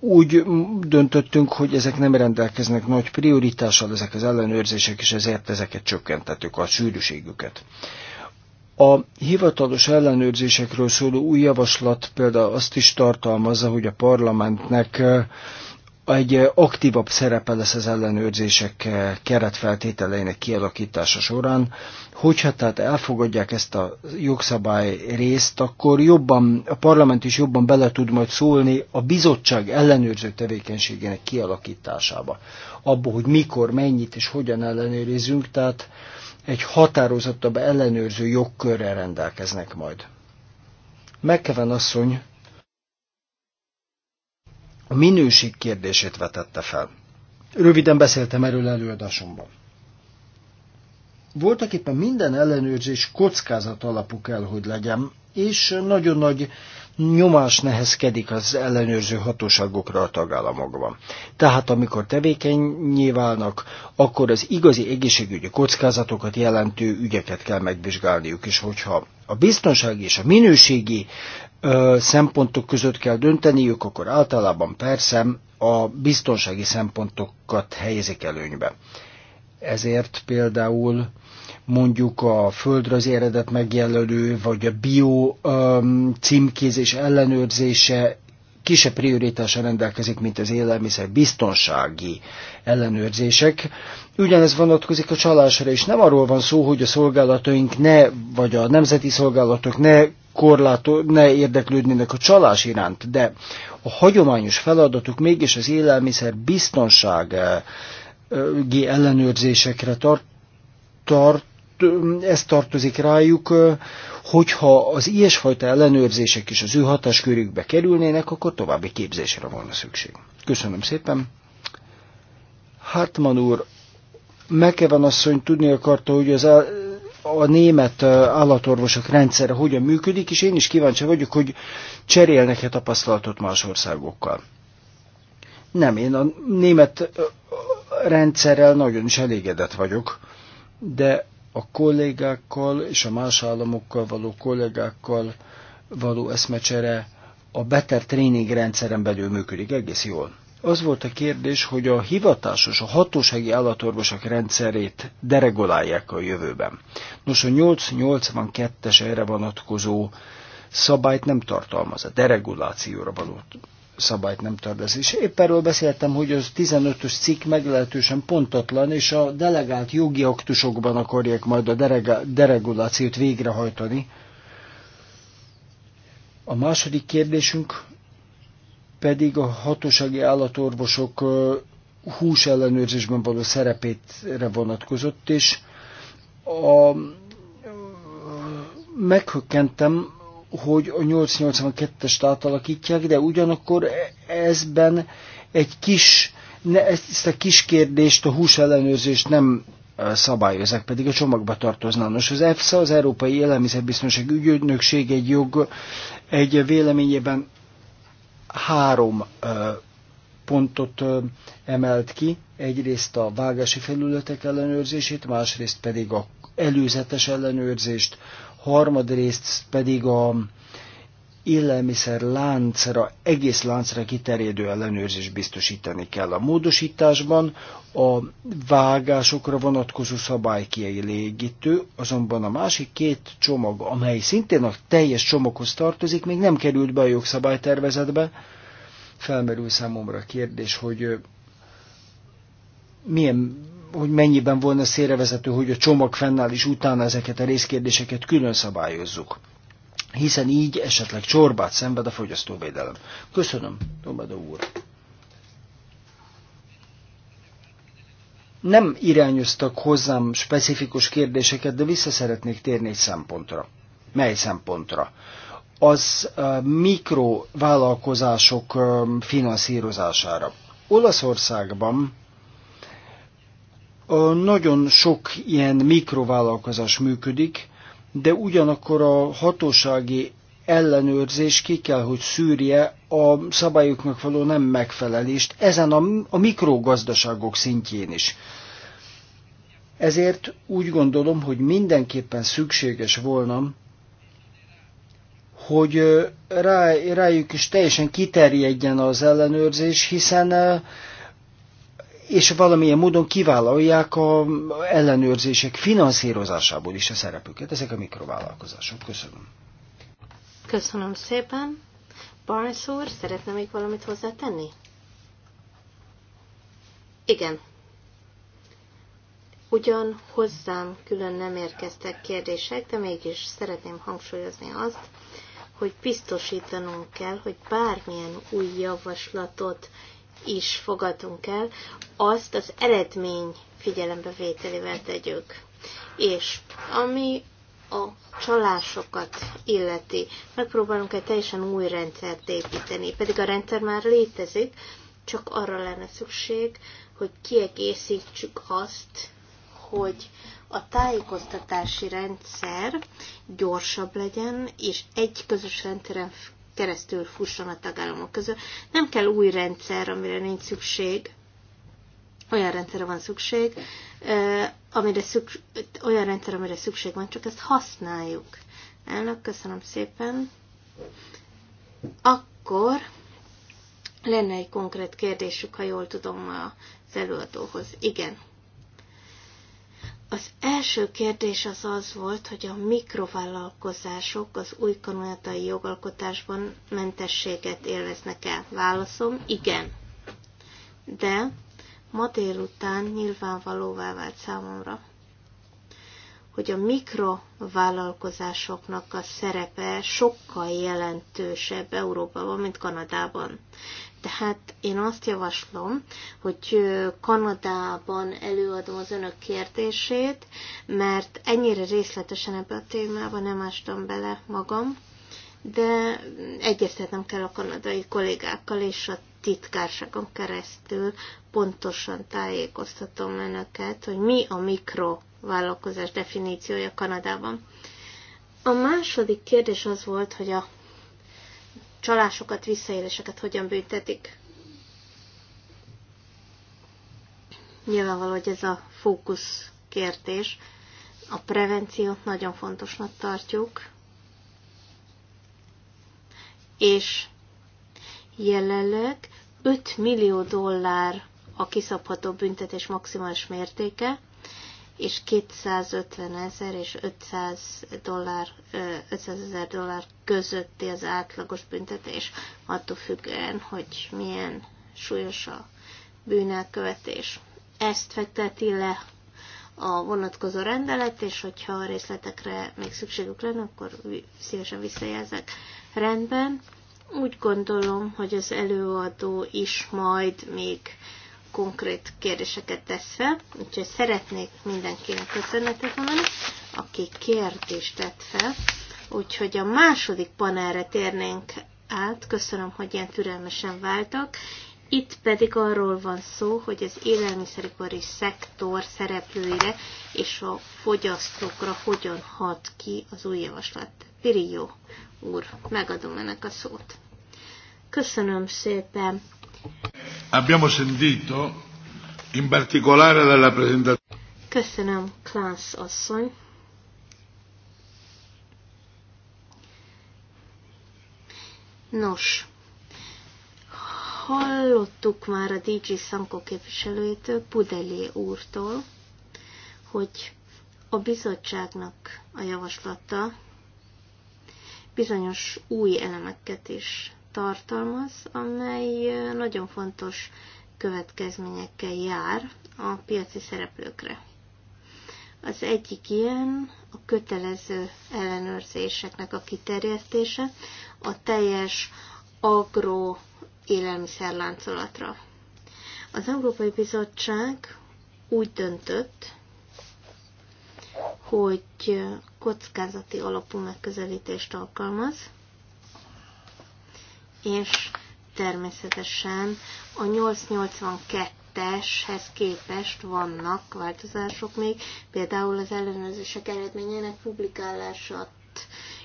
úgy döntöttünk, hogy ezek nem rendelkeznek nagy prioritással, ezek az ellenőrzések, és ezért ezeket csökkentettük, a sűrűségüket. A hivatalos ellenőrzésekről szóló új javaslat például azt is tartalmazza, hogy a parlamentnek egy aktívabb szerepe lesz az ellenőrzések keretfeltételeinek kialakítása során. Hogyha tehát elfogadják ezt a jogszabály részt, akkor jobban, a parlament is jobban bele tud majd szólni a bizottság ellenőrző tevékenységének kialakításába. Abba, hogy mikor, mennyit és hogyan ellenőrizzünk, tehát egy határozottabb ellenőrző jogkörrel rendelkeznek majd. Megkeven asszony a minőség kérdését vetette fel. Röviden beszéltem erről előadásomban. Voltak éppen minden ellenőrzés kockázat alapú kell, hogy legyen, és nagyon nagy nyomás nehezkedik az ellenőrző hatóságokra a tagállamokban. Tehát amikor tevékenyé válnak, akkor az igazi egészségügyi kockázatokat jelentő ügyeket kell megvizsgálniuk, és hogyha a biztonsági és a minőségi ö, szempontok között kell dönteniük, akkor általában persze a biztonsági szempontokat helyezik előnybe. Ezért például mondjuk a földrajzi eredet megjelölő, vagy a bio um, címkézés ellenőrzése kisebb prioritással rendelkezik, mint az élelmiszer biztonsági ellenőrzések. Ugyanez vonatkozik a csalásra is. Nem arról van szó, hogy a szolgálataink ne, vagy a nemzeti szolgálatok ne korlátó, ne érdeklődnének a csalás iránt, de a hagyományos feladatuk mégis az élelmiszer biztonsági ellenőrzésekre tart, tart ez tartozik rájuk, hogyha az ilyesfajta ellenőrzések is az ő hatáskörükbe kerülnének, akkor további képzésre volna szükség. Köszönöm szépen. Hartmann úr, Mekeven asszony tudni akarta, hogy az a, a német állatorvosok rendszere hogyan működik, és én is kíváncsi vagyok, hogy cserélnek-e tapasztalatot más országokkal. Nem, én a német rendszerrel nagyon is elégedett vagyok, de a kollégákkal és a más államokkal való kollégákkal való eszmecsere a Better Training rendszeren belül működik egész jól. Az volt a kérdés, hogy a hivatásos, a hatósági állatorvosok rendszerét deregolálják a jövőben. Nos, a 882-es erre vonatkozó szabályt nem tartalmaz, a deregulációra való szabályt nem tartasz. És épp erről beszéltem, hogy az 15-ös cikk meglehetősen pontatlan, és a delegált jogi aktusokban akarják majd a deregulációt végrehajtani. A második kérdésünk pedig a hatósági állatorvosok hús ellenőrzésben való szerepétre vonatkozott, és a, meghökkentem, hogy a 882-est átalakítják, de ugyanakkor ezben egy kis, ne, ezt a kis kérdést, a hús ellenőrzést nem szabályozzák, pedig a csomagba tartozna. Nos, az EFSA, az Európai Élelmiszerbiztonság Ügyőnökség egy jog, egy véleményében három pontot emelt ki, egyrészt a vágási felületek ellenőrzését, másrészt pedig a előzetes ellenőrzést, harmadrészt pedig a élelmiszer láncra, egész láncra kiterjedő ellenőrzés biztosítani kell. A módosításban a vágásokra vonatkozó szabály kielégítő, azonban a másik két csomag, amely szintén a teljes csomaghoz tartozik, még nem került be a jogszabálytervezetbe. Felmerül számomra a kérdés, hogy milyen hogy mennyiben volna szélrevezető, hogy a csomag fennáll is utána ezeket a részkérdéseket külön szabályozzuk. Hiszen így esetleg csorbát szenved a fogyasztóvédelem. Köszönöm, Tomada úr. Nem irányoztak hozzám specifikus kérdéseket, de vissza szeretnék térni egy szempontra. Mely szempontra? Az mikrovállalkozások finanszírozására. Olaszországban a nagyon sok ilyen mikrovállalkozás működik, de ugyanakkor a hatósági ellenőrzés ki kell, hogy szűrje a szabályoknak való nem megfelelést, ezen a, a mikrogazdaságok szintjén is. Ezért úgy gondolom, hogy mindenképpen szükséges volna, hogy rá, rájuk is teljesen kiterjedjen az ellenőrzés, hiszen és valamilyen módon kivállalják a ellenőrzések finanszírozásából is a szerepüket. Ezek a mikrovállalkozások. Köszönöm. Köszönöm szépen. Barnes úr, szeretne még valamit hozzátenni? Igen. Ugyan hozzám külön nem érkeztek kérdések, de mégis szeretném hangsúlyozni azt, hogy biztosítanunk kell, hogy bármilyen új javaslatot is fogadunk el, azt az eredmény vételével tegyük. És ami a csalásokat illeti, megpróbálunk egy teljesen új rendszert építeni, pedig a rendszer már létezik, csak arra lenne szükség, hogy kiegészítsük azt, hogy a tájékoztatási rendszer gyorsabb legyen, és egy közös rendszeren keresztül fusson a tagállamok között. Nem kell új rendszer, amire nincs szükség. Olyan rendszerre van szükség, amire szükség, olyan rendszer, amire szükség van, csak ezt használjuk. Elnök, köszönöm szépen. Akkor lenne egy konkrét kérdésük, ha jól tudom, az előadóhoz. Igen. Az első kérdés az az volt, hogy a mikrovállalkozások az új kanadai jogalkotásban mentességet élveznek el. Válaszom, igen. De ma délután nyilvánvalóvá vált számomra, hogy a mikrovállalkozásoknak a szerepe sokkal jelentősebb Európában, mint Kanadában. Tehát én azt javaslom, hogy Kanadában előadom az önök kérdését, mert ennyire részletesen ebbe a témába nem ástam bele magam, de egyeztetnem kell a kanadai kollégákkal és a titkárságon keresztül pontosan tájékoztatom önöket, hogy mi a mikrovállalkozás definíciója Kanadában. A második kérdés az volt, hogy a csalásokat, visszaéléseket hogyan büntetik. Nyilvánvaló, hogy ez a fókusz kérdés. A prevenciót nagyon fontosnak tartjuk, és jelenleg 5 millió dollár a kiszabható büntetés maximális mértéke, és 250 ezer és 500 dollár, 500 ezer dollár közötti az átlagos büntetés, attól függően, hogy milyen súlyos a bűnelkövetés. Ezt fekteti le a vonatkozó rendelet, és hogyha a részletekre még szükségük lenne, akkor szívesen visszajelzek. Rendben. Úgy gondolom, hogy az előadó is majd még konkrét kérdéseket tesz fel, úgyhogy szeretnék mindenkinek köszönetet mondani, aki kérdést tett fel. Úgyhogy a második panelre térnénk át, köszönöm, hogy ilyen türelmesen váltak. Itt pedig arról van szó, hogy az élelmiszeripari szektor szereplőire és a fogyasztókra hogyan hat ki az új javaslat. jó úr, megadom ennek a szót. Köszönöm szépen. Abbiamo sentito in particolare dalla presentazione. Köszönöm, Klaus asszony. Nos, hallottuk már a DG Sanko képviselőjétől, Pudelé úrtól, hogy a bizottságnak a javaslata bizonyos új elemeket is tartalmaz, amely nagyon fontos következményekkel jár a piaci szereplőkre. Az egyik ilyen a kötelező ellenőrzéseknek a kiterjesztése a teljes agro élelmiszerláncolatra. Az Európai Bizottság úgy döntött, hogy kockázati alapú megközelítést alkalmaz, és természetesen a 882-eshez képest vannak változások még, például az ellenőrzések eredményének publikálását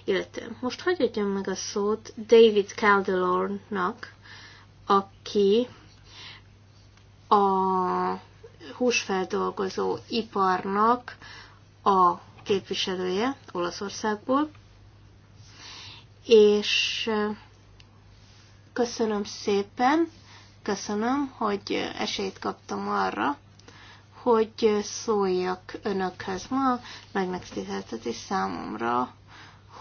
illetve Most hagyjam meg a szót David Caldelornak, aki a húsfeldolgozó iparnak a képviselője Olaszországból, és Köszönöm szépen, köszönöm, hogy esélyt kaptam arra, hogy szóljak önökhez ma, meg megtiszteltetés számomra,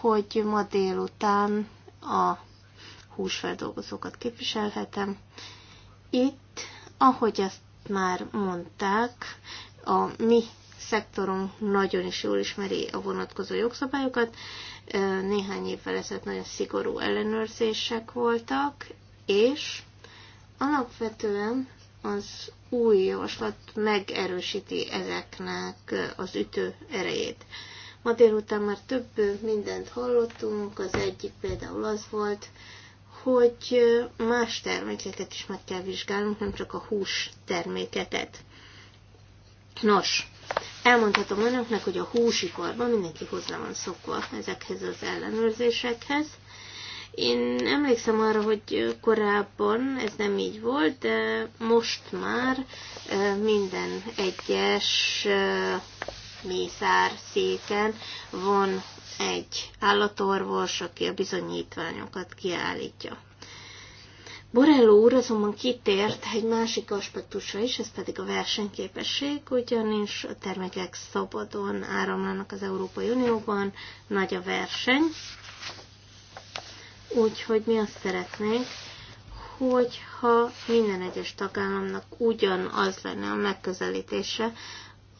hogy ma délután a húsfeldolgozókat képviselhetem. Itt, ahogy azt már mondták, a mi szektorunk nagyon is jól ismeri a vonatkozó jogszabályokat, néhány évvel ezelőtt nagyon szigorú ellenőrzések voltak, és alapvetően az új javaslat megerősíti ezeknek az ütő erejét. Ma délután már több mindent hallottunk, az egyik például az volt, hogy más termékeket is meg kell vizsgálnunk, nem csak a hús termékeket. Nos, Elmondhatom önöknek, hogy a húsikorban mindenki hozzá van szokva ezekhez az ellenőrzésekhez. Én emlékszem arra, hogy korábban ez nem így volt, de most már minden egyes mészár széken van egy állatorvos, aki a bizonyítványokat kiállítja. Borello úr azonban kitért egy másik aspektusra is, ez pedig a versenyképesség, ugyanis a termékek szabadon áramlanak az Európai Unióban, nagy a verseny, úgyhogy mi azt szeretnénk, hogyha minden egyes tagállamnak ugyanaz lenne a megközelítése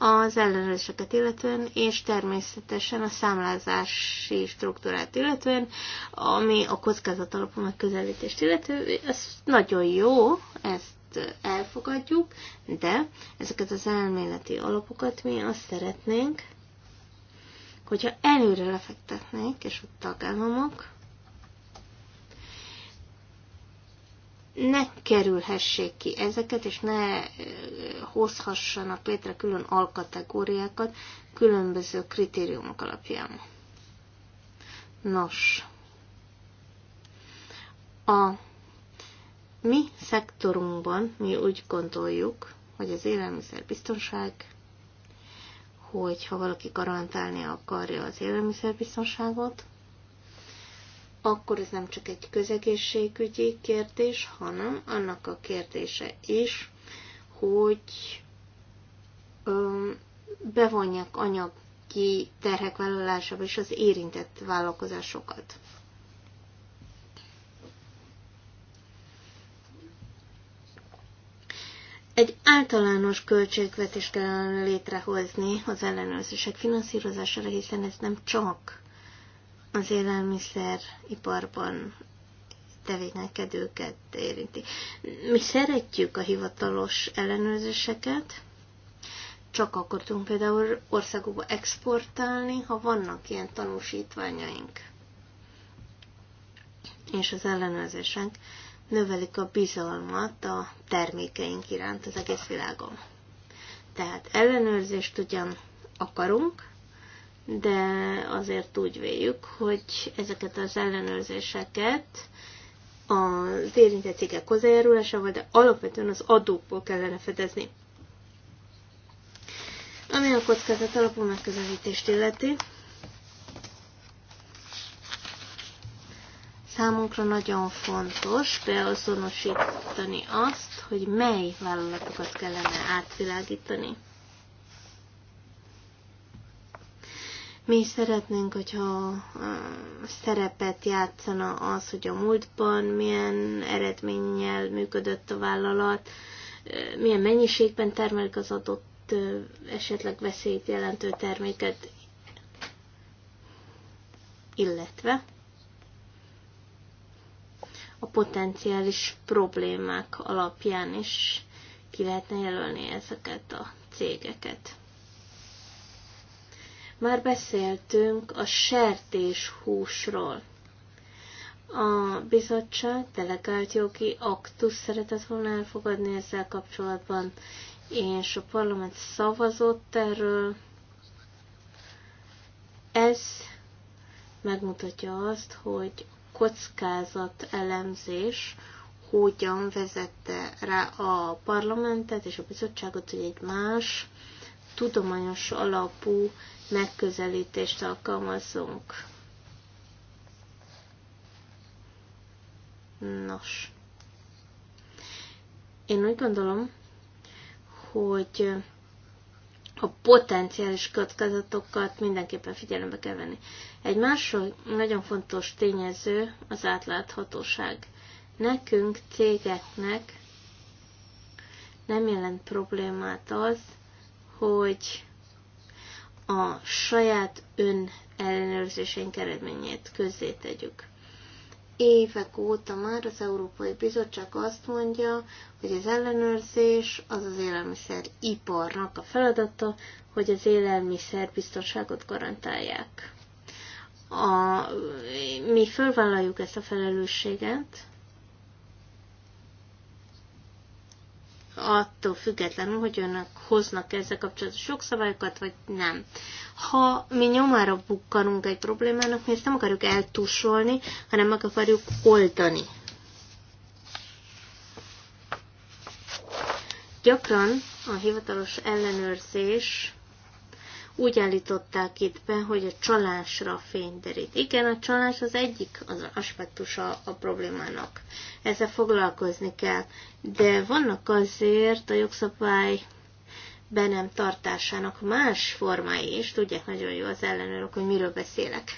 az ellenőrzéseket illetően, és természetesen a számlázási struktúrát illetően, ami a kockázat alapú megközelítést illető, ez nagyon jó, ezt elfogadjuk, de ezeket az elméleti alapokat mi azt szeretnénk, hogyha előre lefektetnék, és ott tagállamok ne kerülhessék ki ezeket, és ne hozhassanak létre külön alkategóriákat különböző kritériumok alapján. Nos, a mi szektorunkban mi úgy gondoljuk, hogy az élelmiszerbiztonság, hogy ha valaki garantálni akarja az élelmiszerbiztonságot, akkor ez nem csak egy közegészségügyi kérdés, hanem annak a kérdése is, hogy ö, bevonják anyagi terhek vállalásába és az érintett vállalkozásokat. Egy általános költségvetés kellene létrehozni az ellenőrzések finanszírozására, hiszen ez nem csak az élelmiszeriparban tevékenykedőket érinti. Mi szeretjük a hivatalos ellenőrzéseket, csak akkor tudunk például országokba exportálni, ha vannak ilyen tanúsítványaink. És az ellenőrzések növelik a bizalmat a termékeink iránt az egész világon. Tehát ellenőrzést ugyan akarunk, de azért úgy véljük, hogy ezeket az ellenőrzéseket az érintett cégek hozzájárulásával, de alapvetően az adókból kellene fedezni. Ami a kockázat alapú megközelítést illeti, számunkra nagyon fontos beazonosítani azt, hogy mely vállalatokat kellene átvilágítani. Mi szeretnénk, hogyha szerepet játszana az, hogy a múltban milyen eredménnyel működött a vállalat, milyen mennyiségben termelik az adott esetleg veszélyt jelentő terméket, illetve a potenciális problémák alapján is ki lehetne jelölni ezeket a cégeket. Már beszéltünk a sertés húsról. A bizottság delegált jogi aktus szeretett volna elfogadni ezzel kapcsolatban, és a parlament szavazott erről. Ez megmutatja azt, hogy kockázat elemzés hogyan vezette rá a parlamentet és a bizottságot, hogy egy más tudományos alapú megközelítést alkalmazzunk. Nos. Én úgy gondolom, hogy a potenciális kockázatokat mindenképpen figyelembe kell venni. Egy másik nagyon fontos tényező az átláthatóság. Nekünk, cégeknek nem jelent problémát az, hogy a saját ön ellenőrzésénk eredményét közzétegyük. Évek óta már az Európai Bizottság azt mondja, hogy az ellenőrzés az az élelmiszer iparnak a feladata, hogy az élelmiszer biztonságot garantálják. A, mi fölvállaljuk ezt a felelősséget, attól függetlenül, hogy önök hoznak ezzel sok szabályokat, vagy nem. Ha mi nyomára bukkanunk egy problémának, mi ezt nem akarjuk eltusolni, hanem meg akarjuk oldani. Gyakran a hivatalos ellenőrzés úgy állították itt be, hogy a csalásra fényderít. Igen, a csalás az egyik az aspektusa a problémának. Ezzel foglalkozni kell. De vannak azért a jogszabály be nem tartásának más formái is, tudják nagyon jó az ellenőrök, hogy miről beszélek.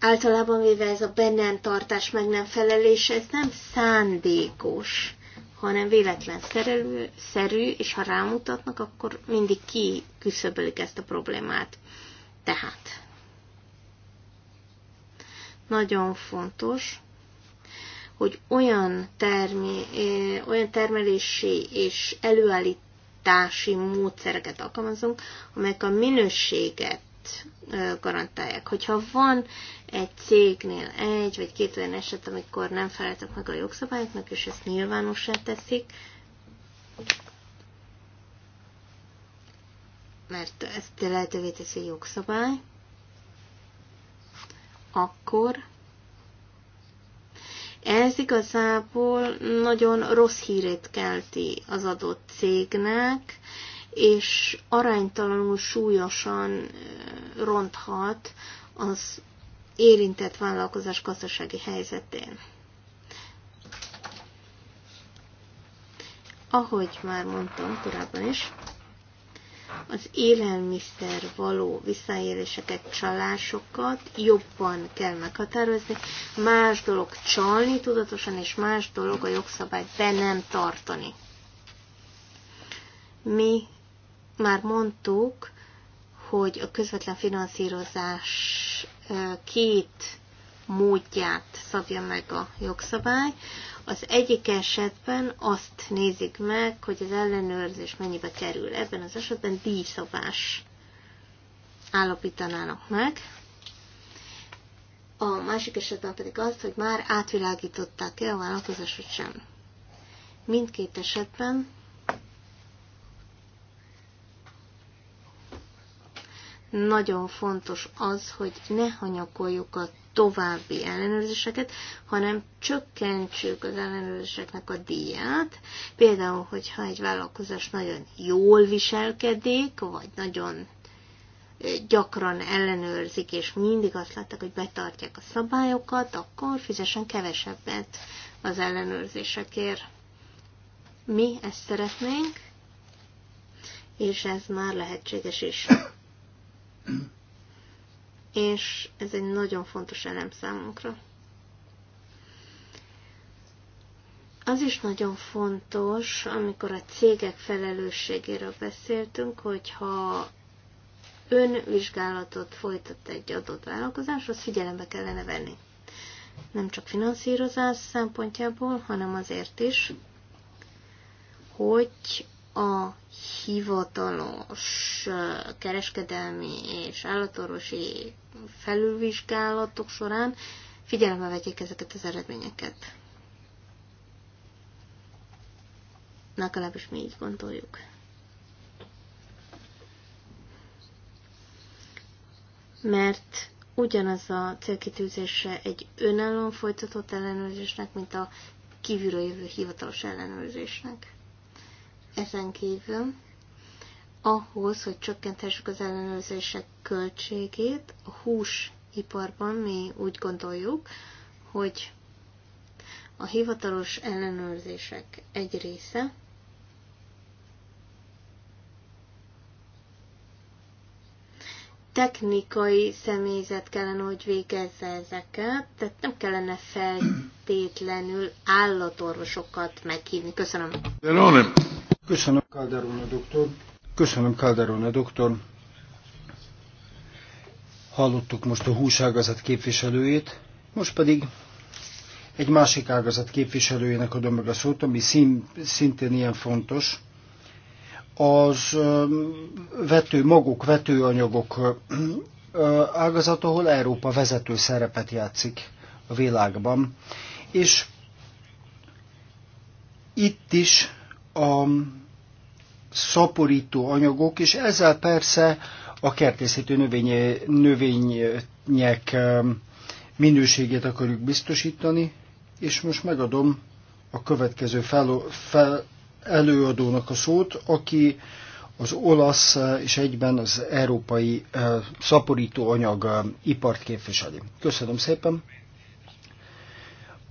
Általában véve ez a be nem tartás, meg nem felelés, ez nem szándékos hanem véletlen szerelő, szerű, és ha rámutatnak, akkor mindig ki küszöbölik ezt a problémát. Tehát nagyon fontos, hogy olyan, termi, olyan termelési és előállítási módszereket alkalmazunk, amelyek a minőséget garantálják. Hogyha van egy cégnél egy vagy két olyan eset, amikor nem feleltek meg a jogszabályoknak, és ezt nyilvánossá teszik, mert ezt lehetővé teszi a jogszabály, akkor ez igazából nagyon rossz hírét kelti az adott cégnek, és aránytalanul súlyosan ronthat az érintett vállalkozás gazdasági helyzetén. Ahogy már mondtam korábban is, az élelmiszer való visszaéléseket, csalásokat jobban kell meghatározni. Más dolog csalni tudatosan, és más dolog a jogszabályt be nem tartani. Mi már mondtuk, hogy a közvetlen finanszírozás két módját szabja meg a jogszabály. Az egyik esetben azt nézik meg, hogy az ellenőrzés mennyibe kerül. Ebben az esetben díjszabás állapítanának meg. A másik esetben pedig azt, hogy már átvilágították-e a vállalkozás, hogy sem. Mindkét esetben nagyon fontos az, hogy ne hanyagoljuk a további ellenőrzéseket, hanem csökkentsük az ellenőrzéseknek a díját. Például, hogyha egy vállalkozás nagyon jól viselkedik, vagy nagyon gyakran ellenőrzik, és mindig azt látták, hogy betartják a szabályokat, akkor fizessen kevesebbet az ellenőrzésekért. Mi ezt szeretnénk, és ez már lehetséges is és ez egy nagyon fontos elem számunkra. Az is nagyon fontos, amikor a cégek felelősségéről beszéltünk, hogyha önvizsgálatot folytat egy adott vállalkozás, azt figyelembe kellene venni. Nem csak finanszírozás szempontjából, hanem azért is, hogy a hivatalos kereskedelmi és állatorvosi felülvizsgálatok során figyelembe vegyék ezeket az eredményeket. Legalábbis mi így gondoljuk. Mert ugyanaz a célkitűzése egy önállóan folytatott ellenőrzésnek, mint a kívülről jövő hivatalos ellenőrzésnek ezen kívül ahhoz, hogy csökkenthessük az ellenőrzések költségét, a húsiparban mi úgy gondoljuk, hogy a hivatalos ellenőrzések egy része technikai személyzet kellene, hogy végezze ezeket, tehát nem kellene feltétlenül állatorvosokat meghívni. Köszönöm. Jeronem. Köszönöm, a doktor. Köszönöm, a doktor. Hallottuk most a húságazat képviselőjét, most pedig egy másik ágazat képviselőjének adom meg a szót, ami szín, szintén ilyen fontos. Az vető maguk vetőanyagok ágazat, ahol Európa vezető szerepet játszik a világban. És itt is a szaporító anyagok, és ezzel persze a kertészítő növénye, növények minőségét akarjuk biztosítani, és most megadom a következő fel, fel, előadónak a szót, aki az olasz és egyben az európai szaporítóanyag ipart képviseli. Köszönöm szépen!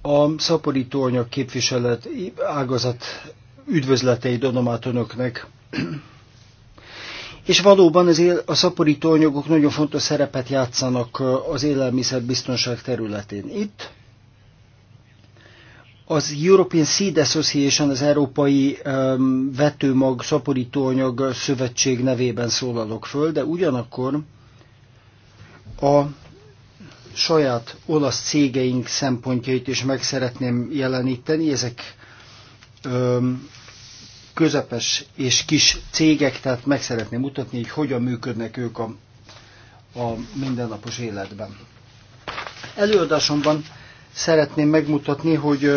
A szaporítóanyag képviselet ágazat üdvözletei donomát önöknek. És valóban az él, a szaporító anyagok nagyon fontos szerepet játszanak uh, az élelmiszerbiztonság területén. Itt az European Seed Association, az Európai um, Vetőmag Szaporítóanyag Szövetség nevében szólalok föl, de ugyanakkor a saját olasz cégeink szempontjait is meg szeretném jeleníteni. Ezek um, közepes és kis cégek, tehát meg szeretném mutatni, hogy hogyan működnek ők a, a mindennapos életben. Előadásomban szeretném megmutatni, hogy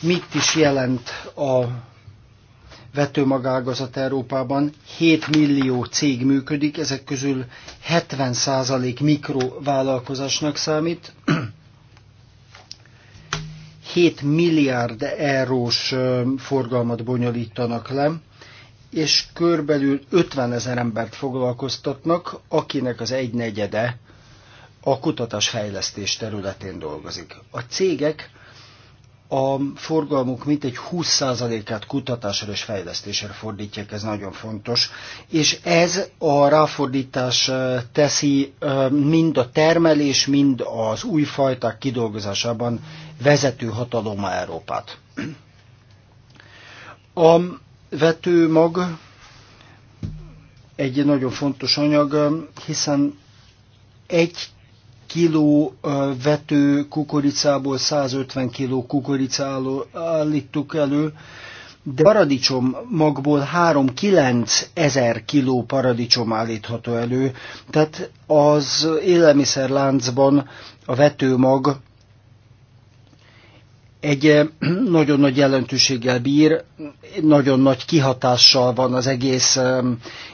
mit is jelent a vetőmagágazat Európában. 7 millió cég működik, ezek közül 70% mikrovállalkozásnak számít. 7 milliárd eurós forgalmat bonyolítanak le, és körbelül 50 ezer embert foglalkoztatnak, akinek az egynegyede a kutatás fejlesztés területén dolgozik. A cégek a forgalmuk mintegy 20%-át kutatásra és fejlesztésre fordítják, ez nagyon fontos. És ez a ráfordítás teszi mind a termelés, mind az új fajták kidolgozásában vezető hataloma Európát. A vetőmag egy nagyon fontos anyag, hiszen egy kiló vető kukoricából 150 kiló kukoricáló állítuk elő, de paradicsom magból 3-9 ezer kiló paradicsom állítható elő, tehát az élelmiszerláncban a vetőmag egy eh, nagyon nagy jelentőséggel bír, nagyon nagy kihatással van az egész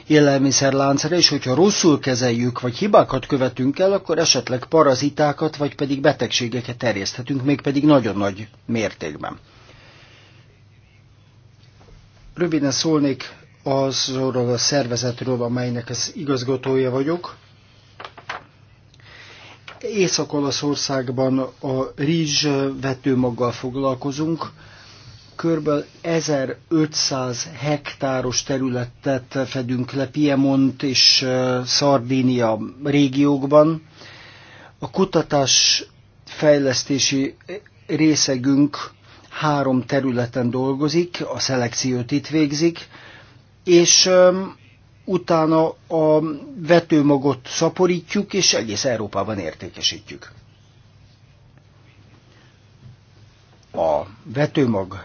élelmiszerláncra, és hogyha rosszul kezeljük, vagy hibákat követünk el, akkor esetleg parazitákat, vagy pedig betegségeket terjeszthetünk, mégpedig nagyon nagy mértékben. Röviden szólnék azról a szervezetről, amelynek az igazgatója vagyok. Észak-Olaszországban a vetőmaggal foglalkozunk, Körből 1500 hektáros területet fedünk le Piemont és Szardínia régiókban. A kutatás fejlesztési részegünk három területen dolgozik, a szelekciót itt végzik, és utána a vetőmagot szaporítjuk, és egész Európában értékesítjük. A vetőmag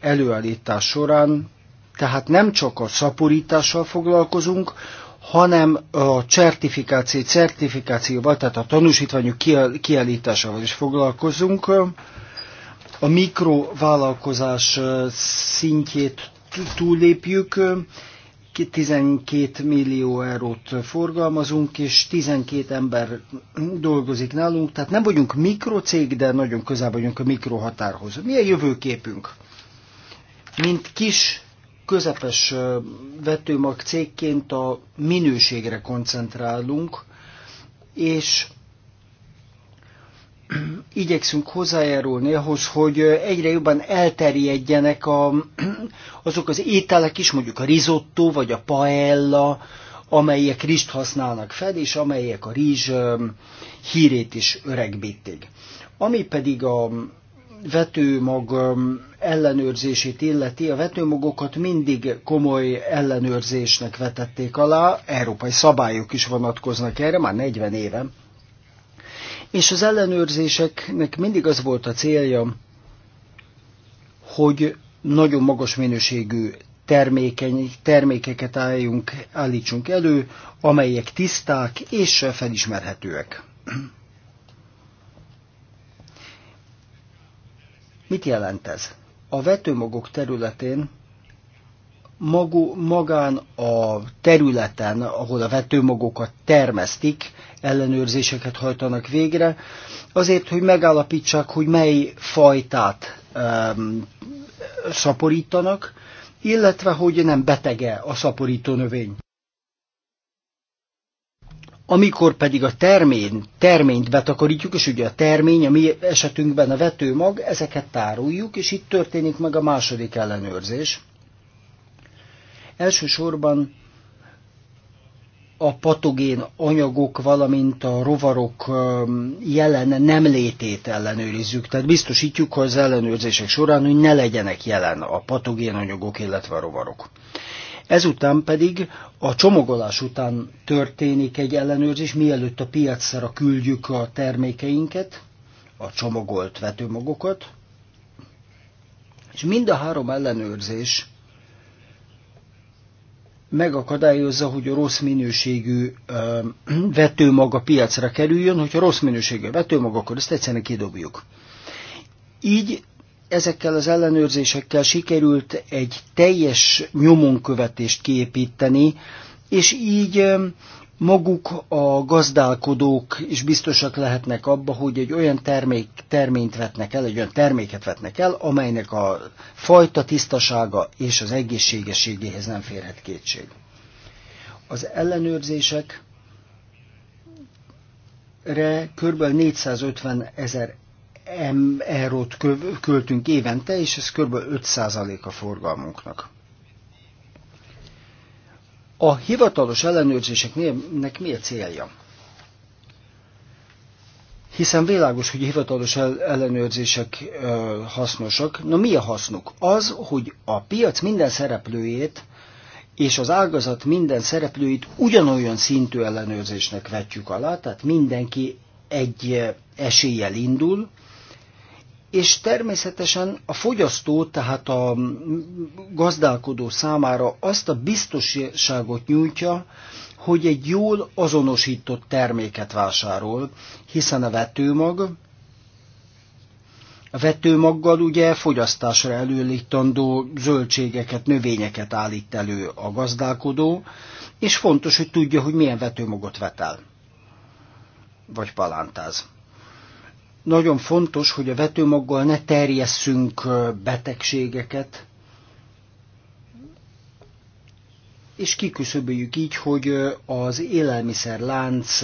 előállítás során tehát nem csak a szaporítással foglalkozunk, hanem a certifikáció, certifikációval, tehát a tanúsítványok kiállításával is foglalkozunk. A mikrovállalkozás szintjét túllépjük, 12 millió eurót forgalmazunk, és 12 ember dolgozik nálunk, tehát nem vagyunk mikrocég, de nagyon közel vagyunk a mikrohatárhoz. Mi a jövőképünk? Mint kis, közepes vetőmag cégként a minőségre koncentrálunk, és igyekszünk hozzájárulni ahhoz, hogy egyre jobban elterjedjenek a, azok az ételek is, mondjuk a risotto vagy a paella, amelyek rizst használnak fel, és amelyek a rizs hírét is öregbítik. Ami pedig a vetőmag ellenőrzését illeti, a vetőmagokat mindig komoly ellenőrzésnek vetették alá, európai szabályok is vonatkoznak erre, már 40 éve, és az ellenőrzéseknek mindig az volt a célja, hogy nagyon magas minőségű termékeny, termékeket álljunk, állítsunk elő, amelyek tiszták és felismerhetőek. Mit jelent ez? A vetőmagok területén magu, magán a területen, ahol a vetőmagokat termesztik, ellenőrzéseket hajtanak végre, azért, hogy megállapítsák, hogy mely fajtát um, szaporítanak, illetve hogy nem betege a szaporító növény. Amikor pedig a termény, terményt betakarítjuk, és ugye a termény, a mi esetünkben a vetőmag, ezeket tároljuk, és itt történik meg a második ellenőrzés. Elsősorban a patogén anyagok, valamint a rovarok jelen nem létét ellenőrizzük. Tehát biztosítjuk hogy az ellenőrzések során, hogy ne legyenek jelen a patogén anyagok, illetve a rovarok. Ezután pedig a csomagolás után történik egy ellenőrzés, mielőtt a piacra küldjük a termékeinket, a csomagolt vetőmagokat, és mind a három ellenőrzés megakadályozza, hogy a rossz minőségű vetőmag a piacra kerüljön, hogyha rossz minőségű vetőmag, akkor ezt egyszerűen kidobjuk. Így ezekkel az ellenőrzésekkel sikerült egy teljes nyomonkövetést kiépíteni, és így maguk a gazdálkodók is biztosak lehetnek abba, hogy egy olyan termék, terményt vetnek el, egy olyan terméket vetnek el, amelynek a fajta tisztasága és az egészségességéhez nem férhet kétség. Az ellenőrzések kb. 450 ezer eurót költünk évente, és ez kb. 5% a forgalmunknak. A hivatalos ellenőrzéseknek mi a célja? Hiszen világos, hogy a hivatalos ellenőrzések hasznosak. Na mi a hasznuk? Az, hogy a piac minden szereplőjét és az ágazat minden szereplőit ugyanolyan szintű ellenőrzésnek vetjük alá, tehát mindenki egy eséllyel indul, és természetesen a fogyasztó, tehát a gazdálkodó számára azt a biztonságot nyújtja, hogy egy jól azonosított terméket vásárol, hiszen a vetőmag, a vetőmaggal ugye fogyasztásra előállítandó zöldségeket, növényeket állít elő a gazdálkodó, és fontos, hogy tudja, hogy milyen vetőmagot vetel, vagy palántáz. Nagyon fontos, hogy a vetőmaggal ne terjesszünk betegségeket, és kiküszöböljük így, hogy az élelmiszerlánc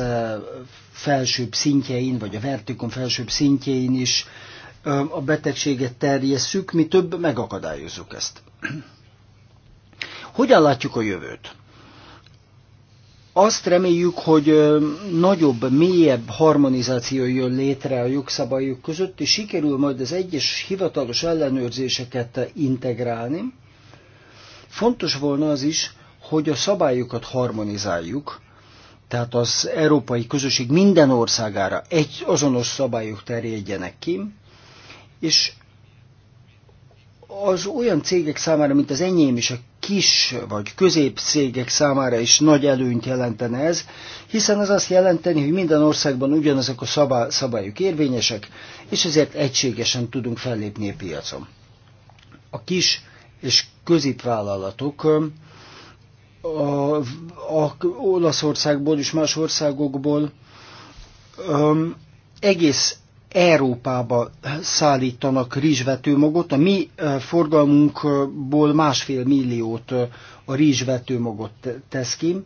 felsőbb szintjein, vagy a vertikon felsőbb szintjein is a betegséget terjesszük, mi több megakadályozzuk ezt. Hogyan látjuk a jövőt? Azt reméljük, hogy nagyobb, mélyebb harmonizáció jön létre a jogszabályok között, és sikerül majd az egyes hivatalos ellenőrzéseket integrálni. Fontos volna az is, hogy a szabályokat harmonizáljuk, tehát az európai közösség minden országára egy azonos szabályok terjedjenek ki, és az olyan cégek számára, mint az enyém is, kis vagy közép cégek számára is nagy előnyt jelentene ez, hiszen ez azt jelenteni, hogy minden országban ugyanazok a szabá- szabályok érvényesek, és ezért egységesen tudunk fellépni a piacon. A kis és középvállalatok a, a Olaszországból és más országokból um, egész Európába szállítanak rizsvetőmagot, a mi forgalmunkból másfél milliót a rizsvetőmagot tesz ki.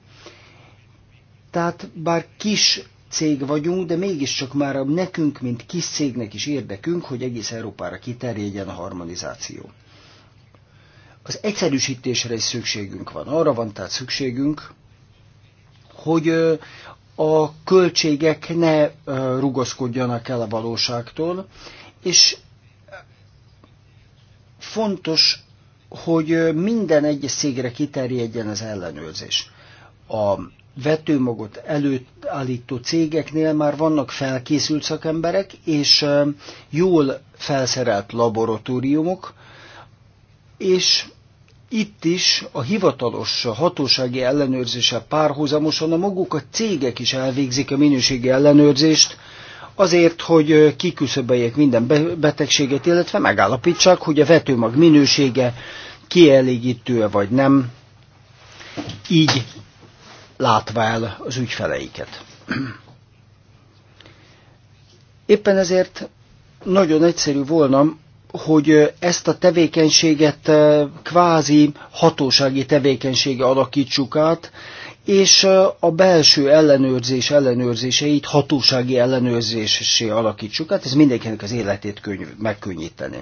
Tehát bár kis cég vagyunk, de mégiscsak már nekünk, mint kis cégnek is érdekünk, hogy egész Európára kiterjedjen a harmonizáció. Az egyszerűsítésre is szükségünk van. Arra van tehát szükségünk, hogy a költségek ne rugaszkodjanak el a valóságtól, és fontos, hogy minden egyes szégre kiterjedjen az ellenőrzés. A vetőmagot előállító cégeknél már vannak felkészült szakemberek, és jól felszerelt laboratóriumok, és itt is a hivatalos hatósági ellenőrzése párhuzamosan a maguk a cégek is elvégzik a minőségi ellenőrzést, azért, hogy kiküszöböljék minden betegséget, illetve megállapítsák, hogy a vetőmag minősége kielégítő vagy nem, így látva el az ügyfeleiket. Éppen ezért nagyon egyszerű volna hogy ezt a tevékenységet kvázi hatósági tevékenysége alakítsuk át, és a belső ellenőrzés ellenőrzéseit hatósági ellenőrzésé alakítsuk át, ez mindenkinek az életét könyv, megkönnyíteni.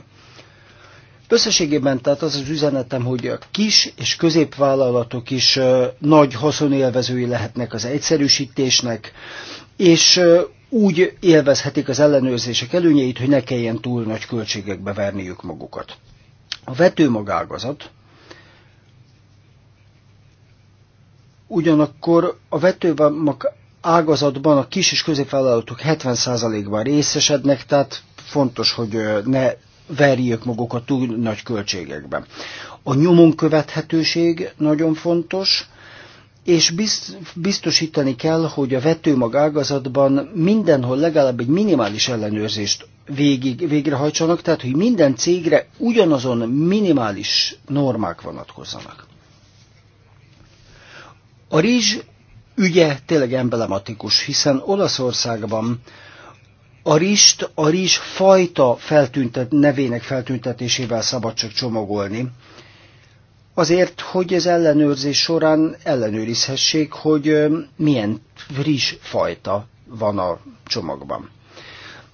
Összességében tehát az az üzenetem, hogy a kis és középvállalatok is nagy haszonélvezői lehetnek az egyszerűsítésnek, és úgy élvezhetik az ellenőrzések előnyeit, hogy ne kelljen túl nagy költségekbe verniük magukat. A vetőmagágazat ugyanakkor a vetőmag ágazatban a kis és középvállalatok 70%-ban részesednek, tehát fontos, hogy ne verjék magukat túl nagy költségekben. A nyomon követhetőség nagyon fontos, és biztosítani kell, hogy a vetőmag ágazatban mindenhol legalább egy minimális ellenőrzést végig, végrehajtsanak, tehát hogy minden cégre ugyanazon minimális normák vonatkozzanak. A rizs ügye tényleg emblematikus, hiszen Olaszországban a rist a rizs fajta feltüntet, nevének feltüntetésével szabad csak csomagolni, azért, hogy az ellenőrzés során ellenőrizhessék, hogy milyen friss fajta van a csomagban.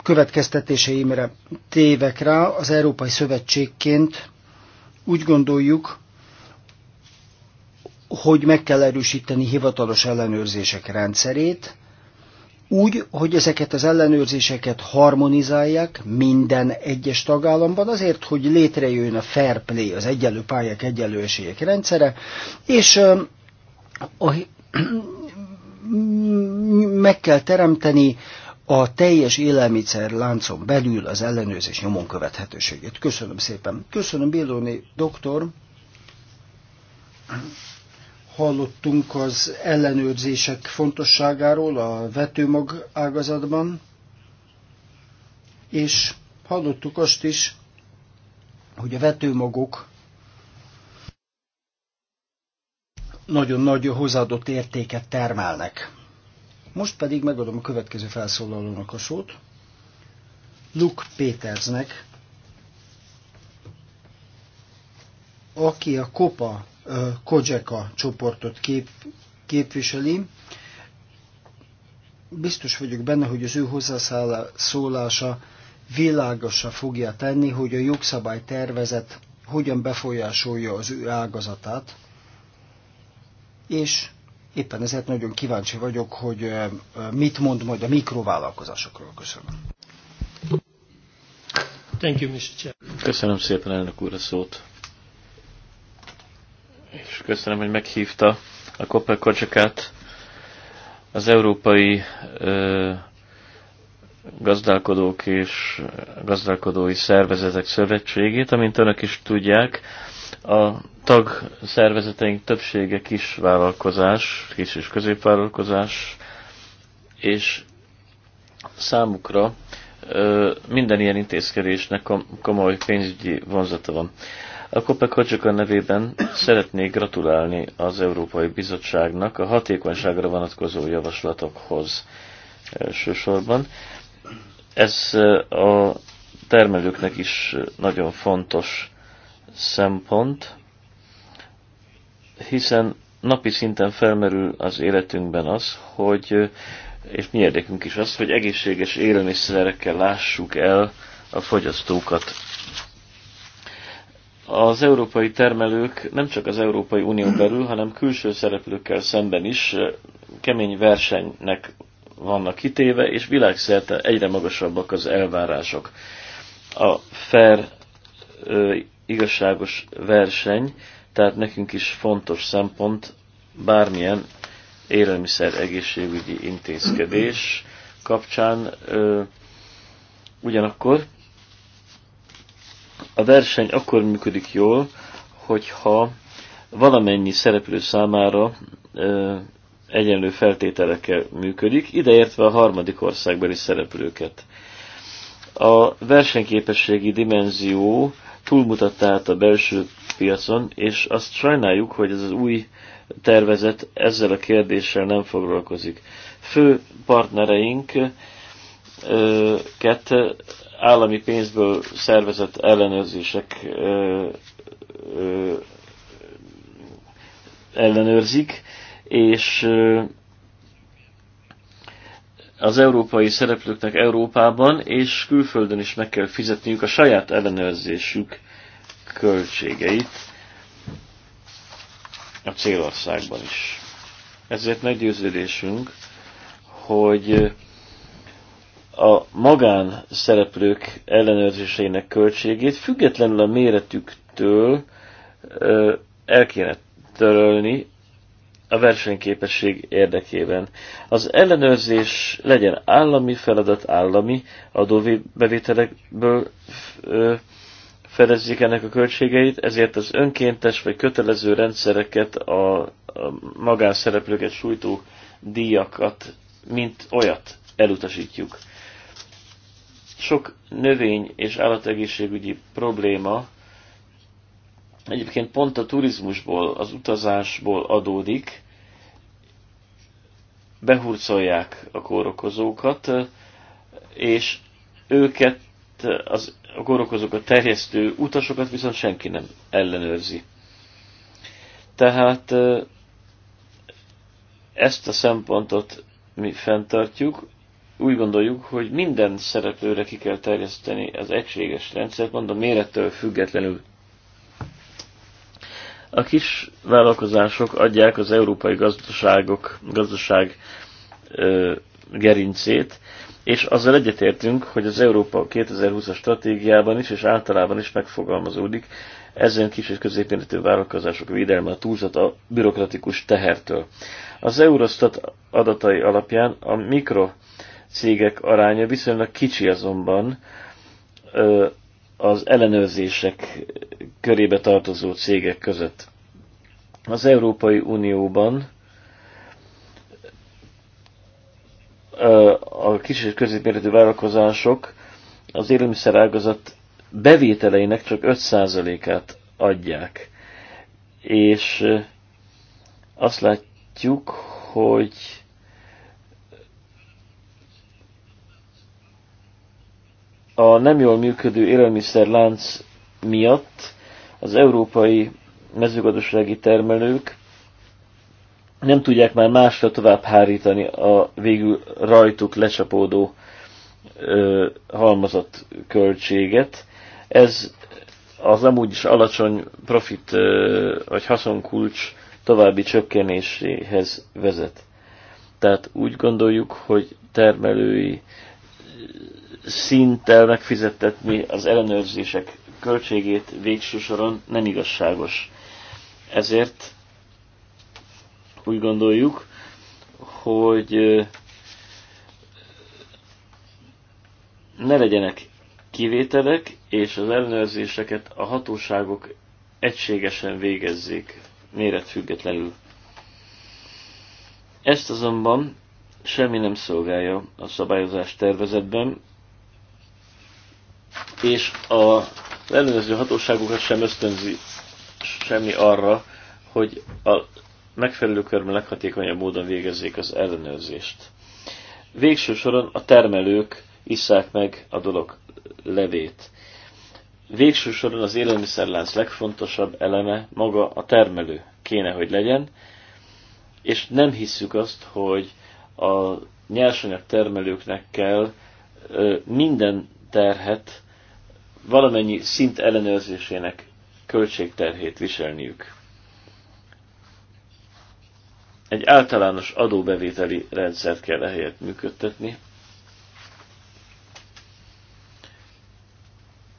Következtetéseimre tévek rá, az Európai Szövetségként úgy gondoljuk, hogy meg kell erősíteni hivatalos ellenőrzések rendszerét, úgy, hogy ezeket az ellenőrzéseket harmonizálják minden egyes tagállamban, azért, hogy létrejöjjön a fair play, az egyenlő pályák, egyenlő esélyek rendszere, és a, meg kell teremteni a teljes élelmiszer láncon belül az ellenőrzés nyomon követhetőségét. Köszönöm szépen. Köszönöm, Bélóni doktor. Hallottunk az ellenőrzések fontosságáról a vetőmag ágazatban, és hallottuk azt is, hogy a vetőmagok nagyon nagy hozzáadott értéket termelnek. Most pedig megadom a következő felszólalónak a sót, Luke Petersnek, aki a Kopa Kojeka csoportot kép, képviseli. Biztos vagyok benne, hogy az ő hozzászólása világosra fogja tenni, hogy a jogszabály tervezet hogyan befolyásolja az ő ágazatát, és éppen ezért nagyon kíváncsi vagyok, hogy mit mond majd a mikrovállalkozásokról. Köszönöm. Thank you, Mr. Chair. Köszönöm szépen, elnök úr, a szót és köszönöm, hogy meghívta a Koppel Kocsikát az európai ö, gazdálkodók és gazdálkodói szervezetek szövetségét, amint önök is tudják, a tag szervezeteink többsége kis vállalkozás, kis és középvállalkozás, és számukra ö, minden ilyen intézkedésnek komoly pénzügyi vonzata van. A Kopekocsika nevében szeretnék gratulálni az Európai Bizottságnak a hatékonyságra vonatkozó javaslatokhoz elsősorban. Ez eh, a termelőknek is nagyon fontos szempont, hiszen napi szinten felmerül az életünkben az, hogy, eh, és mi érdekünk is az, hogy egészséges élelmiszerekkel lássuk el a fogyasztókat az európai termelők nem csak az Európai Unió belül, hanem külső szereplőkkel szemben is kemény versenynek vannak kitéve, és világszerte egyre magasabbak az elvárások. A fair, igazságos verseny, tehát nekünk is fontos szempont bármilyen élelmiszer egészségügyi intézkedés kapcsán. Ugyanakkor a verseny akkor működik jól, hogyha valamennyi szereplő számára ö, egyenlő feltételekkel működik, ideértve a harmadik országbeli szereplőket. A versenyképességi dimenzió túlmutatta át a belső piacon, és azt sajnáljuk, hogy ez az új tervezet ezzel a kérdéssel nem foglalkozik. Fő partnereinket állami pénzből szervezett ellenőrzések ö, ö, ellenőrzik, és az európai szereplőknek Európában és külföldön is meg kell fizetniük a saját ellenőrzésük költségeit a célországban is. Ezért meggyőződésünk, hogy a magán szereplők ellenőrzéseinek költségét függetlenül a méretüktől el kéne törölni a versenyképesség érdekében. Az ellenőrzés legyen állami feladat, állami adóbevételekből fedezzék ennek a költségeit, ezért az önkéntes vagy kötelező rendszereket, a, a magánszereplőket sújtó díjakat, mint olyat elutasítjuk sok növény és állategészségügyi probléma egyébként pont a turizmusból, az utazásból adódik, behurcolják a kórokozókat, és őket, az, a kórokozókat terjesztő utasokat viszont senki nem ellenőrzi. Tehát ezt a szempontot mi fenntartjuk, úgy gondoljuk, hogy minden szereplőre ki kell terjeszteni az egységes rendszert, mondom mérettől függetlenül. A kis vállalkozások adják az európai gazdaságok, gazdaság ö, gerincét, és azzal egyetértünk, hogy az Európa 2020-as stratégiában is, és általában is megfogalmazódik ezen kis és középméretű vállalkozások védelme a túlzat a bürokratikus tehertől. Az Eurostat adatai alapján a mikro cégek aránya viszonylag kicsi azonban az ellenőrzések körébe tartozó cégek között. Az Európai Unióban a kis és középméretű vállalkozások az ágazat bevételeinek csak 5%-át adják. És azt látjuk, hogy a nem jól működő élelmiszerlánc miatt az európai mezőgazdasági termelők nem tudják már másra tovább hárítani a végül rajtuk lecsapódó ö, halmazott költséget. Ez az amúgy is alacsony profit ö, vagy haszonkulcs további csökkenéséhez vezet. Tehát úgy gondoljuk, hogy termelői szinttel megfizettetni az ellenőrzések költségét végső soron nem igazságos. Ezért úgy gondoljuk, hogy ne legyenek kivételek, és az ellenőrzéseket a hatóságok egységesen végezzék, méretfüggetlenül. Ezt azonban semmi nem szolgálja a szabályozás tervezetben, és a ellenőrző hatóságokat sem ösztönzi semmi arra, hogy a megfelelő körben leghatékonyabb módon végezzék az ellenőrzést. Végső soron a termelők isszák meg a dolog levét. Végső soron az élelmiszerlánc legfontosabb eleme maga a termelő kéne, hogy legyen, és nem hisszük azt, hogy a nyersanyag termelőknek kell minden terhet valamennyi szint ellenőrzésének költségterhét viselniük. Egy általános adóbevételi rendszert kell ehelyett működtetni,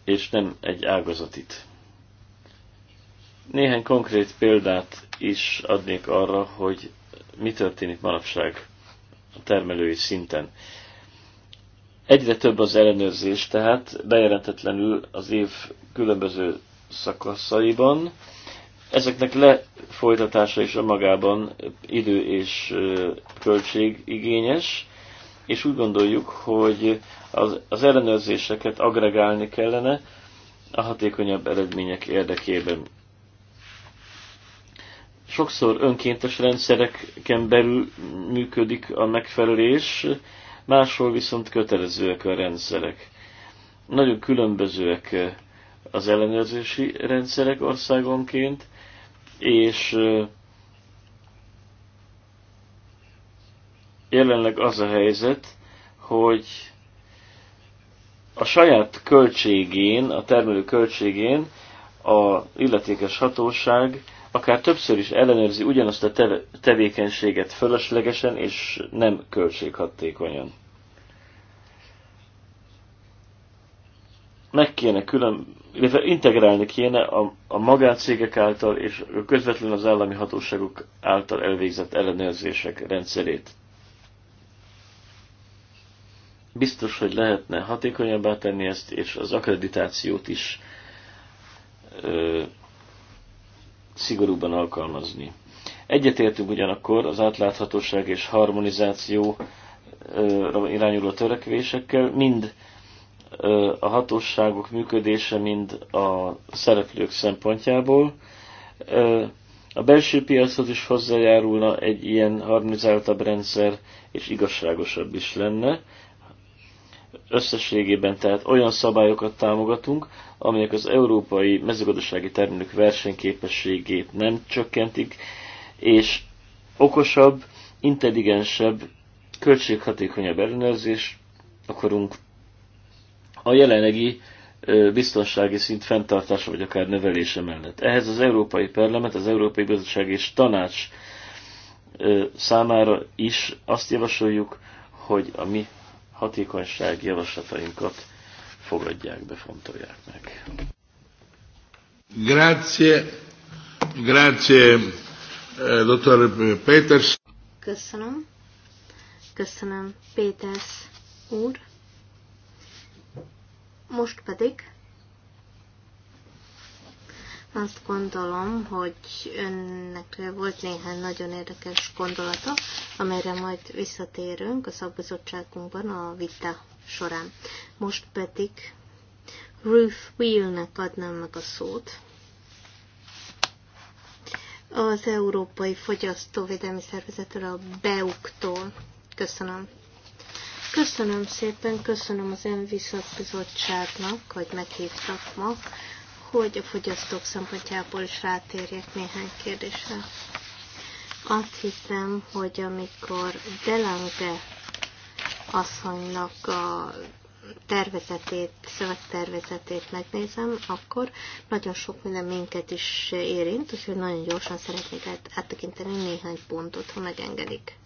és nem egy ágazatit. Néhány konkrét példát is adnék arra, hogy mi történik manapság a termelői szinten. Egyre több az ellenőrzés, tehát bejelentetlenül az év különböző szakaszaiban. Ezeknek lefolytatása is önmagában idő és költség igényes, és úgy gondoljuk, hogy az, az ellenőrzéseket agregálni kellene a hatékonyabb eredmények érdekében. Sokszor önkéntes rendszereken belül működik a megfelelés, máshol viszont kötelezőek a rendszerek. Nagyon különbözőek az ellenőrzési rendszerek országonként, és jelenleg az a helyzet, hogy a saját költségén, a termelő költségén a illetékes hatóság akár többször is ellenőrzi ugyanazt a tev tevékenységet fölöslegesen és nem költséghatékonyan. Meg kéne külön, illetve integrálni kéne a, a magáncégek által és közvetlenül az állami hatóságok által elvégzett ellenőrzések rendszerét. Biztos, hogy lehetne hatékonyabbá tenni ezt, és az akkreditációt is ö, szigorúban alkalmazni. Egyetértünk ugyanakkor az átláthatóság és harmonizáció irányuló törekvésekkel, mind a hatóságok működése, mind a szereplők szempontjából. A belső piachoz is hozzájárulna egy ilyen harmonizáltabb rendszer, és igazságosabb is lenne, Összességében tehát olyan szabályokat támogatunk, amelyek az európai mezőgazdasági termelők versenyképességét nem csökkentik, és okosabb, intelligensebb, költséghatékonyabb ellenőrzés akarunk. A jelenlegi biztonsági szint fenntartása vagy akár növelése mellett. Ehhez az Európai Parlament, az Európai Gazdaság és Tanács számára is azt javasoljuk, hogy a mi hatékonyság javaslatainkat fogadják, befontolják meg. Grazie, grazie, eh, dr. Peters. Köszönöm. Köszönöm, Péters úr. Most pedig azt gondolom, hogy önnek volt néhány nagyon érdekes gondolata, amelyre majd visszatérünk a szakbizottságunkban a vita során. Most pedig Ruth Wheelnek adnám meg a szót. Az Európai Fogyasztóvédelmi Szervezetről, a BEUK-tól. Köszönöm. Köszönöm szépen, köszönöm az ENVI szakbizottságnak, hogy meghívtak ma hogy a fogyasztók szempontjából is rátérjek néhány kérdésre. Azt hiszem, hogy amikor Delange asszonynak a tervezetét, szövegtervezetét megnézem, akkor nagyon sok minden minket is érint, úgyhogy nagyon gyorsan szeretnék áttekinteni néhány pontot, ha megengedik.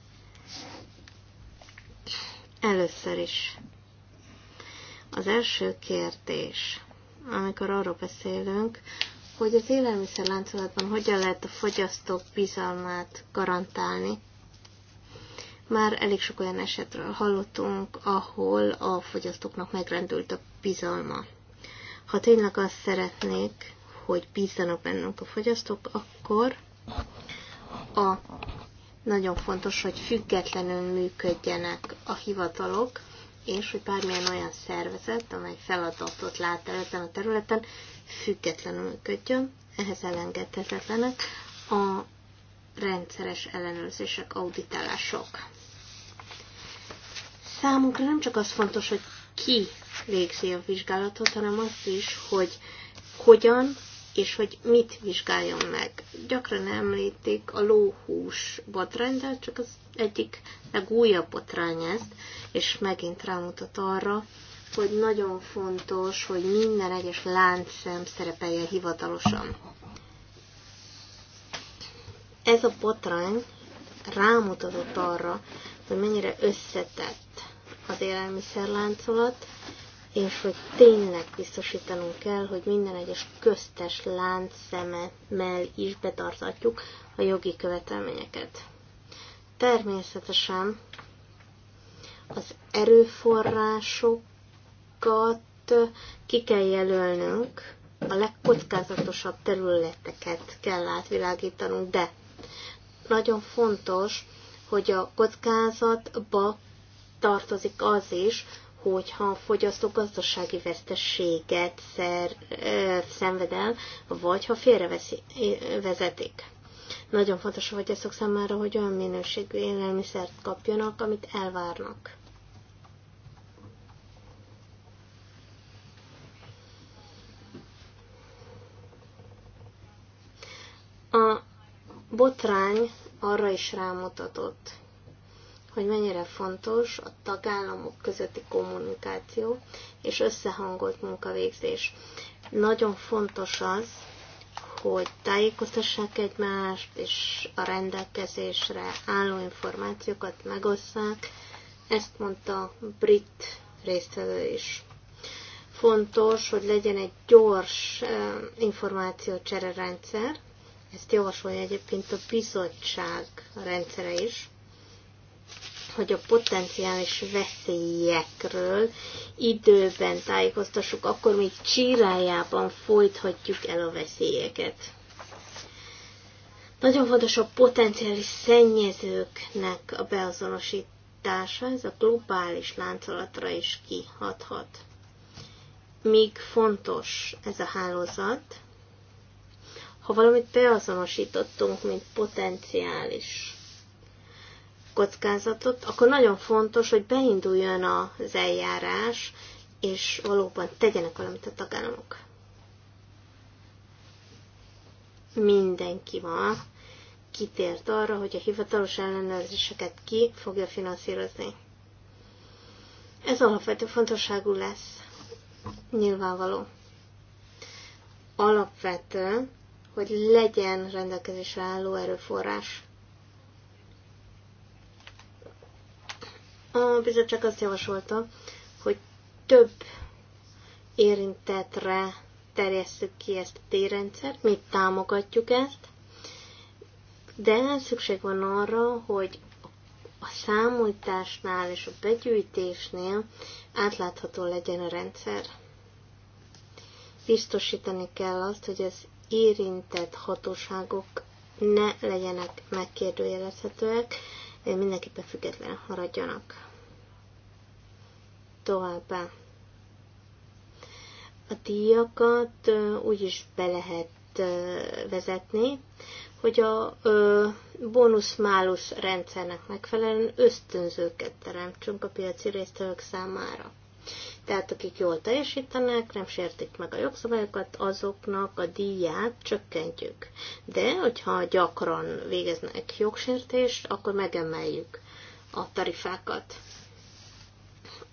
Először is. Az első kérdés amikor arról beszélünk, hogy az élelmiszerláncolatban hogyan lehet a fogyasztók bizalmát garantálni. Már elég sok olyan esetről hallottunk, ahol a fogyasztóknak megrendült a bizalma. Ha tényleg azt szeretnék, hogy bízzanak bennünk a fogyasztók, akkor a nagyon fontos, hogy függetlenül működjenek a hivatalok, és hogy bármilyen olyan szervezet, amely feladatot lát el ezen a területen, függetlenül működjön, ehhez elengedhetetlenek a rendszeres ellenőrzések, auditálások. Számunkra nem csak az fontos, hogy ki végzi a vizsgálatot, hanem azt is, hogy hogyan és hogy mit vizsgáljon meg. Gyakran említik a lóhús de csak az egyik legújabb botrány ezt, és megint rámutat arra, hogy nagyon fontos, hogy minden egyes láncszem szerepelje hivatalosan. Ez a botrány rámutatott arra, hogy mennyire összetett az élelmiszerláncolat, és hogy tényleg biztosítanunk kell, hogy minden egyes köztes láncszemmel is betartatjuk a jogi követelményeket. Természetesen az erőforrásokat ki kell jelölnünk, a legkockázatosabb területeket kell átvilágítanunk, de nagyon fontos, hogy a kockázatba tartozik az is, hogyha a fogyasztó gazdasági vesztességet szer, ö, szenved el, vagy ha félrevezetik. Nagyon fontos a fogyasztók számára, hogy olyan minőségű élelmiszert kapjanak, amit elvárnak. A botrány arra is rámutatott, hogy mennyire fontos a tagállamok közötti kommunikáció és összehangolt munkavégzés. Nagyon fontos az, hogy tájékoztassák egymást, és a rendelkezésre álló információkat megosszák. Ezt mondta a brit résztvevő is. Fontos, hogy legyen egy gyors információcsere rendszer, ezt javasolja egyébként a bizottság rendszere is, hogy a potenciális veszélyekről időben tájékoztassuk, akkor még csírájában folythatjuk el a veszélyeket. Nagyon fontos a potenciális szennyezőknek a beazonosítása, ez a globális láncolatra is kihathat. Míg fontos ez a hálózat, ha valamit beazonosítottunk, mint potenciális kockázatot, akkor nagyon fontos, hogy beinduljon az eljárás, és valóban tegyenek valamit a tagállamok. Mindenki van kitért arra, hogy a hivatalos ellenőrzéseket ki fogja finanszírozni. Ez alapvető fontosságú lesz. Nyilvánvaló. Alapvető, hogy legyen rendelkezésre álló erőforrás. A bizottság azt javasolta, hogy több érintetre terjesszük ki ezt a térrendszert, mi támogatjuk ezt, de szükség van arra, hogy a számításnál és a begyűjtésnél átlátható legyen a rendszer. Biztosítani kell azt, hogy az érintett hatóságok ne legyenek megkérdőjelezhetőek, mindenképpen független maradjanak. Továbbá a díjakat úgy is be lehet vezetni, hogy a bónusz-málusz rendszernek megfelelően ösztönzőket teremtsünk a piaci résztvevők számára. Tehát akik jól teljesítenek, nem sértik meg a jogszabályokat, azoknak a díját csökkentjük. De, hogyha gyakran végeznek jogsértést, akkor megemeljük a tarifákat.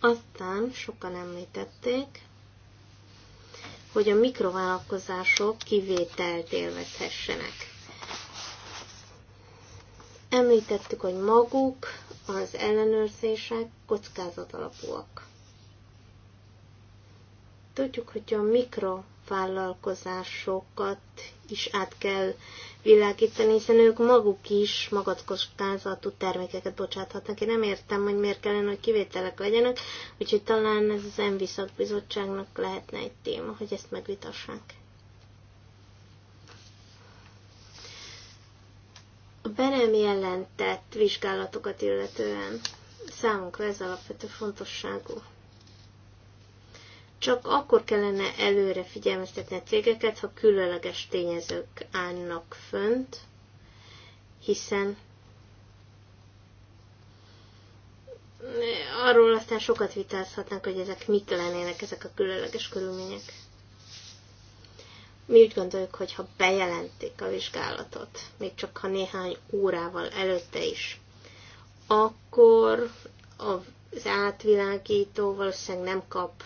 Aztán sokan említették, hogy a mikrovállalkozások kivételt élvezhessenek. Említettük, hogy maguk az ellenőrzések kockázat alapúak. Tudjuk, hogy a mikrovállalkozásokat is át kell világítani, hiszen ők maguk is magatkockázatú termékeket bocsáthatnak. Én nem értem, hogy miért kellene, hogy kivételek legyenek, úgyhogy talán ez az ENVI szakbizottságnak lehetne egy téma, hogy ezt megvitassák. A be nem jelentett vizsgálatokat illetően számunkra ez alapvető fontosságú. Csak akkor kellene előre figyelmeztetni a cégeket, ha különleges tényezők állnak fönt, hiszen arról aztán sokat vitázhatnánk, hogy ezek mit lennének ezek a különleges körülmények. Mi úgy gondoljuk, hogy ha bejelentik a vizsgálatot, még csak ha néhány órával előtte is, akkor az átvilágító valószínűleg nem kap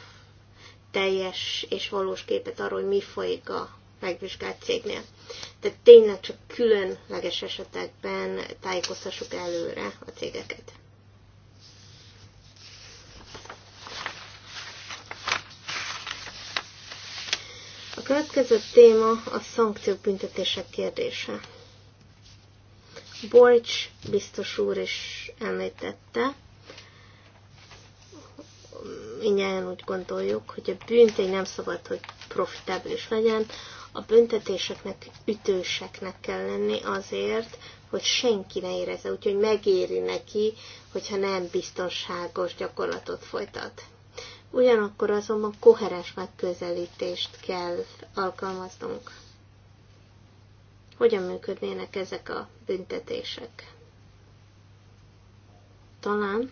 teljes és valós képet arról, hogy mi folyik a megvizsgált cégnél. Tehát tényleg csak különleges esetekben tájékoztassuk előre a cégeket. A következő téma a szankciók büntetések kérdése. Bolcs biztos úr is említette, minnyáján úgy gondoljuk, hogy a bűntény nem szabad, hogy profitábilis legyen, a büntetéseknek ütőseknek kell lenni azért, hogy senki ne érezze, úgyhogy megéri neki, hogyha nem biztonságos gyakorlatot folytat. Ugyanakkor azonban koherens megközelítést kell alkalmaznunk. Hogyan működnének ezek a büntetések? Talán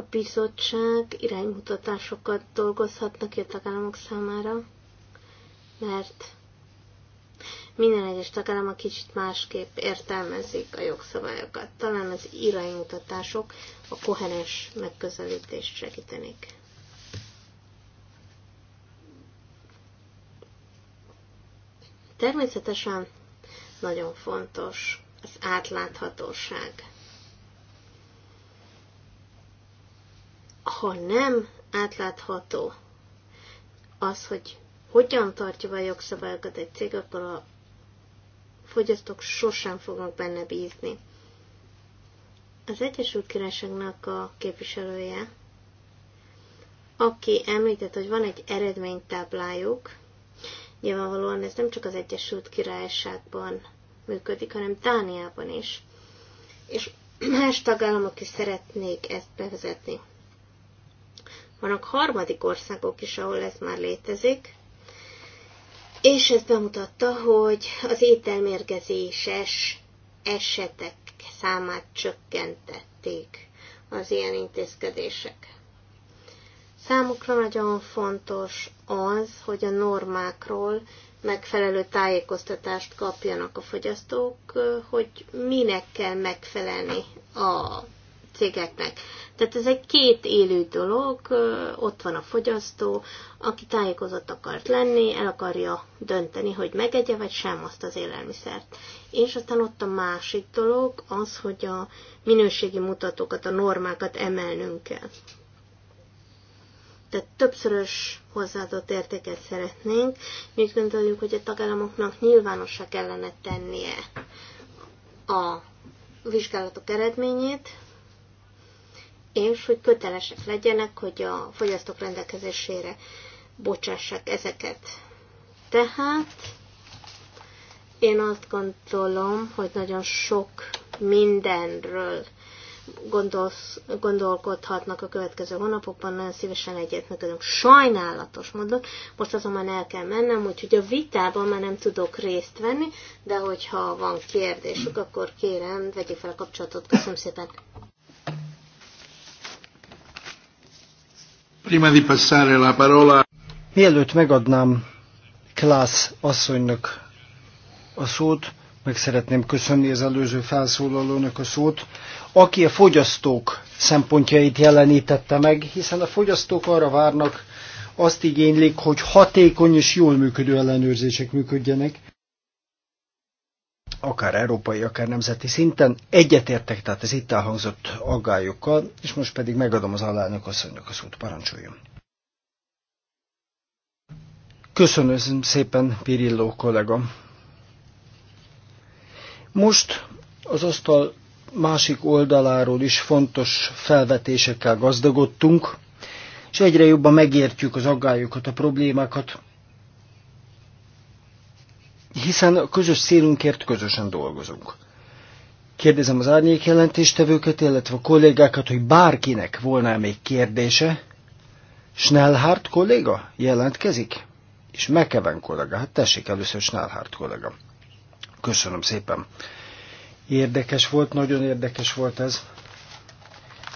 a bizottság iránymutatásokat dolgozhatnak ki a tagállamok számára, mert minden egyes tagállam kicsit másképp értelmezik a jogszabályokat. Talán az iránymutatások a koherens megközelítést segítenék. Természetesen nagyon fontos az átláthatóság. ha nem átlátható az, hogy hogyan tartja be a jogszabályokat egy cég, akkor a fogyasztók sosem fognak benne bízni. Az Egyesült Királyságnak a képviselője, aki említett, hogy van egy eredménytáblájuk, nyilvánvalóan ez nem csak az Egyesült Királyságban működik, hanem Dániában is, és más tagállamok is szeretnék ezt bevezetni. Vannak harmadik országok is, ahol ez már létezik, és ez bemutatta, hogy az ételmérgezéses esetek számát csökkentették az ilyen intézkedések. Számukra nagyon fontos az, hogy a normákról megfelelő tájékoztatást kapjanak a fogyasztók, hogy minek kell megfelelni a cégeknek. Tehát ez egy két élő dolog, ott van a fogyasztó, aki tájékozott akart lenni, el akarja dönteni, hogy megegye vagy sem azt az élelmiszert. És aztán ott a másik dolog az, hogy a minőségi mutatókat, a normákat emelnünk kell. Tehát többszörös hozzáadott értéket szeretnénk, mit gondoljuk, hogy a tagállamoknak nyilvánosra kellene tennie a vizsgálatok eredményét, és hogy kötelesek legyenek, hogy a fogyasztók rendelkezésére bocsássák ezeket. Tehát én azt gondolom, hogy nagyon sok mindenről gondolsz, gondolkodhatnak a következő hónapokban, nagyon szívesen megadom. Sajnálatos módon, most azonban el kell mennem, úgyhogy a vitában már nem tudok részt venni, de hogyha van kérdésük, akkor kérem, vegyék fel a kapcsolatot. Köszönöm szépen! Prima di passare la parola. Mielőtt megadnám Klász asszonynak a szót, meg szeretném köszönni az előző felszólalónak a szót, aki a fogyasztók szempontjait jelenítette meg, hiszen a fogyasztók arra várnak, azt igénylik, hogy hatékony és jól működő ellenőrzések működjenek akár európai, akár nemzeti szinten. Egyetértek tehát ez itt elhangzott aggályokkal, és most pedig megadom az alelnök asszonynak a szót, parancsoljon. Köszönöm szépen, Pirilló kollega. Most az asztal másik oldaláról is fontos felvetésekkel gazdagodtunk, és egyre jobban megértjük az aggályokat, a problémákat, hiszen a közös célunkért közösen dolgozunk. Kérdezem az árnyék jelentéstevőket, illetve a kollégákat, hogy bárkinek volna még kérdése. Schnellhardt kolléga jelentkezik? És Mekeven kollega. Hát tessék, először Schnellhardt kollega. Köszönöm szépen. Érdekes volt, nagyon érdekes volt ez.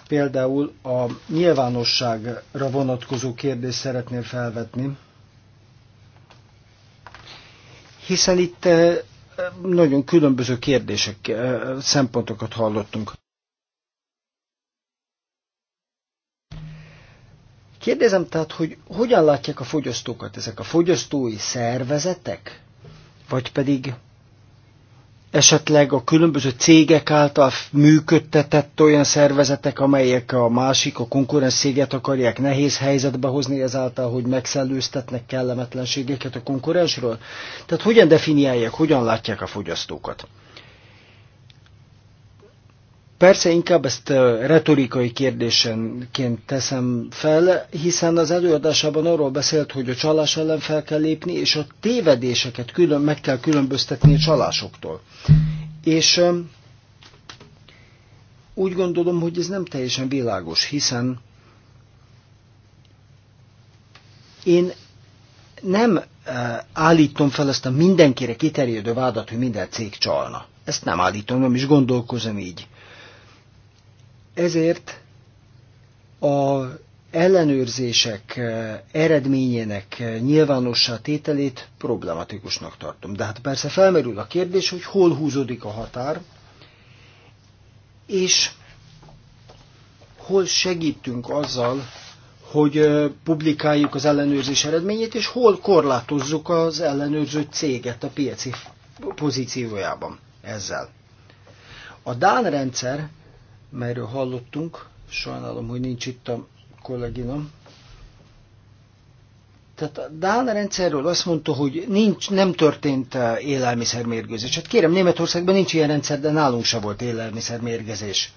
Például a nyilvánosságra vonatkozó kérdést szeretném felvetni, hiszen itt nagyon különböző kérdések, szempontokat hallottunk. Kérdezem tehát, hogy hogyan látják a fogyasztókat ezek a fogyasztói szervezetek, vagy pedig esetleg a különböző cégek által működtetett olyan szervezetek, amelyek a másik, a konkurens céget akarják nehéz helyzetbe hozni ezáltal, hogy megszellőztetnek kellemetlenségeket a konkurensről? Tehát hogyan definiálják, hogyan látják a fogyasztókat? Persze inkább ezt retorikai kérdésenként teszem fel, hiszen az előadásában arról beszélt, hogy a csalás ellen fel kell lépni, és a tévedéseket külön, meg kell különböztetni a csalásoktól. És úgy gondolom, hogy ez nem teljesen világos, hiszen én nem állítom fel ezt a mindenkire kiterjedő vádat, hogy minden cég csalna. Ezt nem állítom, nem is gondolkozom így. Ezért a ellenőrzések eh, eredményének eh, nyilvánossá tételét problematikusnak tartom. De hát persze felmerül a kérdés, hogy hol húzódik a határ, és hol segítünk azzal, hogy eh, publikáljuk az ellenőrzés eredményét, és hol korlátozzuk az ellenőrző céget a piaci pozíciójában ezzel. A Dán rendszer melyről hallottunk. Sajnálom, hogy nincs itt a kolléginom. Tehát a Dál rendszerről azt mondta, hogy nincs, nem történt eh, élelmiszermérgezés. Hát kérem, Németországban nincs ilyen rendszer, de nálunk se volt élelmiszermérgezés.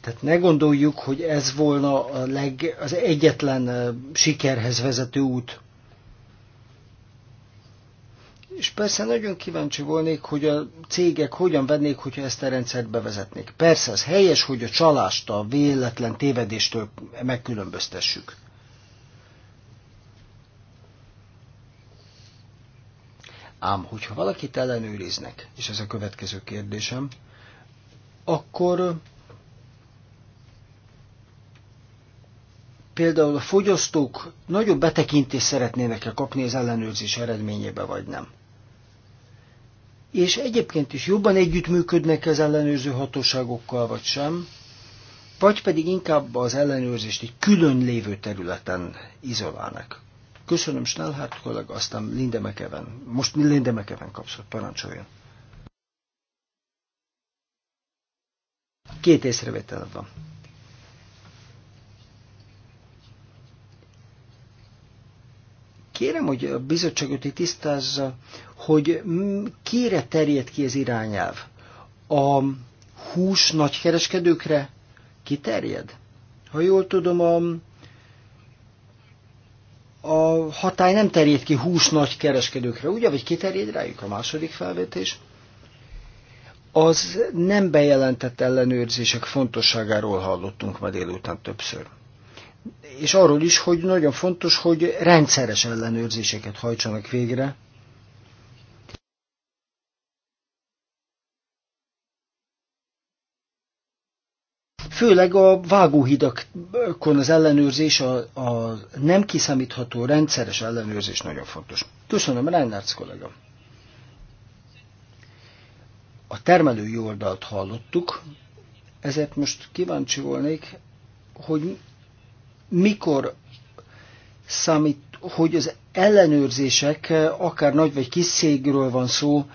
Tehát ne gondoljuk, hogy ez volna a leg, az egyetlen eh, sikerhez vezető út. És persze nagyon kíváncsi volnék, hogy a cégek hogyan vennék, hogyha ezt a rendszert bevezetnék. Persze, az helyes, hogy a csalást a véletlen tévedéstől megkülönböztessük. Ám, hogyha valakit ellenőriznek, és ez a következő kérdésem, akkor például a fogyasztók nagyobb betekintést szeretnének-e kapni az ellenőrzés eredményébe, vagy nem és egyébként is jobban együttműködnek az ellenőrző hatóságokkal, vagy sem, vagy pedig inkább az ellenőrzést egy külön lévő területen izolálnak. Köszönöm Snellhárt kollega, aztán Linde Mekeven. Most Linde Mekeven kapszott, parancsoljon. Két észrevétel van. Kérem, hogy a bizottságot itt tisztázza, hogy kire terjed ki az irányelv? A hús nagykereskedőkre kiterjed? Ha jól tudom, a, a hatály nem terjed ki hús nagykereskedőkre, ugye? Vagy kiterjed rájuk a második felvetés? Az nem bejelentett ellenőrzések fontosságáról hallottunk ma délután többször és arról is, hogy nagyon fontos, hogy rendszeres ellenőrzéseket hajtsanak végre. Főleg a vágóhidakon az ellenőrzés, a, a nem kiszámítható rendszeres ellenőrzés nagyon fontos. Köszönöm, Reinhardt kollega. A termelői oldalt hallottuk, ezért most kíváncsi volnék, hogy mikor számít, hogy az ellenőrzések, akár nagy vagy kis szégről van szó,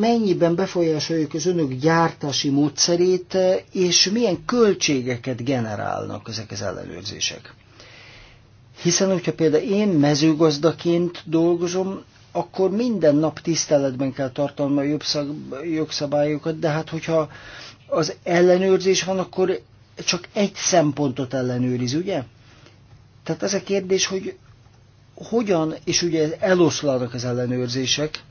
mennyiben befolyásoljuk az önök gyártási módszerét, és milyen költségeket generálnak ezek az ellenőrzések. Hiszen, hogyha például én mezőgazdaként dolgozom, akkor minden nap tiszteletben kell tartalma a jogszabályokat, de hát hogyha az ellenőrzés van, akkor csak egy szempontot ellenőriz, ugye? Tehát ez a kérdés, hogy hogyan, és ugye eloszlanak az ellenőrzések,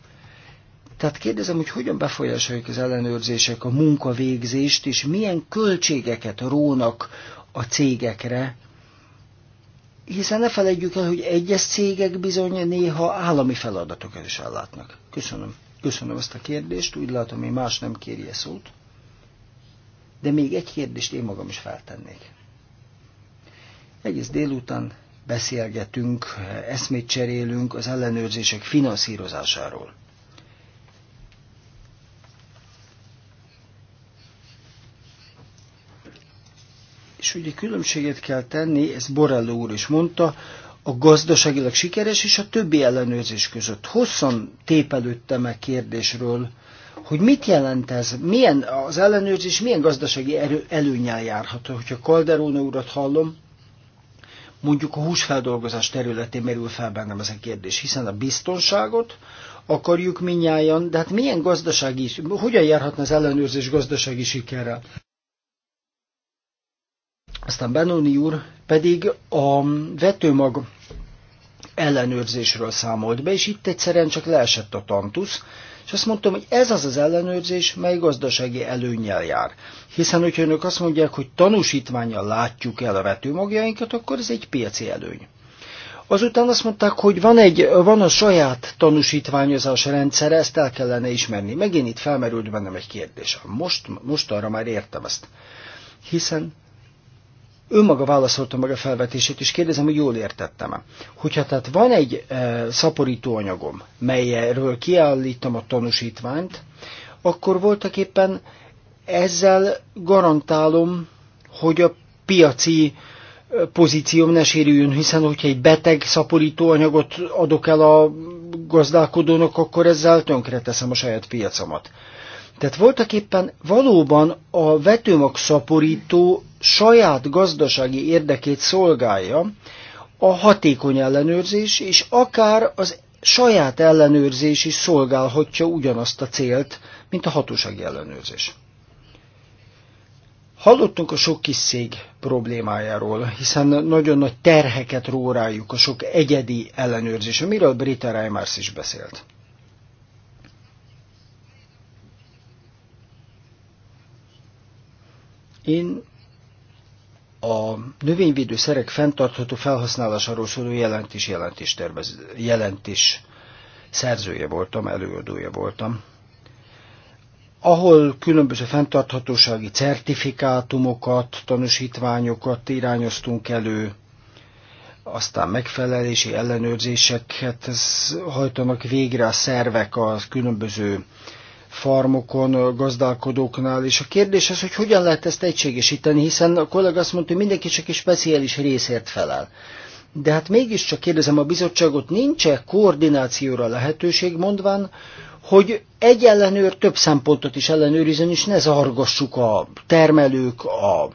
tehát kérdezem, hogy hogyan befolyásolják az ellenőrzések a munkavégzést, és milyen költségeket rónak a cégekre, hiszen ne felejtjük el, hogy egyes cégek bizony néha állami feladatokat is ellátnak. Köszönöm. Köszönöm ezt a kérdést, úgy látom, hogy más nem kéri szót. De még egy kérdést én magam is feltennék. Egész délután beszélgetünk, eszmét cserélünk az ellenőrzések finanszírozásáról. És ugye különbséget kell tenni, ezt Borrello úr is mondta, a gazdaságilag sikeres és a többi ellenőrzés között. Hosszan tépelődtem a e kérdésről, hogy mit jelent ez, milyen az ellenőrzés, milyen gazdasági erő, előnyel járhat. Hogyha Calderona urat hallom, mondjuk a húsfeldolgozás területén merül fel bennem ez a kérdés, hiszen a biztonságot akarjuk minnyáján, de hát milyen gazdasági, hogyan járhatna az ellenőrzés gazdasági sikerrel? Aztán Benoni úr pedig a vetőmag ellenőrzésről számolt be, és itt egyszerűen csak leesett a tantusz, és azt mondtam, hogy ez az az ellenőrzés, mely gazdasági előnyel jár. Hiszen, hogyha önök azt mondják, hogy tanúsítványjal látjuk el a vetőmagjainkat, akkor ez egy piaci előny. Azután azt mondták, hogy van, egy, van a saját tanúsítványozás rendszere, ezt el kellene ismerni. Megint itt felmerült bennem egy kérdés. Most, most arra már értem ezt. Hiszen önmaga válaszolta meg a felvetését, és kérdezem, hogy jól értettem-e. Hogyha tehát van egy e, szaporítóanyagom, melyről kiállítom a tanúsítványt, akkor voltak éppen ezzel garantálom, hogy a piaci e, pozícióm ne sérüljön, hiszen hogyha egy beteg szaporítóanyagot adok el a gazdálkodónak, akkor ezzel tönkreteszem a saját piacomat. Tehát voltak éppen valóban a vetőmag szaporító saját gazdasági érdekét szolgálja, a hatékony ellenőrzés, és akár az saját ellenőrzés is szolgálhatja ugyanazt a célt, mint a hatósági ellenőrzés. Hallottunk a sok kis szég problémájáról, hiszen nagyon nagy terheket rórájuk a sok egyedi ellenőrzés, amiről Brita Reimers is beszélt. Én a szerek fenntartható felhasználásáról szóló jelentés, jelentés, tervez, jelentés szerzője voltam, előadója voltam, ahol különböző fenntarthatósági certifikátumokat, tanúsítványokat irányoztunk elő, aztán megfelelési ellenőrzéseket hajtanak végre a szervek a különböző farmokon, gazdálkodóknál, és a kérdés az, hogy hogyan lehet ezt egységesíteni, hiszen a kollega azt mondta, hogy mindenki csak egy speciális részért felel. De hát mégiscsak kérdezem a bizottságot, nincs-e koordinációra lehetőség mondván, hogy egy ellenőr több szempontot is ellenőrizön, és ne zargassuk a termelők, a,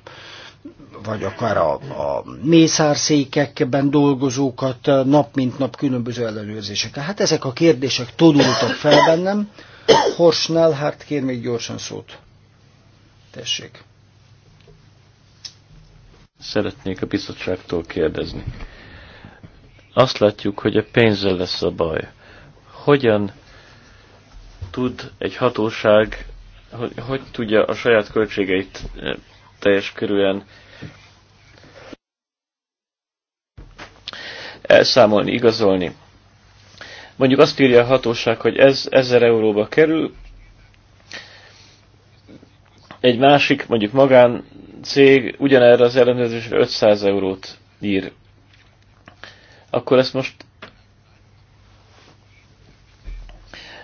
vagy akár a, a mészárszékekben dolgozókat nap mint nap különböző ellenőrzésekkel. Hát ezek a kérdések tudultak fel bennem, Horsnell, hát kér még gyorsan szót. Tessék. Szeretnék a bizottságtól kérdezni. Azt látjuk, hogy a pénzzel lesz a baj. Hogyan tud egy hatóság, hogy, hogy tudja a saját költségeit eh, teljes körülön elszámolni, igazolni? mondjuk azt írja a hatóság, hogy ez 1000 euróba kerül, egy másik, mondjuk magán cég ugyanerre az ellenőrzésre 500 eurót ír. Akkor ezt most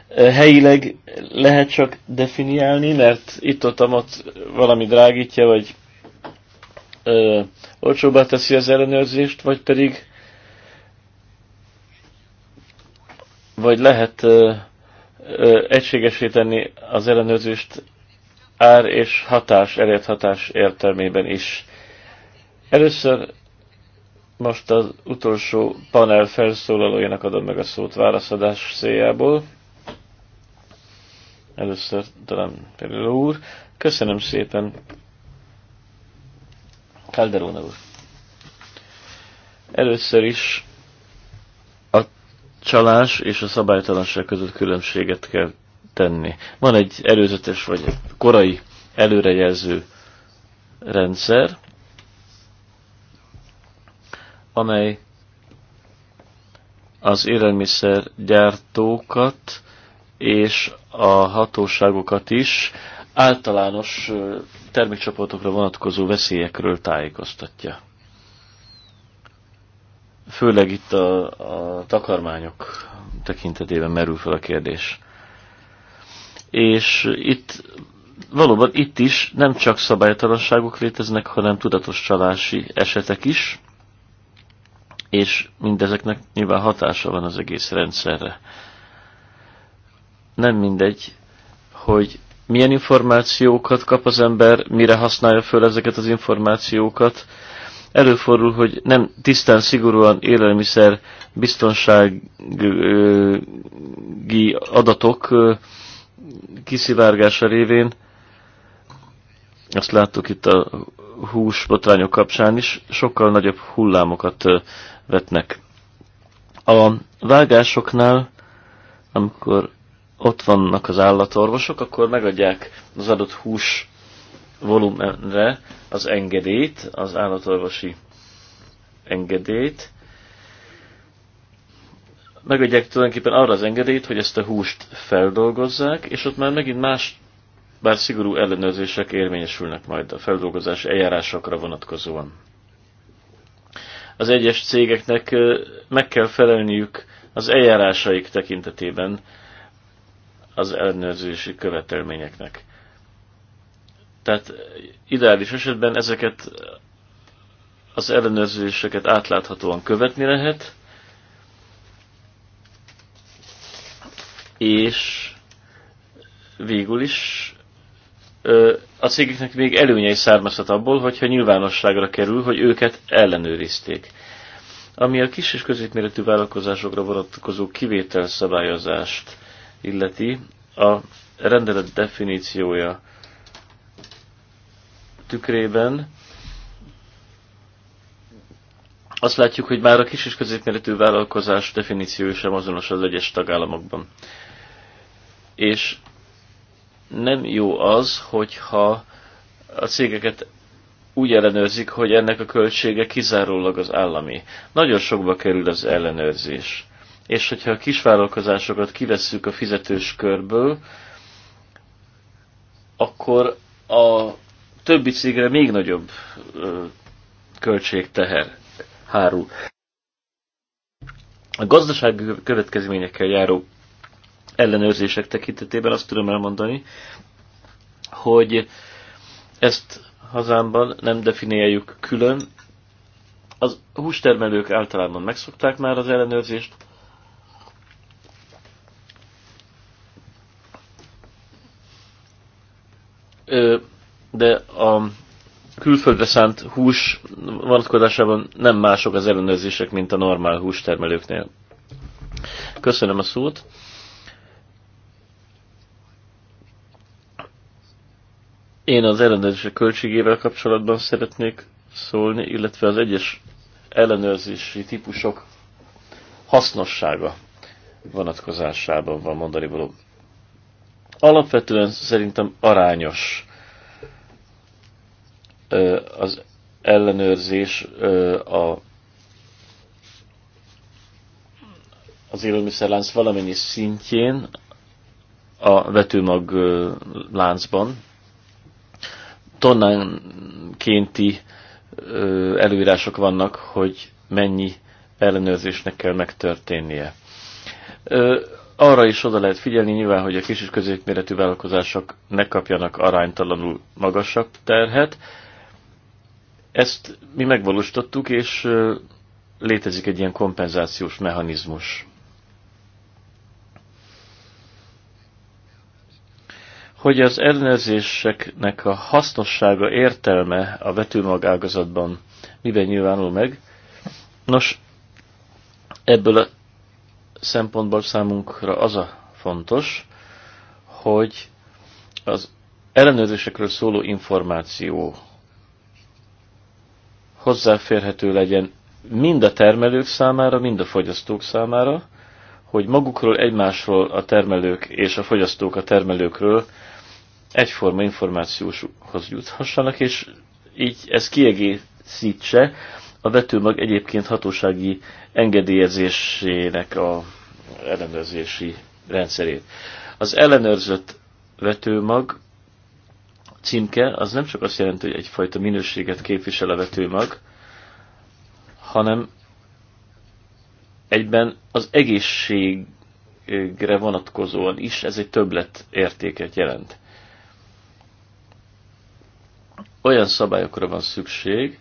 eh, helyileg lehet csak definiálni, mert itt-ott ott valami drágítja, vagy ö, eh, olcsóbbá teszi az ellenőrzést, vagy pedig vagy lehet ö, ö, egységesé tenni az ellenőrzést ár és hatás, elért hatás értelmében is. Először most az utolsó panel felszólalójának adom meg a szót válaszadás széljából. Először talán Perillo úr. Köszönöm szépen, Calderón úr. Először is csalás és a szabálytalanság között különbséget kell tenni. Van egy előzetes vagy korai előrejelző rendszer, amely az élelmiszergyártókat és a hatóságokat is általános termékcsoportokra vonatkozó veszélyekről tájékoztatja főleg itt a, a takarmányok tekintetében merül fel a kérdés. És itt valóban itt is nem csak szabálytalanságok léteznek, hanem tudatos csalási esetek is, és mindezeknek nyilván hatása van az egész rendszerre. Nem mindegy, hogy milyen információkat kap az ember, mire használja föl ezeket az információkat, Előfordul, hogy nem tisztán, szigorúan élelmiszer biztonsági adatok kiszivárgása révén, azt láttuk itt a hús botrányok kapcsán is, sokkal nagyobb hullámokat vetnek. A vágásoknál, amikor ott vannak az állatorvosok, akkor megadják az adott hús volumenre az engedélyt, az állatorvosi engedélyt. Megadják tulajdonképpen arra az engedélyt, hogy ezt a húst feldolgozzák, és ott már megint más, bár szigorú ellenőrzések érvényesülnek majd a feldolgozás eljárásokra vonatkozóan. Az egyes cégeknek meg kell felelniük az eljárásaik tekintetében az ellenőrzési követelményeknek. Tehát ideális esetben ezeket az ellenőrzéseket átláthatóan követni lehet, és végül is a cégeknek még előnyei származhat abból, hogyha nyilvánosságra kerül, hogy őket ellenőrizték. Ami a kis és középméretű vállalkozásokra vonatkozó kivétel szabályozást illeti, a rendelet definíciója tükrében azt látjuk, hogy már a kis és középméretű vállalkozás definíció sem azonos az egyes tagállamokban. És nem jó az, hogyha a cégeket úgy ellenőrzik, hogy ennek a költsége kizárólag az állami. Nagyon sokba kerül az ellenőrzés. És hogyha a kisvállalkozásokat kivesszük a fizetős körből, akkor a többi cégre még nagyobb költségteher hárul. A gazdaság következményekkel járó ellenőrzések tekintetében azt tudom elmondani, hogy ezt hazámban nem definiáljuk külön. Az hústermelők általában megszokták már az ellenőrzést, Ö, de a külföldre szánt hús vonatkozásában nem mások az ellenőrzések, mint a normál hústermelőknél. Köszönöm a szót. Én az ellenőrzések költségével kapcsolatban szeretnék szólni, illetve az egyes ellenőrzési típusok hasznossága vonatkozásában van mondani való. Alapvetően szerintem arányos az ellenőrzés a, az élelmiszerlánc valamennyi szintjén, a vetőmag láncban, tonnánkénti előírások vannak, hogy mennyi ellenőrzésnek kell megtörténnie. Arra is oda lehet figyelni nyilván, hogy a kis és középméretű vállalkozások ne kapjanak aránytalanul magasabb terhet, ezt mi megvalósítottuk, és létezik egy ilyen kompenzációs mechanizmus. Hogy az ellenőrzéseknek a hasznossága, értelme a vetőmagágazatban miben nyilvánul meg, nos, ebből a szempontból számunkra az a fontos, hogy az ellenőrzésekről szóló információ hozzáférhető legyen mind a termelők számára, mind a fogyasztók számára, hogy magukról, egymásról a termelők és a fogyasztók a termelőkről egyforma információshoz juthassanak, és így ez kiegészítse a vetőmag egyébként hatósági engedélyezésének a ellenőrzési rendszerét. Az ellenőrzött vetőmag címke az nem csak azt jelenti, hogy egyfajta minőséget képvisel a vetőmag, hanem egyben az egészségre vonatkozóan is ez egy többlet értéket jelent. Olyan szabályokra van szükség,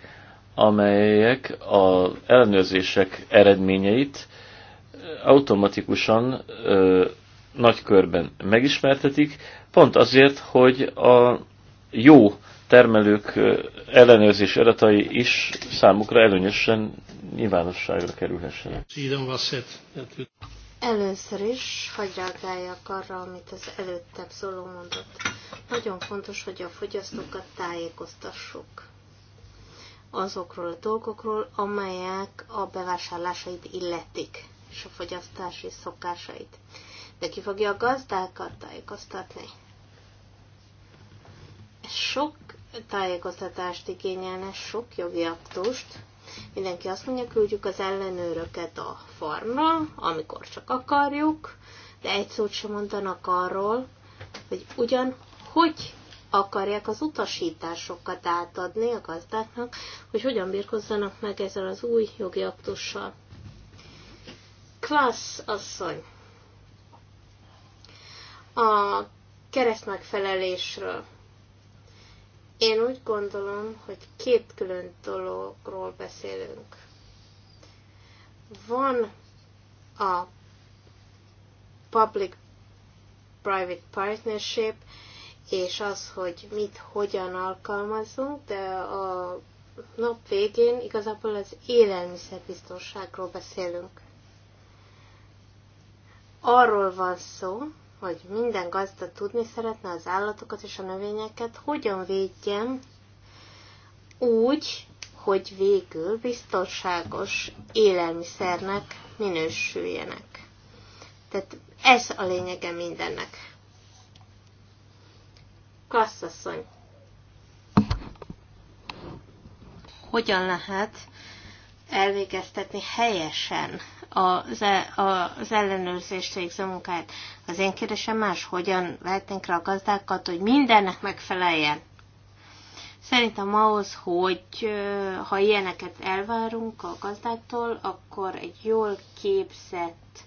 amelyek az ellenőrzések eredményeit automatikusan ö, nagy körben megismertetik, pont azért, hogy a jó termelők ellenőrzés adatai is számukra előnyösen nyilvánosságra kerülhessenek. Először is, hagyjálgáljak arra, amit az előttebb szóló mondott. Nagyon fontos, hogy a fogyasztókat tájékoztassuk azokról a dolgokról, amelyek a bevásárlásait illetik, és a fogyasztási szokásait. De ki fogja a gazdákat tájékoztatni? sok tájékoztatást igényelne, sok jogi aktust. Mindenki azt mondja, küldjük az ellenőröket a farmra, amikor csak akarjuk, de egy szót sem mondanak arról, hogy ugyan hogy akarják az utasításokat átadni a gazdáknak, hogy hogyan birkozzanak meg ezzel az új jogi aktussal. Klassz asszony! A kereszt megfelelésről én úgy gondolom, hogy két külön dologról beszélünk. Van a public-private partnership, és az, hogy mit, hogyan alkalmazunk, de a nap végén igazából az élelmiszerbiztonságról beszélünk. Arról van szó, hogy minden gazda tudni szeretne az állatokat és a növényeket, hogyan védjem úgy, hogy végül biztonságos élelmiszernek minősüljenek. Tehát ez a lényege mindennek. Klasszasszony. Hogyan lehet elvégeztetni helyesen az, e, az ellenőrzést végző munkáját. Az én kérdésem más, hogyan vehetnénk rá a gazdákat, hogy mindennek megfeleljen. Szerintem ahhoz, hogy ha ilyeneket elvárunk a gazdáktól, akkor egy jól képzett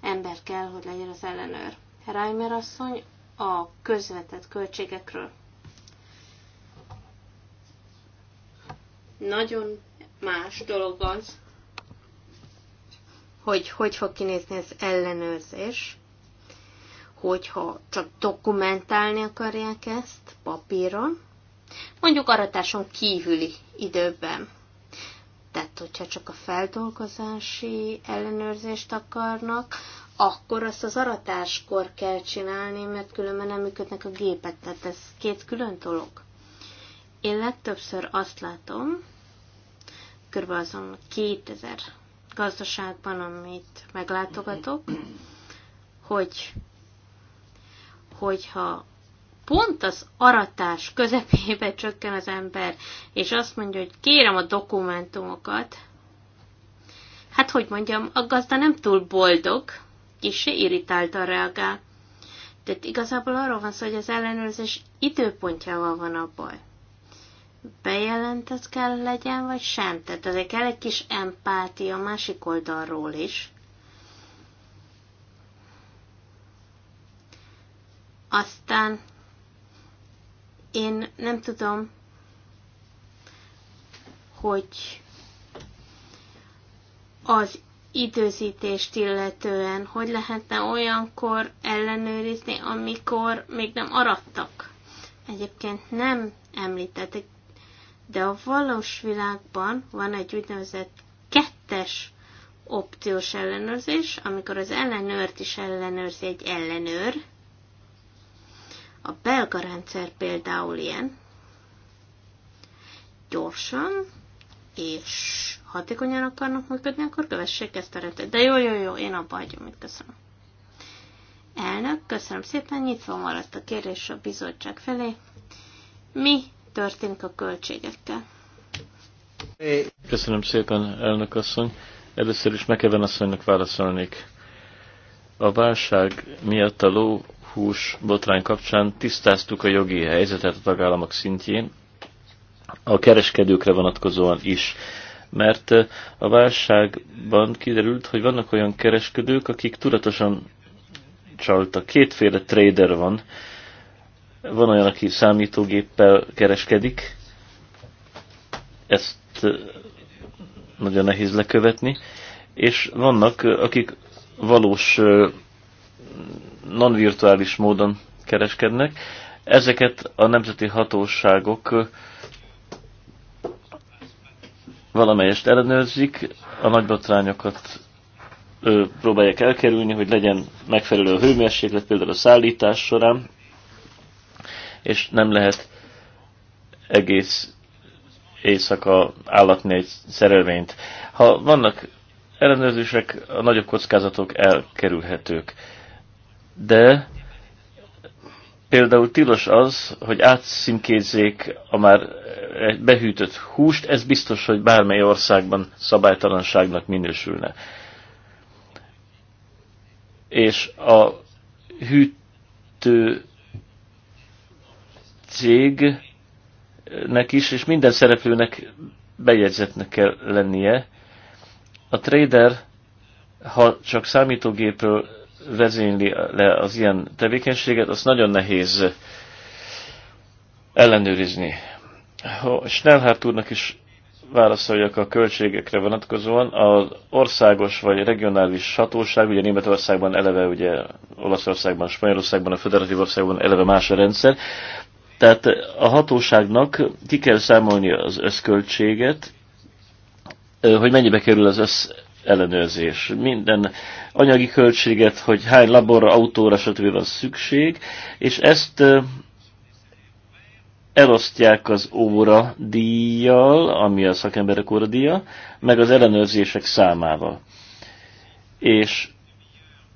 ember kell, hogy legyen az ellenőr. Reimer asszony a közvetett költségekről. Nagyon más dolog az, hogy hogy fog kinézni az ellenőrzés, hogyha csak dokumentálni akarják ezt papíron, mondjuk aratáson kívüli időben. Tehát, hogyha csak a feldolgozási ellenőrzést akarnak, akkor azt az aratáskor kell csinálni, mert különben nem működnek a gépek, tehát ez két külön dolog. Én legtöbbször azt látom, kb. azon 2000 gazdaságban, amit meglátogatok, hogy hogyha pont az aratás közepébe csökken az ember, és azt mondja, hogy kérem a dokumentumokat, hát hogy mondjam, a gazda nem túl boldog, kicsi irritáltan reagál. Tehát igazából arról van szó, hogy az ellenőrzés időpontjával van a baj bejelentett kell legyen, vagy sem. Tehát azért kell egy kis empátia a másik oldalról is. Aztán én nem tudom, hogy az időzítést illetően, hogy lehetne olyankor ellenőrizni, amikor még nem arattak. Egyébként nem említettek de a valós világban van egy úgynevezett kettes opciós ellenőrzés, amikor az ellenőrt is ellenőrzi egy ellenőr. A belga rendszer például ilyen. Gyorsan és hatékonyan akarnak működni, akkor kövessék ezt a rendet. De jó, jó, jó, én abba hagyom, mit köszönöm. Elnök, köszönöm szépen, nyitva maradt a kérés a bizottság felé. Mi történik a költségekkel? Köszönöm szépen, elnök asszony. Először is Mekeven asszonynak válaszolnék. A válság miatt a lóhús botrány kapcsán tisztáztuk a jogi helyzetet a tagállamok szintjén, a kereskedőkre vonatkozóan is. Mert eh, a válságban kiderült, hogy vannak olyan kereskedők, akik tudatosan csaltak. Kétféle trader van, van olyan, aki számítógéppel kereskedik, ezt nagyon nehéz lekövetni, és vannak, akik valós, non-virtuális módon kereskednek. Ezeket a nemzeti hatóságok valamelyest ellenőrzik, a nagybotrányokat próbálják elkerülni, hogy legyen megfelelő hőmérséklet például a szállítás során, és nem lehet egész éjszaka állatni egy szerelvényt. Ha vannak ellenőrzések, a nagyobb kockázatok elkerülhetők. De például tilos az, hogy átszimkézzék a már behűtött húst, ez biztos, hogy bármely országban szabálytalanságnak minősülne. És a hűtő cégnek is, és minden szereplőnek bejegyzetnek kell lennie. A trader, ha csak számítógépről vezényli le az ilyen tevékenységet, az nagyon nehéz ellenőrizni. Ha Schnellhardt úrnak is válaszoljak a költségekre vonatkozóan. Az országos vagy regionális hatóság, ugye Németországban eleve, ugye Olaszországban, Spanyolországban, a Föderatív Országban eleve más a rendszer, tehát a hatóságnak ki kell számolni az összköltséget, hogy mennyibe kerül az össz ellenőrzés. Minden anyagi költséget, hogy hány laborra, autóra, stb. van szükség, és ezt elosztják az óra díjjal, ami a szakemberek óra díja, meg az ellenőrzések számával. És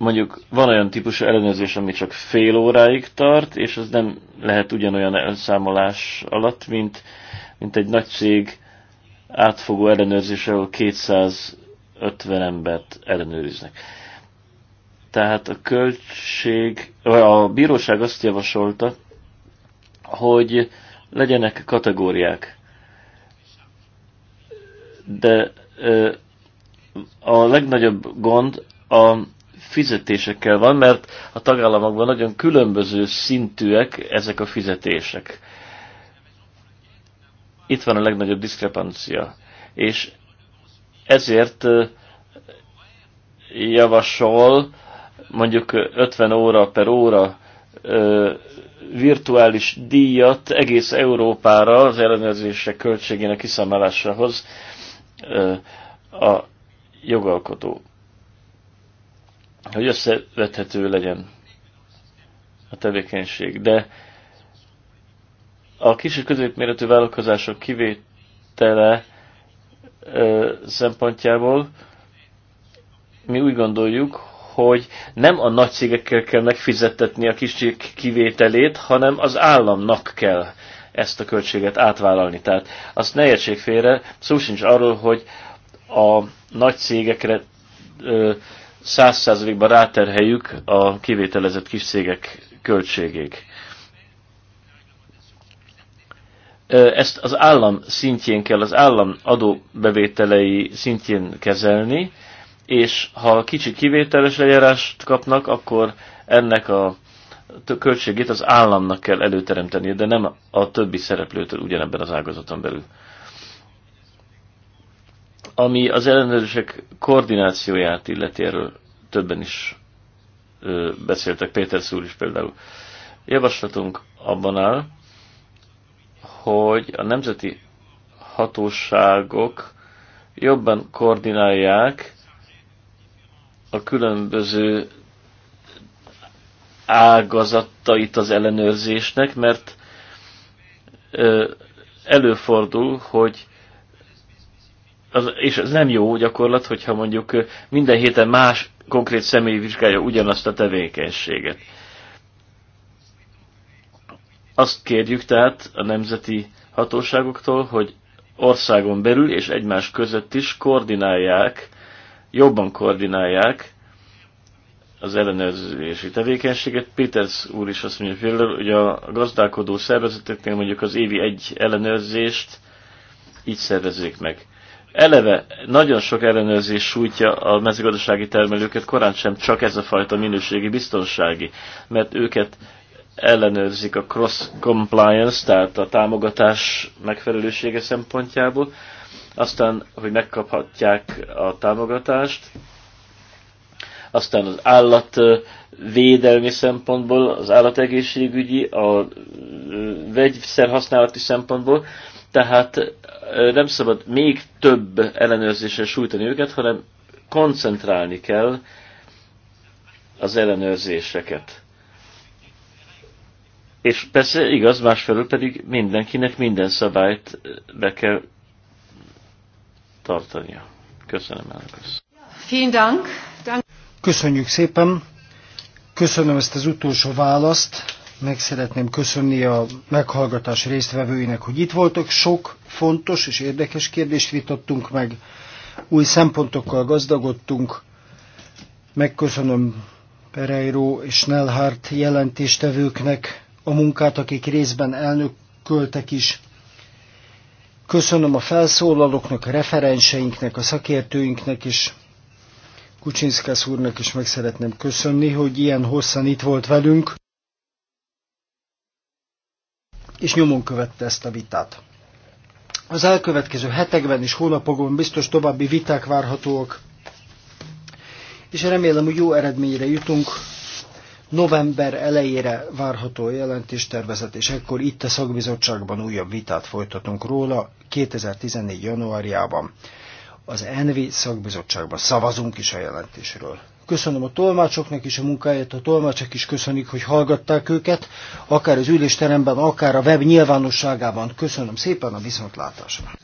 mondjuk van olyan típusú ellenőrzés, ami csak fél óráig tart, és az nem lehet ugyanolyan elszámolás alatt, mint, mint egy nagy cég átfogó ellenőrzés, ahol 250 embert ellenőriznek. Tehát a költség, vagy a bíróság azt javasolta, hogy legyenek kategóriák. De a legnagyobb gond a fizetésekkel van, mert a tagállamokban nagyon különböző szintűek ezek a fizetések. Itt van a legnagyobb diszkrepancia. És ezért javasol mondjuk 50 óra per óra virtuális díjat egész Európára az ellenőrzések költségének kiszámolásához a jogalkotó hogy összevethető legyen a tevékenység. De a kis és középméretű vállalkozások kivétele ö, szempontjából mi úgy gondoljuk, hogy nem a nagy cégekkel kell megfizettetni a kis kivételét, hanem az államnak kell ezt a költséget átvállalni. Tehát azt ne értsék félre, szó sincs arról, hogy a nagy cégekre ö, száz százalékban ráterheljük a kivételezett kis cégek költségét. Ezt az állam szintjén kell, az állam adóbevételei szintjén kezelni, és ha kicsi kivételes eljárást kapnak, akkor ennek a költségét az államnak kell előteremteni, de nem a többi szereplőtől ugyanebben az ágazaton belül. Ami az ellenőrzések koordinációját illeti, erről többen is ö, beszéltek, Péter Szúr is például. Javaslatunk abban áll, hogy a nemzeti hatóságok jobban koordinálják a különböző ágazatait az ellenőrzésnek, mert előfordul, hogy az, és ez nem jó gyakorlat, hogyha mondjuk minden héten más konkrét személy vizsgálja ugyanazt a tevékenységet. Azt kérjük tehát a nemzeti hatóságoktól, hogy országon belül és egymás között is koordinálják, jobban koordinálják az ellenőrzési tevékenységet. Peters úr is azt mondja például, hogy a gazdálkodó szervezeteknél mondjuk az évi egy ellenőrzést így szervezzék meg eleve nagyon sok ellenőrzés sújtja a mezőgazdasági termelőket, korán sem csak ez a fajta minőségi biztonsági, mert őket ellenőrzik a cross compliance, tehát a támogatás megfelelősége szempontjából, aztán, hogy megkaphatják a támogatást, aztán az állat védelmi szempontból, az állategészségügyi, a vegyszerhasználati szempontból, tehát nem szabad még több ellenőrzésre sújtani őket, hanem koncentrálni kell az ellenőrzéseket. És persze igaz, másfelől pedig mindenkinek minden szabályt be kell tartania. Köszönöm, elnök Köszönjük szépen. Köszönöm ezt az utolsó választ. Meg szeretném köszönni a meghallgatás résztvevőinek, hogy itt voltak. Sok fontos és érdekes kérdést vitattunk meg, új szempontokkal gazdagodtunk. Megköszönöm Pereiro és Nelhárt jelentéstevőknek a munkát, akik részben elnököltek is. Köszönöm a felszólalóknak, a referenseinknek, a szakértőinknek, is, Kucsinszkász úrnak is meg szeretném köszönni, hogy ilyen hosszan itt volt velünk és nyomon követte ezt a vitát. Az elkövetkező hetekben és hónapokon biztos további viták várhatóak, és remélem, hogy jó eredményre jutunk. November elejére várható a jelentéstervezet, és ekkor itt a szakbizottságban újabb vitát folytatunk róla 2014. januárjában. Az ENVI szakbizottságban szavazunk is a jelentésről. Köszönöm a tolmácsoknak is a munkáját, a tolmácsok is köszönik, hogy hallgatták őket, akár az ülésteremben, akár a web nyilvánosságában. Köszönöm szépen a viszontlátásra.